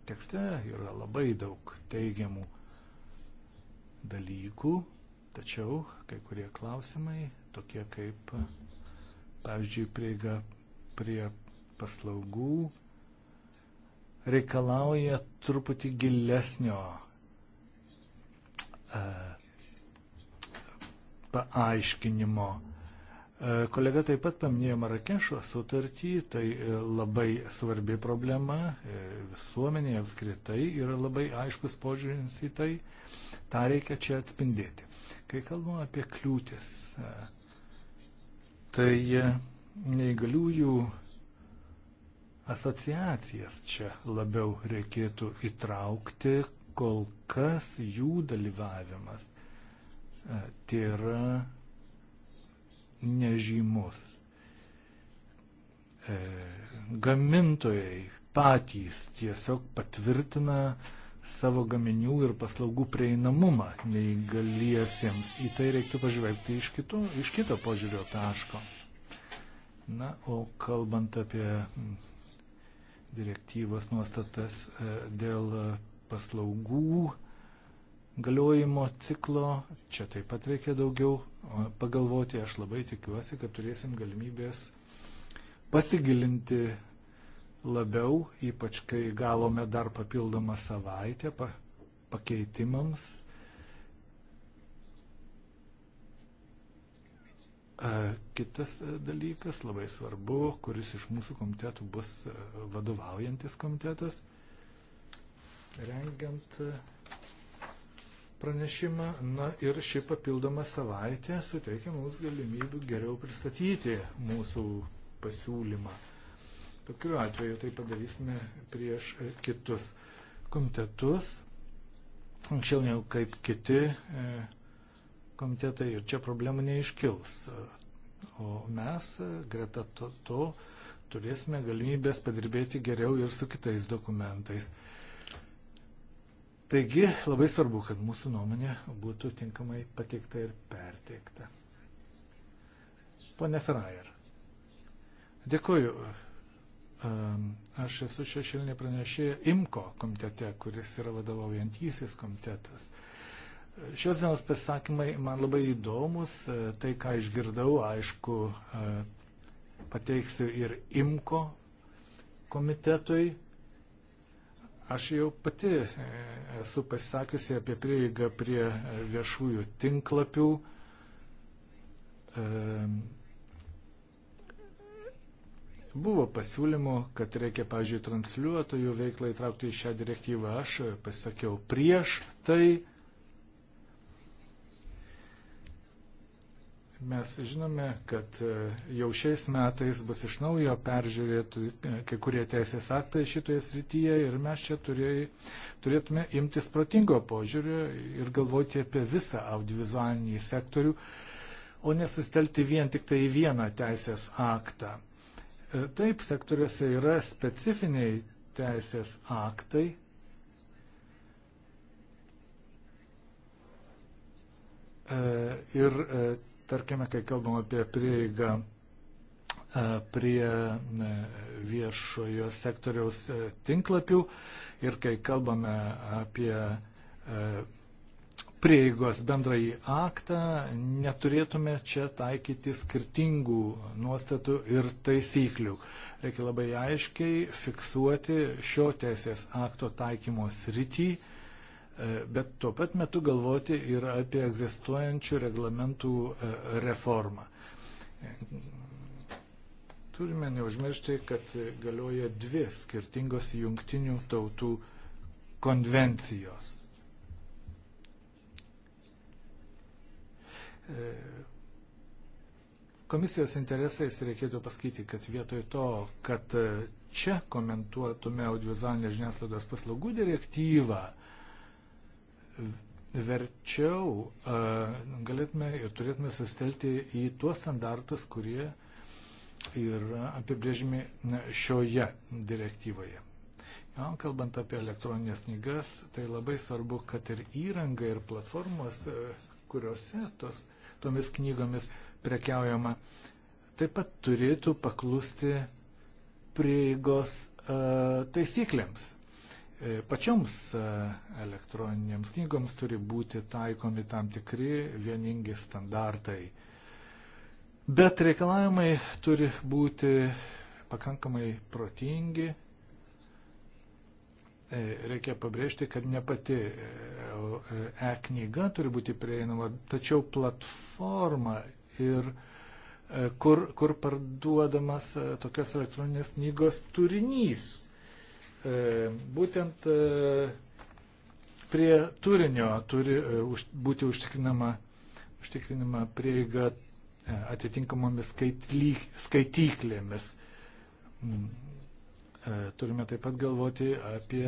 tekste yra labai daug teigiamų dalykų, tačiau kai kurie klausimai, tokie kaip pavyzdžiui, prieiga prie paslaugų reikalauja truputį gilesnio e, paaiškinimo. E, kolega taip pat paminėjo Marakešo sutartį, tai labai svarbi problema, e, visuomenėje apskritai yra labai aiškus požiūris į tai, tą reikia čia atspindėti. Kai kalbame apie kliūtis, e, tai neįgaliųjų asociacijas čia labiau reikėtų įtraukti, kol kas jų dalyvavimas e, tai yra nežymus. E, gamintojai patys tiesiog patvirtina, savo gaminių ir paslaugų prieinamumą neįgaliesiems. Į tai reiktų pažvelgti iš kito, iš kito požiūrio taško. Na, o kalbant apie mm, direktyvos nuostatas e, dėl paslaugų galiojimo ciklo, čia taip pat reikia daugiau pagalvoti. Aš labai tikiuosi, kad turėsim galimybės pasigilinti labiau, ypač kai gavome dar papildomą savaitę pa, pakeitimams. Kitas dalykas labai svarbu, kuris iš mūsų komitetų bus vadovaujantis komitetas, rengiant pranešimą. Na ir ši papildoma savaitė suteikia mums galimybių geriau pristatyti mūsų pasiūlymą. Tokiu atveju tai padarysime prieš kitus komitetus, anksčiau negu kaip kiti e, komitetai ir čia problemų neiškils. O mes e, greta to, to turėsime galimybės padirbėti geriau ir su kitais dokumentais. Taigi labai svarbu, kad mūsų nuomonė būtų tinkamai pateikta ir perteikta. Pone Ferrajer, dėkuoju Aš esu šešėlinė pranešėja IMKO komitete, kuris yra vadovaujantysis komitetas. Šios dienos pasakymai man labai įdomus. E, tai, ką išgirdau, aišku, e, pateiksiu ir IMKO komitetui. Aš jau pati e, esu pasisakiusi apie prieigą prie viešųjų tinklapių Buvo pasiūlymų, kad reikia, pavyzdžiui, transliuotojų veiklą įtraukti į šią direktyvą. Aš pasakiau prieš tai. Mes žinome, kad e, jau šiais metais bus iš naujo peržiūrėti e, kai kurie teisės aktai šitoje srityje ir mes čia turėjai, turėtume imtis protingo požiūrio ir galvoti apie visą audiovizualinį sektorių, o nesustelti vien tik tai į vieną teisės aktą. Taip, sektoriuose yra specifiniai teisės aktai. E, ir, e, tarkime, kai kalbam apie prieigą e, prie viešojo sektoriaus tinklapių ir kai kalbame apie prieigos bendrąjį aktą, neturėtume čia taikyti skirtingų nuostatų ir taisyklių. Reikia labai aiškiai fiksuoti šio teisės akto taikymo srity, e, bet tuo pat metu galvoti ir apie egzistuojančių reglamentų e, reformą. Turime neužmiršti, kad galioja dvi skirtingos jungtinių tautų konvencijos. E, komisijos interesais reikėtų pasakyti, kad vietoj to, kad čia komentuotume audiovizualinės žiniasklaidos paslaugų direktyvą, verčiau e, galėtume ir turėtume sustelti į tuos standartus, kurie yra apibrėžimi šioje direktyvoje. Ja, kalbant apie elektroninės knygas, tai labai svarbu, kad ir įranga, ir platformos, e, kuriuose tos uh, tomis knygomis prekiaujama, taip pat turėtų paklusti prieigos e, taisyklėms. E, pačioms e, elektroninėms knygoms turi būti taikomi tam tikri vieningi standartai. Bet reikalavimai turi būti pakankamai protingi. Reikia pabrėžti, kad ne pati Tačiau e, e-knyga turi būti prieinama, tačiau platforma ir e, kur, kur parduodamas e, tokios elektroninės knygos turinys. Būtent prie turinio turi būti užtikrinama, užtikrinama prieiga atitinkamomis skaitly, skaityklėmis. Mm, turime taip pat galvoti apie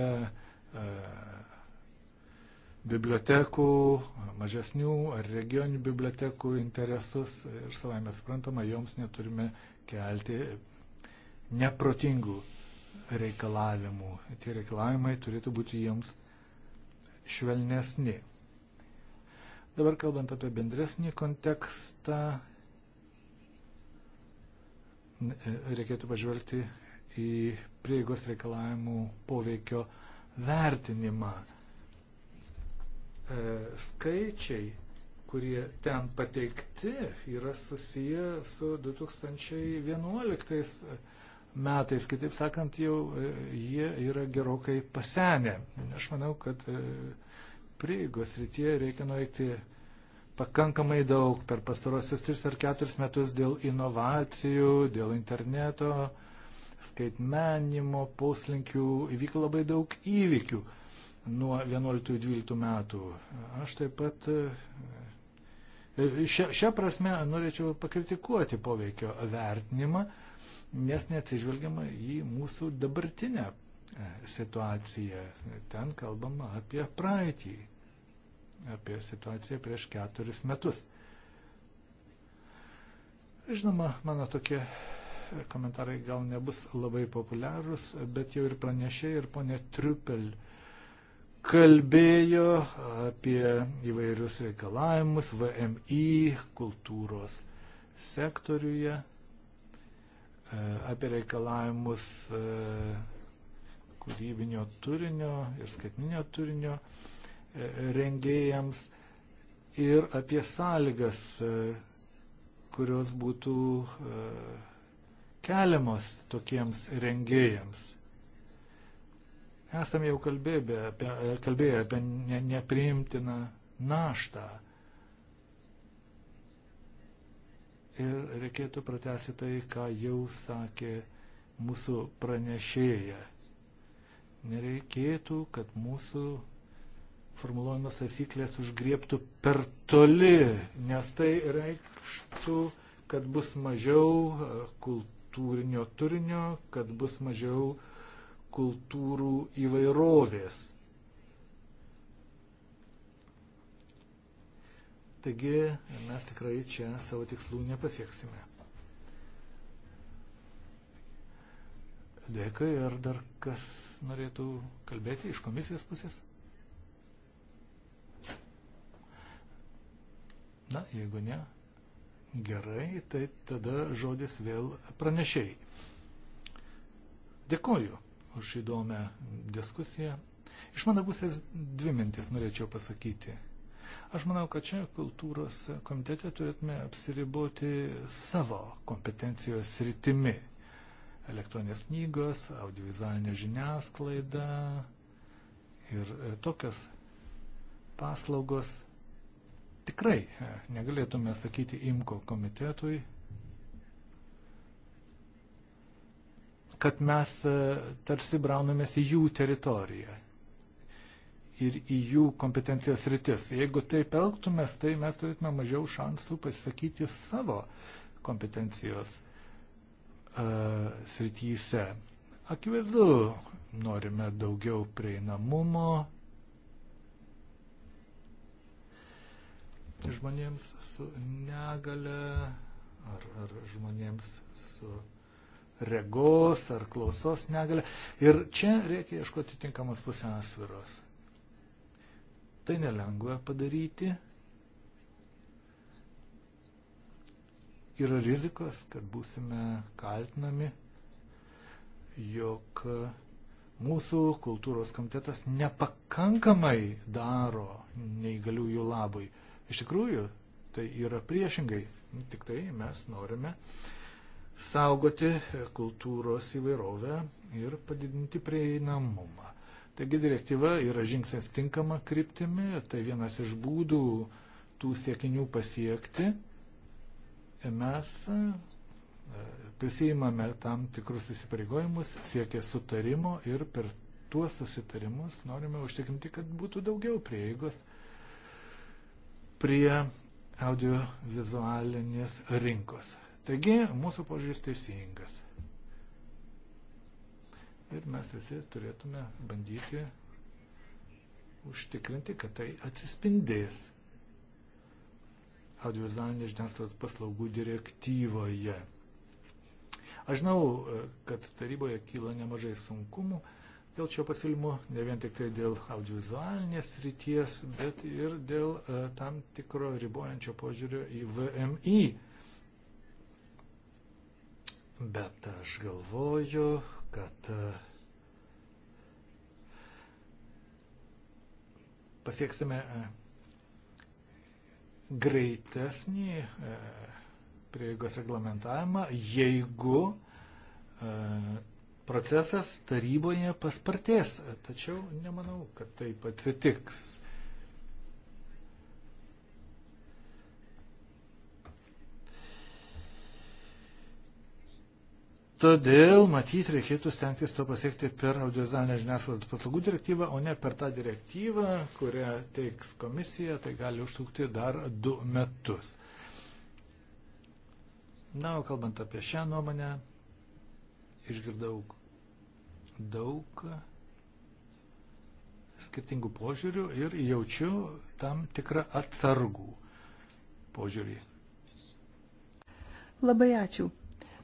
bibliotekų, mažesnių ar regioninių bibliotekų interesus ir savai mes suprantama, joms neturime kelti neprotingų reikalavimų. Tie reikalavimai turėtų būti jiems švelnesni. Dabar kalbant apie bendresnį kontekstą, reikėtų pažvelgti į prieigos reikalavimų poveikio vertinimą. E, skaičiai, kurie ten pateikti, yra susiję su 2011 metais. Kitaip sakant, jau e, jie yra gerokai pasenę. Aš manau, kad e, prieigos rytie reikia nuveikti pakankamai daug per pastarosius 3 ar 4 metus dėl inovacijų, dėl interneto, skaitmenimo, poslinkių įvyko labai daug įvykių nuo 11-12 metų. Aš taip pat šią, e, e, šią prasme norėčiau pakritikuoti poveikio vertinimą, nes neatsižvelgiama į mūsų dabartinę e, situaciją. Ten kalbama apie praeitį, apie situaciją prieš keturis metus. Žinoma, mano tokie komentarai gal nebus labai populiarūs, bet jau ir pranešė ir ponė Triupel uh, kalbėjo apie įvairius reikalavimus VMI kultūros sektoriuje, e, apie reikalavimus e, kūrybinio turinio ir skaitminio turinio e, rengėjams ir apie sąlygas, kurios būtų keliamos tokiems rengėjams. Esame jau kalbėję apie, kalbėję apie ne, nepriimtiną naštą. Ir reikėtų pratesti tai, ką jau sakė mūsų pranešėja. Nereikėtų, kad mūsų formuluojamas taisyklės užgriebtų per toli, nes tai reikštų, kad bus mažiau e, kultūrinio turinio, kad bus mažiau uh, kultūrų įvairovės. Taigi mes tikrai čia savo tikslų nepasieksime. Dėkui, ar dar kas norėtų kalbėti iš komisijos pusės? Na, jeigu ne, gerai, tai tada žodis vėl pranešiai. Dėkoju už įdomią diskusiją. Iš mano pusės dvi mintis norėčiau pasakyti. Aš manau, kad čia kultūros komitete turėtume apsiriboti savo kompetencijos rytimi. Elektroninės knygos, audiovizualinė žiniasklaida ir e, tokias paslaugos tikrai e, negalėtume sakyti imko komitetui, kad mes e, tarsi braunamės į jų teritoriją ir į jų kompetencijas rytis. Jeigu taip elgtumės, tai mes turėtume mažiau šansų pasisakyti savo kompetencijos uh, srityse. Akivaizdu, norime daugiau prieinamumo žmonėms su negale ar, ar žmonėms su uh, regos ar klausos negalę. Ir čia reikia ieškoti tinkamos pusiausviros. Tai nelengva padaryti. Yra rizikos, kad būsime kaltinami, jog mūsų kultūros komitetas nepakankamai daro neįgaliųjų labui. Iš tikrųjų, tai yra priešingai. Tik tai mes norime uh, saugoti kultūros įvairovę ir padidinti prieinamumą. Taigi direktyva yra žingsnis tinkama kryptimi, tai vienas iš būdų tų siekinių pasiekti. Mes e, prisijimame tam tikrus įsipareigojimus, siekia sutarimo ir per tuos susitarimus norime užtikrinti, kad būtų daugiau prieigos prie audiovizualinės rinkos. Taigi mūsų požiūris teisingas. Ir mes visi turėtume bandyti užtikrinti, kad tai atsispindės audiovizualinės žiniasklaidos paslaugų direktyvoje. Aš žinau, kad taryboje kyla nemažai sunkumų dėl šio pasiūlymo, ne vien tik tai dėl audiovizualinės ryties, bet ir dėl e, tam tikro ribojančio požiūrio į VMI Bet aš galvoju, kad e, pasieksime e, greitesnį e, prieigos reglamentavimą, jeigu procesas taryboje paspartės. Tačiau nemanau, kad taip atsitiks. Todėl, matyt, reikėtų stengtis to pasiekti per audiovizualinę žiniasklaidos paslaugų direktyvą, o ne per tą direktyvą, kurią teiks komisija, tai gali užtrukti dar du metus. Na, o kalbant apie šią nuomonę, išgirdau daug skirtingų požiūrių ir jaučiu tam tikrą atsargų požiūrį. Labai ačiū.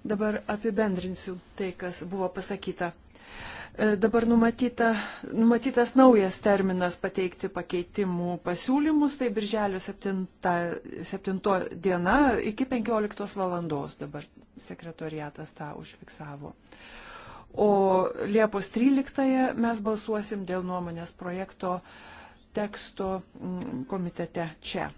Dabar apibendrinsiu tai, kas buvo pasakyta. E, dabar numatyta, numatytas naujas terminas pateikti pakeitimų pasiūlymus, tai birželio 7, 7 diena iki 15 valandos dabar sekretoriatas tą užfiksavo. O Liepos 13 mes balsuosim dėl nuomonės projekto teksto mm, komitete čia.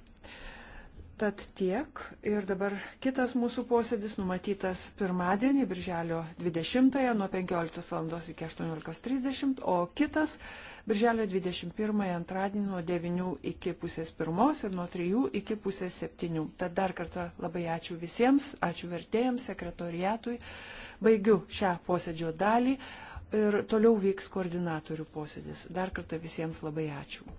Tad tiek. Ir dabar kitas mūsų posėdis numatytas pirmadienį, birželio 20-ąją nuo 15 val. iki 18.30, o kitas birželio 21-ąją antradienį nuo 9 iki pusės pirmos ir nuo 3 iki pusės 7. Tad dar kartą labai ačiū visiems, ačiū vertėjams, sekretoriatui. Baigiu šią posėdžio dalį ir toliau vyks koordinatorių posėdis. Dar kartą visiems labai ačiū.